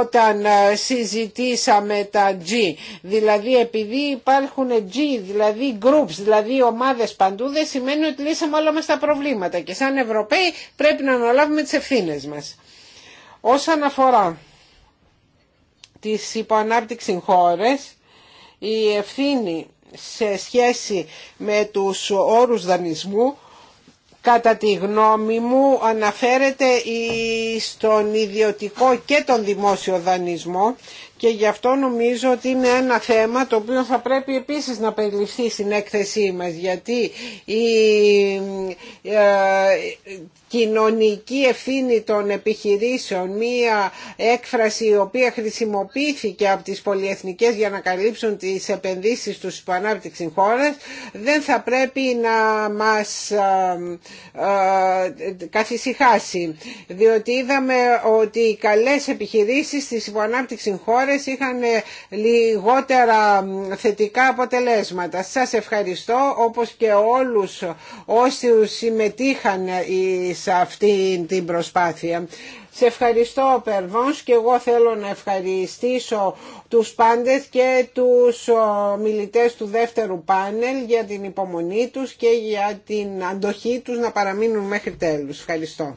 όταν ε, συζητήσαμε τα G. Δηλαδή επειδή υπάρχουν G, δηλαδή groups, δηλαδή ομάδες παντού, δεν σημαίνει ότι λύσαμε όλα μας τα προβλήματα και σαν Ευρωπαίοι πρέπει να αναλάβουμε τις ευθύνες μας. Όσον αφορά τις υποανάπτυξη χώρες, η ευθύνη σε σχέση με τους όρους δανεισμού κατά τη γνώμη μου αναφέρεται στον ιδιωτικό και τον δημόσιο δανεισμό και γι' αυτό νομίζω ότι είναι ένα θέμα το οποίο θα πρέπει επίσης να περιληφθεί στην έκθεσή μας γιατί η ε, κοινωνική ευθύνη των επιχειρήσεων, μία έκφραση η οποία χρησιμοποιήθηκε από τις πολυεθνικές για να καλύψουν τις επενδύσεις τους υποανάπτυξη χώρες, δεν θα πρέπει να μας ε, ε, καθησυχάσει. Διότι είδαμε ότι οι καλές επιχειρήσεις στις υποανάπτυξη χώρες χώρες είχαν ε, λιγότερα θετικά αποτελέσματα. Σας ευχαριστώ όπως και όλους όσοι συμμετείχαν σε αυτή την προσπάθεια. Σε ευχαριστώ Περβόνς και εγώ θέλω να ευχαριστήσω τους πάντες και τους μιλητές του δεύτερου πάνελ για την υπομονή τους και για την αντοχή τους να παραμείνουν μέχρι τέλους. Ευχαριστώ.